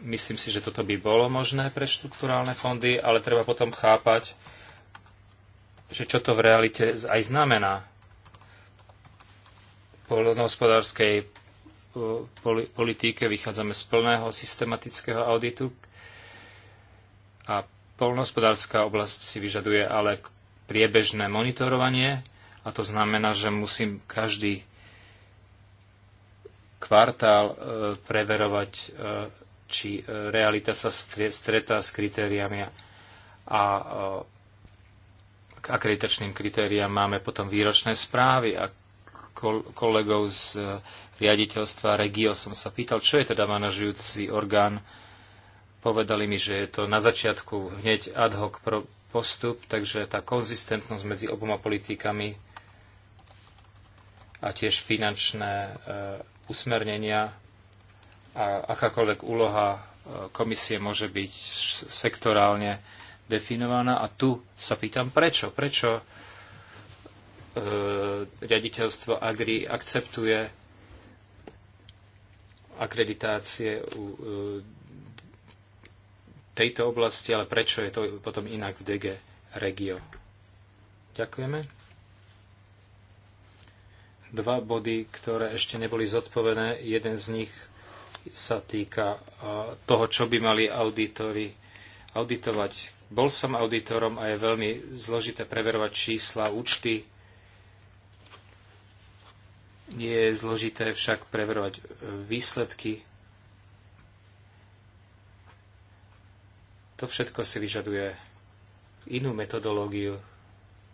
Myslím si, že toto by bolo možné pre štruktúrálne fondy, ale treba potom chápať, že čo to v realite aj znamená. poľnohospodárskej e, politike vychádzame z plného systematického auditu a poľnohospodárska oblasť si vyžaduje ale priebežné monitorovanie a to znamená, že musím každý kvartál e, preverovať, e, či e, realita sa stretá s kritériami a k akreditačným kritériám máme potom výročné správy a kolegov z riaditeľstva Regio som sa pýtal, čo je teda manažujúci orgán. Povedali mi, že je to na začiatku hneď ad hoc postup, takže tá konzistentnosť medzi oboma politikami a tiež finančné e, usmernenia a akákoľvek úloha e, komisie môže byť sektorálne definovaná. A tu sa pýtam, prečo? Prečo e, riaditeľstvo Agri akceptuje akreditácie u tejto oblasti, ale prečo je to potom inak v DG Regio? Ďakujeme dva body, ktoré ešte neboli zodpovedané. Jeden z nich sa týka toho, čo by mali auditory auditovať. Bol som auditorom a je veľmi zložité preverovať čísla, účty. Nie Je zložité však preverovať e, výsledky. To všetko si vyžaduje inú metodológiu,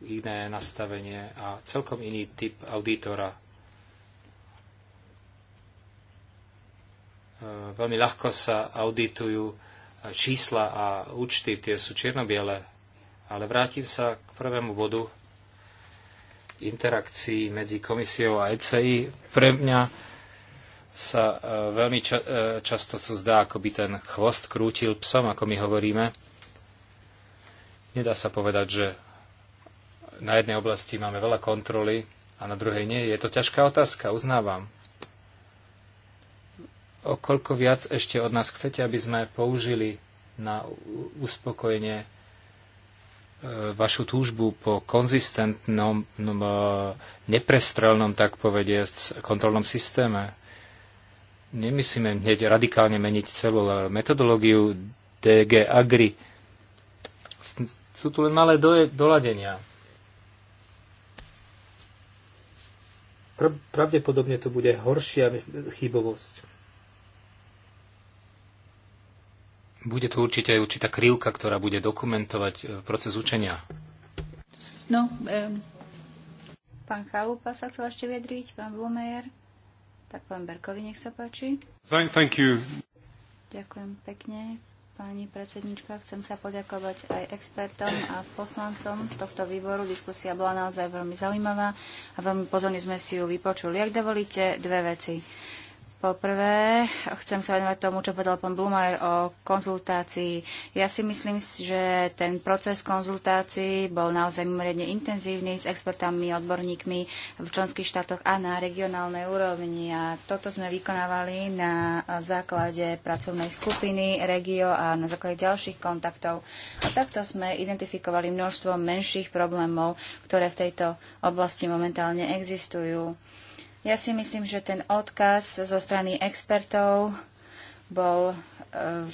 iné nastavenie a celkom iný typ auditora. E, veľmi ľahko sa auditujú čísla a účty, tie sú čiernobiele. Ale vrátim sa k prvému bodu interakcií medzi komisiou a ECI. Pre mňa sa e, veľmi ča- e, často to zdá, ako by ten chvost krútil psom, ako my hovoríme. Nedá sa povedať, že na jednej oblasti máme veľa kontroly a na druhej nie. Je to ťažká otázka, uznávam. O koľko viac ešte od nás chcete, aby sme použili na uspokojenie e, vašu túžbu po konzistentnom, e, neprestrelnom, tak povediať, kontrolnom systéme. Nemyslíme hneď radikálne meniť celú metodológiu DG Agri. Sú tu len malé doladenia. pravdepodobne to bude horšia chybovosť. Bude tu určite aj určitá krivka, ktorá bude dokumentovať e, proces učenia. No, um, pán Chalupa sa chcel ešte vyjadriť, pán Blumejer, tak pán Berkovi nech sa páči. Thank, thank you. Ďakujem pekne, Pani predsednička, chcem sa poďakovať aj expertom a poslancom z tohto výboru. Diskusia bola naozaj veľmi zaujímavá a veľmi pozorne sme si ju vypočuli. Ak dovolíte, dve veci. Poprvé, chcem sa venovať tomu, čo povedal pán Blumajer o konzultácii. Ja si myslím, že ten proces konzultácií bol naozaj mimoriadne intenzívny s expertami, odborníkmi v členských štátoch a na regionálnej úrovni. A toto sme vykonávali na základe pracovnej skupiny Regio a na základe ďalších kontaktov. A takto sme identifikovali množstvo menších problémov, ktoré v tejto oblasti momentálne existujú. Ja si myslím, že ten odkaz zo strany expertov bol e,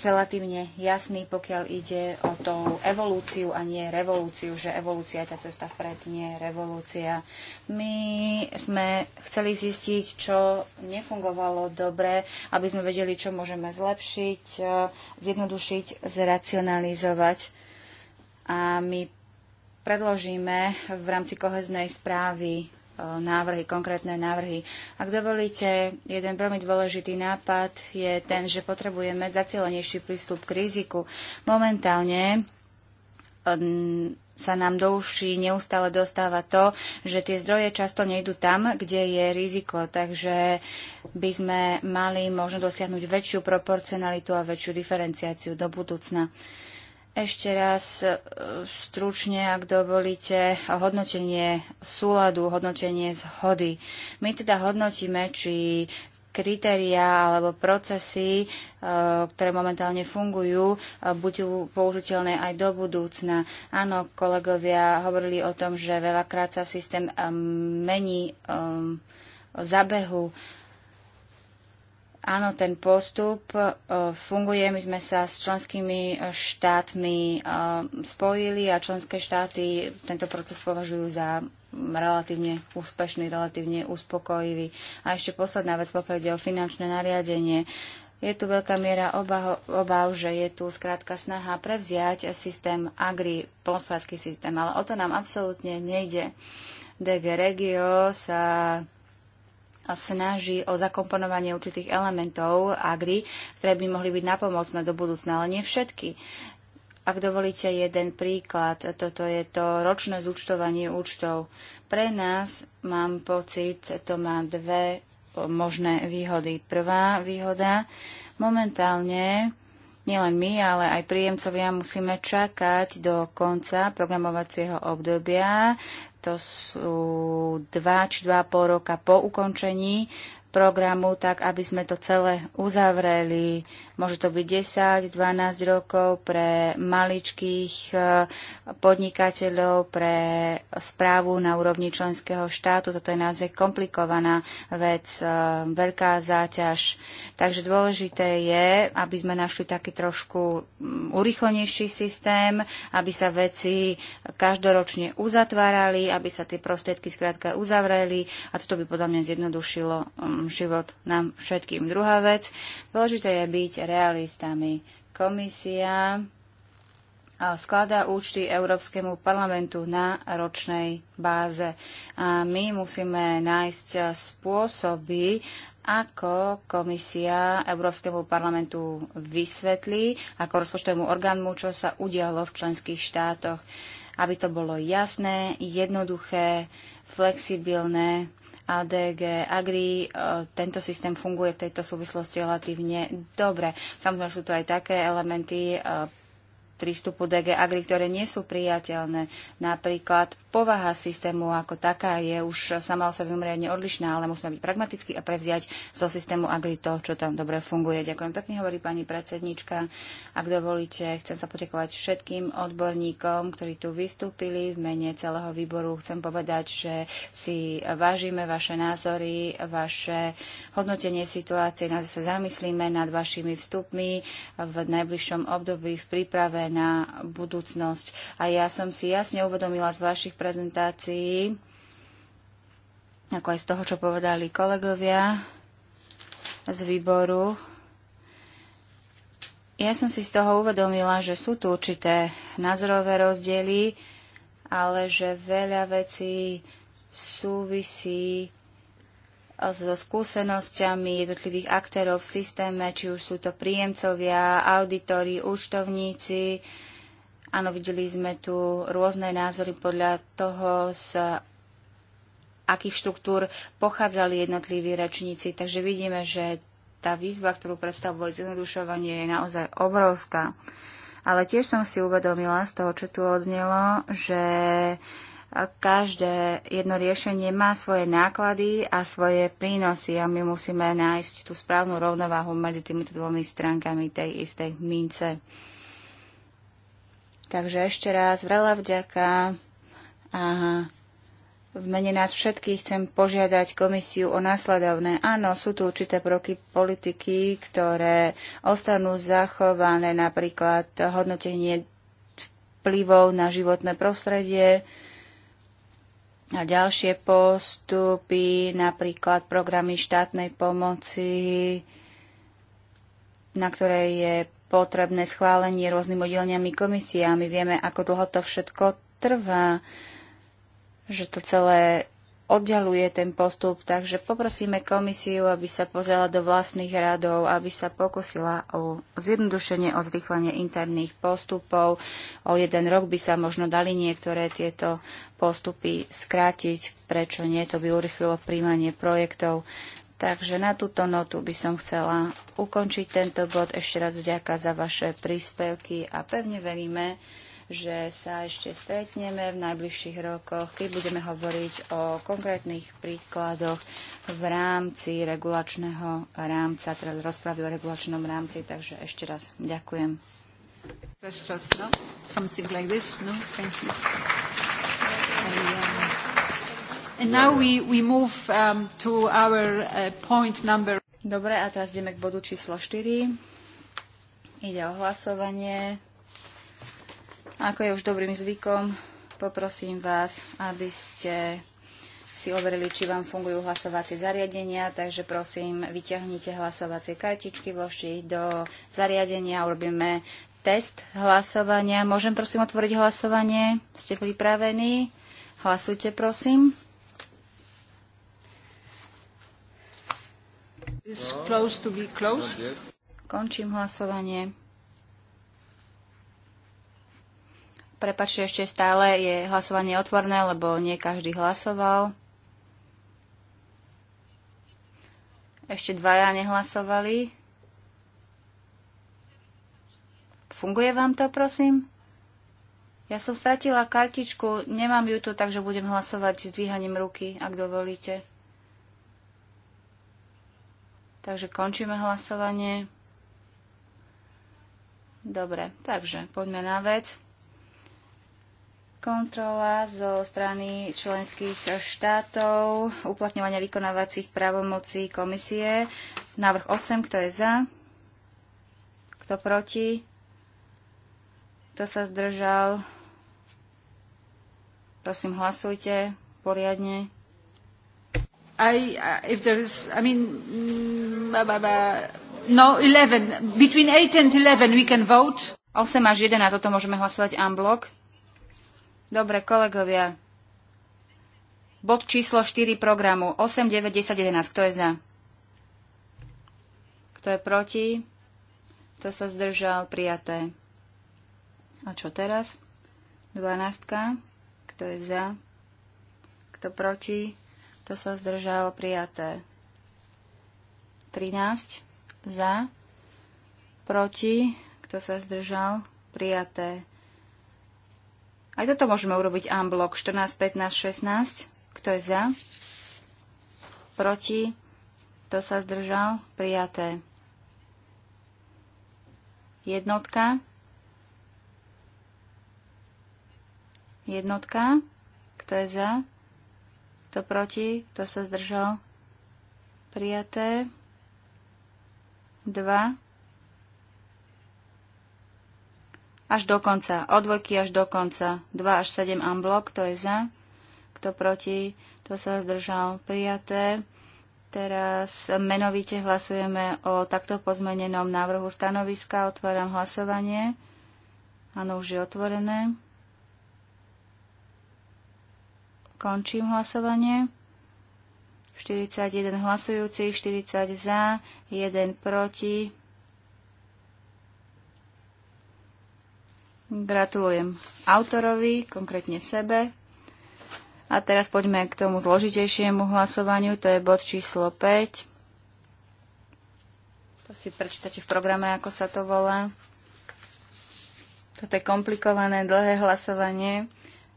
relatívne jasný, pokiaľ ide o tú evolúciu a nie revolúciu, že evolúcia je tá cesta vpred, nie revolúcia. My sme chceli zistiť, čo nefungovalo dobre, aby sme vedeli, čo môžeme zlepšiť, e, zjednodušiť, zracionalizovať. A my predložíme v rámci koheznej správy návrhy, konkrétne návrhy. Ak dovolíte, jeden veľmi dôležitý nápad je ten, že potrebujeme zacielenejší prístup k riziku. Momentálne mm, sa nám do uší neustále dostáva to, že tie zdroje často nejdu tam, kde je riziko. Takže by sme mali možno dosiahnuť väčšiu proporcionalitu a väčšiu diferenciáciu do budúcna. Ešte raz e, stručne, ak dovolíte, hodnotenie súladu, hodnotenie zhody. My teda hodnotíme, či kritériá alebo procesy, e, ktoré momentálne fungujú, e, budú použiteľné aj do budúcna. Áno, kolegovia hovorili o tom, že veľakrát sa systém mení zabehu Áno, ten postup e, funguje. My sme sa s členskými štátmi e, spojili a členské štáty tento proces považujú za relatívne úspešný, relatívne uspokojivý. A ešte posledná vec, pokiaľ ide o finančné nariadenie. Je tu veľká miera obav, že je tu skrátka snaha prevziať systém agri, polnospodársky systém, ale o to nám absolútne nejde. DG Regio sa snaží o zakomponovanie určitých elementov agri, ktoré by mohli byť napomocné do budúcna, ale nie všetky. Ak dovolíte jeden príklad, toto je to ročné zúčtovanie účtov. Pre nás, mám pocit, to má dve možné výhody. Prvá výhoda, momentálne nielen my, ale aj príjemcovia musíme čakať do konca programovacieho obdobia, to sú dva či dva pol roka po ukončení programu, tak aby sme to celé uzavreli Môže to byť 10, 12 rokov pre maličkých e, podnikateľov, pre správu na úrovni členského štátu. Toto je naozaj komplikovaná vec, e, veľká záťaž. Takže dôležité je, aby sme našli taký trošku mm, urychlenejší systém, aby sa veci každoročne uzatvárali, aby sa tie prostriedky skrátka uzavreli a toto by podľa mňa zjednodušilo mm, život nám všetkým. Druhá vec, dôležité je byť realistami. Komisia skladá účty Európskemu parlamentu na ročnej báze. A my musíme nájsť spôsoby, ako komisia Európskemu parlamentu vysvetlí, ako rozpočtovému orgánu, čo sa udialo v členských štátoch. Aby to bolo jasné, jednoduché, flexibilné ADG Agri. E, tento systém funguje v tejto súvislosti relatívne dobre. Samozrejme sú tu aj také elementy e, prístupu DG Agri, ktoré nie sú priateľné. Napríklad povaha systému ako taká je už sama o sebe mimoriadne odlišná, ale musíme byť pragmatickí a prevziať zo systému Agri to, čo tam dobre funguje. Ďakujem pekne, hovorí pani predsednička. Ak dovolíte, chcem sa poďakovať všetkým odborníkom, ktorí tu vystúpili v mene celého výboru. Chcem povedať, že si vážime vaše názory, vaše hodnotenie situácie, nás sa zamyslíme nad vašimi vstupmi v najbližšom období v príprave na budúcnosť. A ja som si jasne uvedomila z vašich prezentácií, ako aj z toho, čo povedali kolegovia z výboru. Ja som si z toho uvedomila, že sú tu určité názorové rozdiely, ale že veľa vecí súvisí so skúsenosťami jednotlivých aktérov v systéme, či už sú to príjemcovia, auditori, účtovníci, Áno, videli sme tu rôzne názory podľa toho, z akých štruktúr pochádzali jednotliví rečníci. Takže vidíme, že tá výzva, ktorú predstavuje zjednodušovanie, je naozaj obrovská. Ale tiež som si uvedomila z toho, čo tu odnelo, že každé jedno riešenie má svoje náklady a svoje prínosy a my musíme nájsť tú správnu rovnováhu medzi týmito dvomi stránkami tej istej mince. Takže ešte raz veľa vďaka a v mene nás všetkých chcem požiadať komisiu o následovné. Áno, sú tu určité proky politiky, ktoré ostanú zachované, napríklad hodnotenie vplyvov na životné prostredie a ďalšie postupy, napríklad programy štátnej pomoci, na ktoré je potrebné schválenie rôznymi oddeleniami komisie a my vieme, ako dlho to všetko trvá, že to celé oddialuje ten postup, takže poprosíme komisiu, aby sa pozrela do vlastných radov, aby sa pokusila o zjednodušenie, o zrýchlenie interných postupov. O jeden rok by sa možno dali niektoré tieto postupy skrátiť. Prečo nie? To by urychlilo príjmanie projektov. Takže na túto notu by som chcela ukončiť tento bod. Ešte raz vďaka za vaše príspevky a pevne veríme, že sa ešte stretneme v najbližších rokoch, keď budeme hovoriť o konkrétnych príkladoch v rámci regulačného rámca, teda rozpravy o regulačnom rámci. Takže ešte raz ďakujem. just, no? Something like this, no? Thank you. Thank you. And now we, we move um, to our uh, point number... Dobre, a teraz ideme k bodu číslo 4. Ide o hlasovanie. Ako je už dobrým zvykom, poprosím vás, aby ste si overili, či vám fungujú hlasovacie zariadenia, takže prosím, vyťahnite hlasovacie kartičky, vložte ich do zariadenia, urobíme test hlasovania. Môžem prosím otvoriť hlasovanie? Ste pripravení? Hlasujte prosím. Končím hlasovanie. Prepačte, ešte stále je hlasovanie otvorné, lebo nie každý hlasoval. Ešte dvaja nehlasovali. Funguje vám to, prosím? Ja som stratila kartičku, nemám ju tu, takže budem hlasovať s dvíhaním ruky, ak dovolíte. Takže končíme hlasovanie. Dobre, takže poďme na vec. Kontrola zo strany členských štátov, uplatňovania vykonávacích právomocí komisie. Návrh 8, kto je za? Kto proti? Kto sa zdržal? Prosím, hlasujte poriadne. I, uh, if there is, I mean, mm, no, 11. Between 8 and 11 we can vote. 8 až 11, a toto môžeme hlasovať en blok. Dobre, kolegovia. Bod číslo 4 programu. 8, 9, 10, 11. Kto je za? Kto je proti? Kto sa zdržal? Prijaté. A čo teraz? 12. Kto je za? Kto proti? kto sa zdržal, prijaté. 13 za, proti, kto sa zdržal, prijaté. Aj toto môžeme urobiť unblock 14, 15, 16. Kto je za? Proti? Kto sa zdržal? Prijaté. Jednotka. Jednotka. Kto je za? Kto proti? Kto sa zdržal? Prijaté. 2. Až do konca. Od dvojky až do konca. 2 až 7 amblok. Kto je za? Kto proti? Kto sa zdržal? Prijaté. Teraz menovite hlasujeme o takto pozmenenom návrhu stanoviska. Otváram hlasovanie. Áno, už je otvorené. Končím hlasovanie. 41 hlasujúcich, 40 za, 1 proti. Gratulujem autorovi, konkrétne sebe. A teraz poďme k tomu zložitejšiemu hlasovaniu, to je bod číslo 5. To si prečítate v programe, ako sa to volá. Toto je komplikované, dlhé hlasovanie.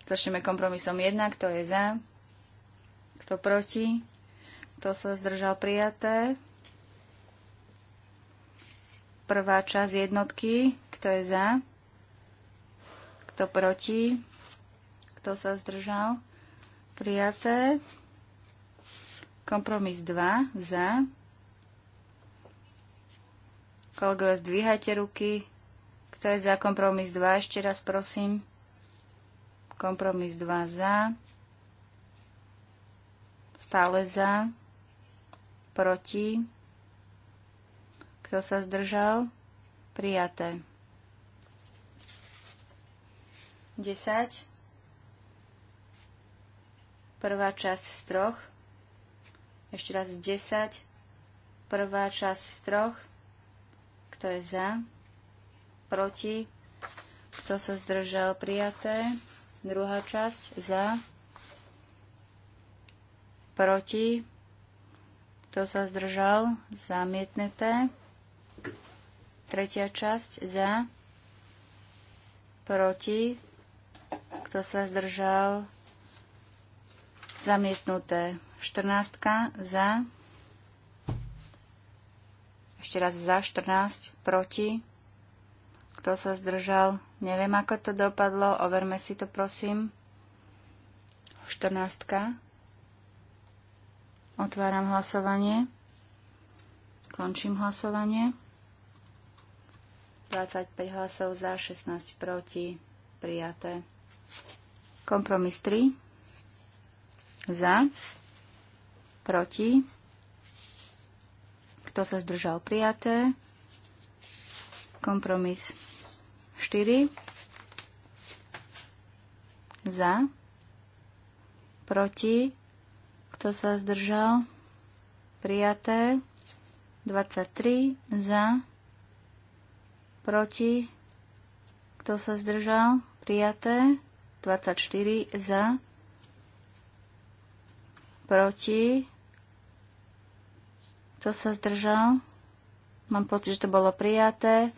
Začneme kompromisom 1, kto je za, kto proti, kto sa zdržal prijaté. Prvá časť jednotky, kto je za, kto proti, kto sa zdržal prijaté. Kompromis 2 za. Kolegové zdvíhajte ruky. Kto je za kompromis 2? Ešte raz prosím. Kompromis 2 za. Stále za. Proti. Kto sa zdržal? Prijaté. 10. Prvá časť z troch. Ešte raz 10. Prvá časť z troch. Kto je za? Proti? Kto sa zdržal? Prijaté. Druhá časť za, proti, kto sa zdržal, zamietnuté. Tretia časť za, proti, kto sa zdržal, zamietnuté. 14 za, ešte raz za 14, proti, kto sa zdržal? Neviem, ako to dopadlo. Overme si to, prosím. 14. Otváram hlasovanie. Končím hlasovanie. 25 hlasov za, 16 proti. Prijaté. Kompromis 3. Za. Proti. Kto sa zdržal? Prijaté. Kompromis 4 za, proti, kto sa zdržal, prijaté, 23 za, proti, kto sa zdržal, prijaté, 24 za, proti, kto sa zdržal, mám pocit, že to bolo prijaté,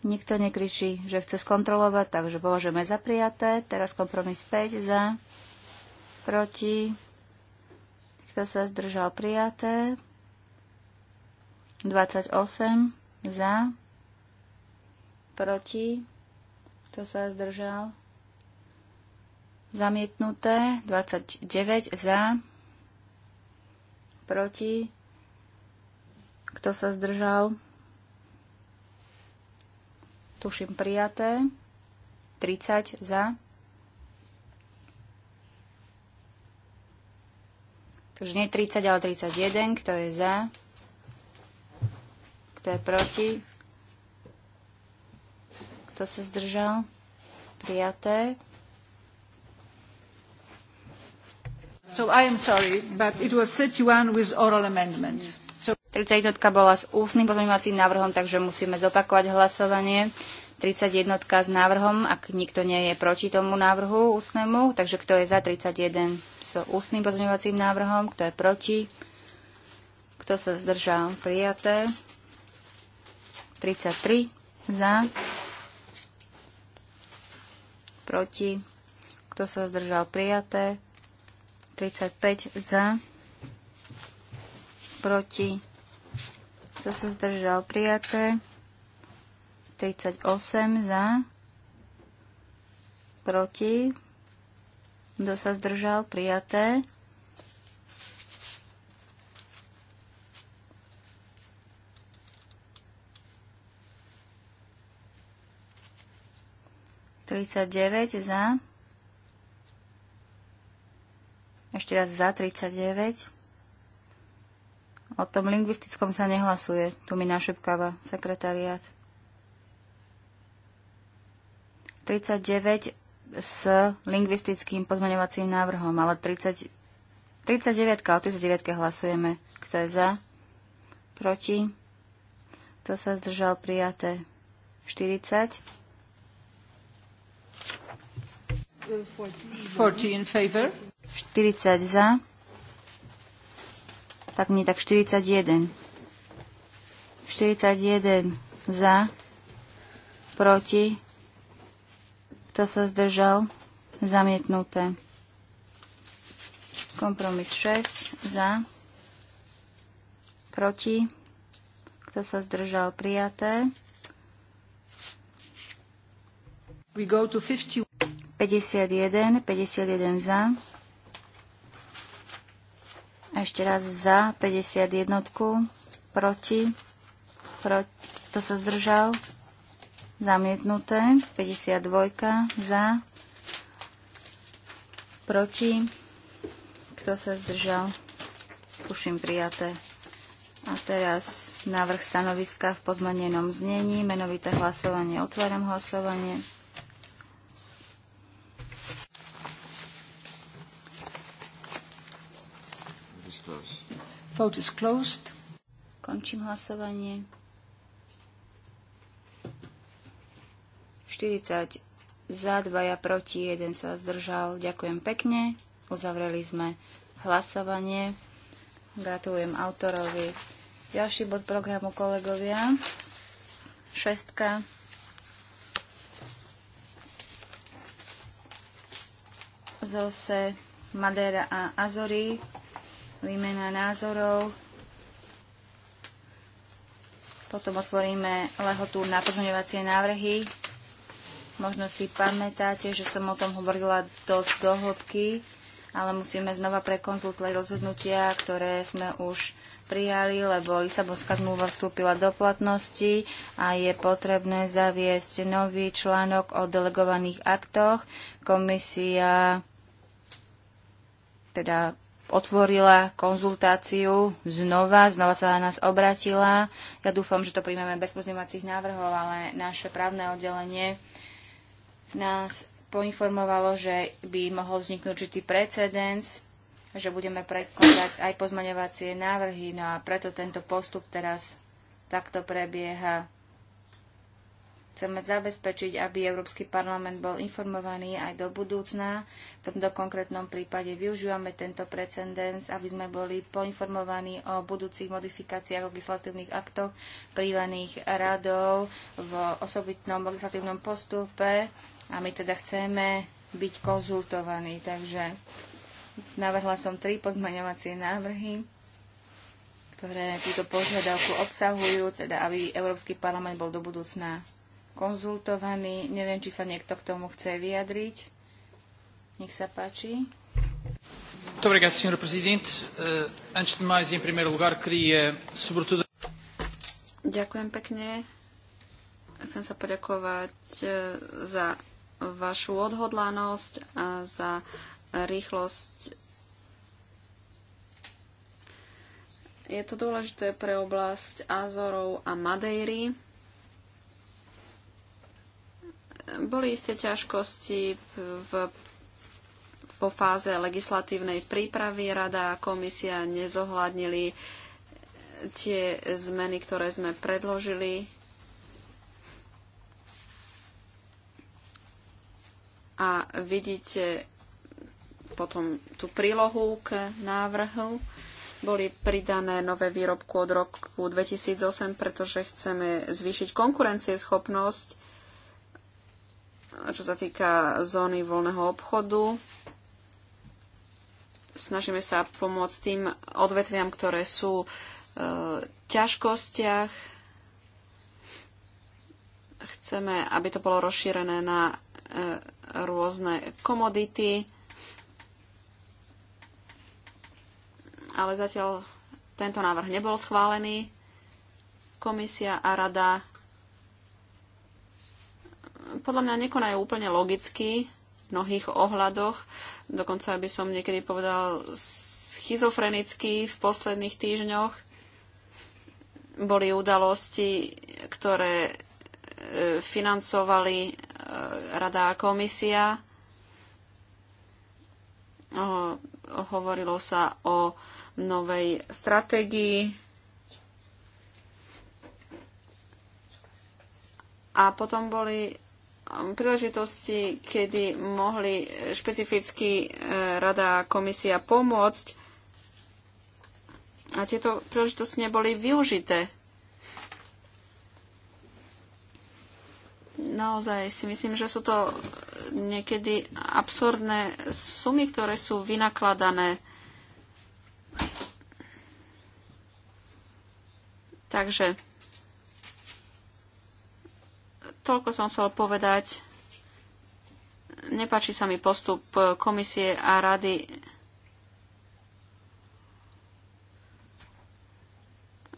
Nikto nekričí, že chce skontrolovať, takže považujeme za prijaté. Teraz kompromis 5 za, proti, kto sa zdržal prijaté, 28 za, proti, kto sa zdržal, zamietnuté, 29 za, proti, kto sa zdržal, tuším prijaté, 30 za. Takže nie 30, ale 31, kto je za, kto je proti, kto sa zdržal, prijaté. So I am sorry, but it was 31 with oral amendment. 31 bola s ústnym pozmeňovacím návrhom, takže musíme zopakovať hlasovanie. 31 s návrhom, ak nikto nie je proti tomu návrhu ústnemu, takže kto je za 31 s ústnym pozmeňovacím návrhom, kto je proti, kto sa zdržal, prijaté. 33 za, proti, kto sa zdržal, prijaté. 35 za, proti, kto sa zdržal? Prijaté. 38 za. Proti. Kto sa zdržal? Prijaté. Tridsať deväť za. Ešte raz za tridsať deväť. O tom lingvistickom sa nehlasuje. Tu mi našepkáva sekretariát. 39 s lingvistickým pozmeňovacím návrhom, ale 30, 39, o 39 hlasujeme. Kto je za? Proti? Kto sa zdržal prijaté? 40. 40 in favor. 40 za tak nie, tak 41. 41 za, proti, kto sa zdržal, zamietnuté. Kompromis 6 za, proti, kto sa zdržal, prijaté. 51, 51 za, ešte raz za 51. Proti. proti kto sa zdržal? Zamietnuté. 52. Za. Proti. Kto sa zdržal? Tuším prijaté. A teraz návrh stanoviska v pozmenenom znení. Menovité hlasovanie. Otváram hlasovanie. Vote is closed. Končím hlasovanie. 40 za, ja proti, 1 sa zdržal. Ďakujem pekne. Uzavreli sme hlasovanie. Gratulujem autorovi. Ďalší bod programu, kolegovia. Šestka. Zose, Madeira a Azory výmena názorov. Potom otvoríme lehotu na pozmeňovacie návrhy. Možno si pamätáte, že som o tom hovorila dosť dohlbky, ale musíme znova prekonzultovať rozhodnutia, ktoré sme už prijali, lebo Lisabonská zmluva vstúpila do platnosti a je potrebné zaviesť nový článok o delegovaných aktoch. Komisia teda otvorila konzultáciu znova, znova sa na nás obratila. Ja dúfam, že to príjmeme bez pozmeňovacích návrhov, ale naše právne oddelenie nás poinformovalo, že by mohol vzniknúť určitý precedens, že budeme prekladať aj pozmaňovacie návrhy, no a preto tento postup teraz takto prebieha. Chceme zabezpečiť, aby Európsky parlament bol informovaný aj do budúcna. V tomto konkrétnom prípade využívame tento precedens, aby sme boli poinformovaní o budúcich modifikáciách legislatívnych aktov prívaných radov v osobitnom legislatívnom postupe a my teda chceme byť konzultovaní. Takže navrhla som tri pozmaňovacie návrhy ktoré túto požiadavku obsahujú, teda aby Európsky parlament bol do budúcna konzultovaný. Neviem, či sa niekto k tomu chce vyjadriť. Nech sa páči. Eh, Ďakujem pekne. Chcem sa poďakovať eh, za vašu odhodlanosť a za rýchlosť. Je to dôležité pre oblasť Azorov a Madejry. Boli isté ťažkosti v, po fáze legislatívnej prípravy. Rada a komisia nezohľadnili tie zmeny, ktoré sme predložili. A vidíte potom tú prílohu k návrhu boli pridané nové výrobku od roku 2008, pretože chceme zvýšiť konkurencieschopnosť čo sa týka zóny voľného obchodu. Snažíme sa pomôcť tým odvetviam, ktoré sú e, v ťažkostiach. Chceme, aby to bolo rozšírené na e, rôzne komodity, ale zatiaľ tento návrh nebol schválený. Komisia a rada podľa mňa nekonajú úplne logicky v mnohých ohľadoch. Dokonca by som niekedy povedal schizofrenicky v posledných týždňoch. Boli udalosti, ktoré e, financovali e, Rada a komisia. Hovorilo sa o novej stratégii A potom boli príležitosti, kedy mohli špecificky e, rada a komisia pomôcť a tieto príležitosti neboli využité. Naozaj si myslím, že sú to niekedy absurdné sumy, ktoré sú vynakladané. Takže Toľko som chcel povedať. Nepáči sa mi postup komisie a rady.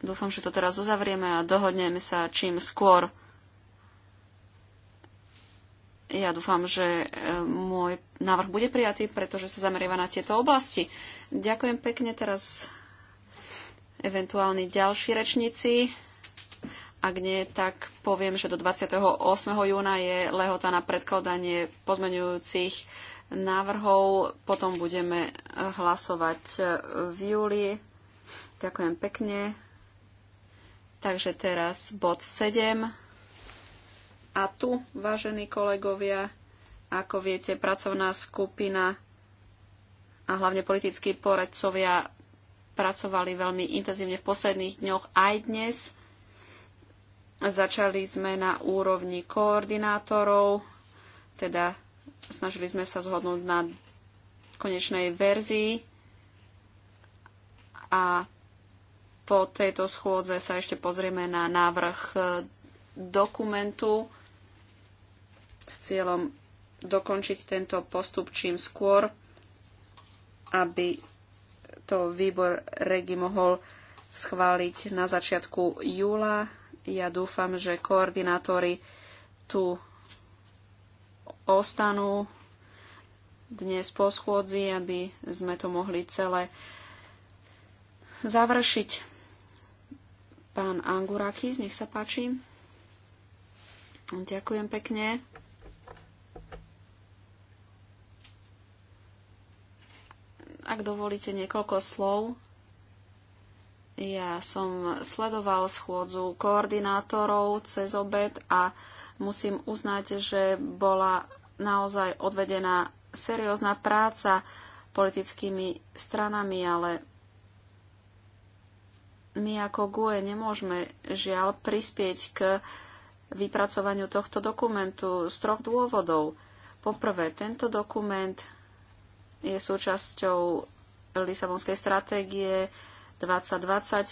Dúfam, že to teraz uzavrieme a dohodneme sa čím skôr. Ja dúfam, že e, môj návrh bude prijatý, pretože sa zameriava na tieto oblasti. Ďakujem pekne teraz eventuálni ďalší rečníci. Ak nie, tak poviem, že do 28. júna je lehota na predkladanie pozmeňujúcich návrhov. Potom budeme hlasovať v júli. Ďakujem pekne. Takže teraz bod 7. A tu, vážení kolegovia, ako viete, pracovná skupina a hlavne politickí poradcovia pracovali veľmi intenzívne v posledných dňoch aj dnes Začali sme na úrovni koordinátorov, teda snažili sme sa zhodnúť na konečnej verzii a po tejto schôdze sa ešte pozrieme na návrh e, dokumentu s cieľom dokončiť tento postup čím skôr, aby to výbor Regi mohol schváliť na začiatku júla ja dúfam, že koordinátori tu ostanú dnes po schôdzi, aby sme to mohli celé završiť. Pán Angurakis, nech sa páči. Ďakujem pekne. Ak dovolíte niekoľko slov ja som sledoval schôdzu koordinátorov cez obed a musím uznať, že bola naozaj odvedená seriózna práca politickými stranami, ale my ako GUE nemôžeme žiaľ prispieť k vypracovaniu tohto dokumentu z troch dôvodov. Poprvé, tento dokument je súčasťou Lisabonskej stratégie, 2020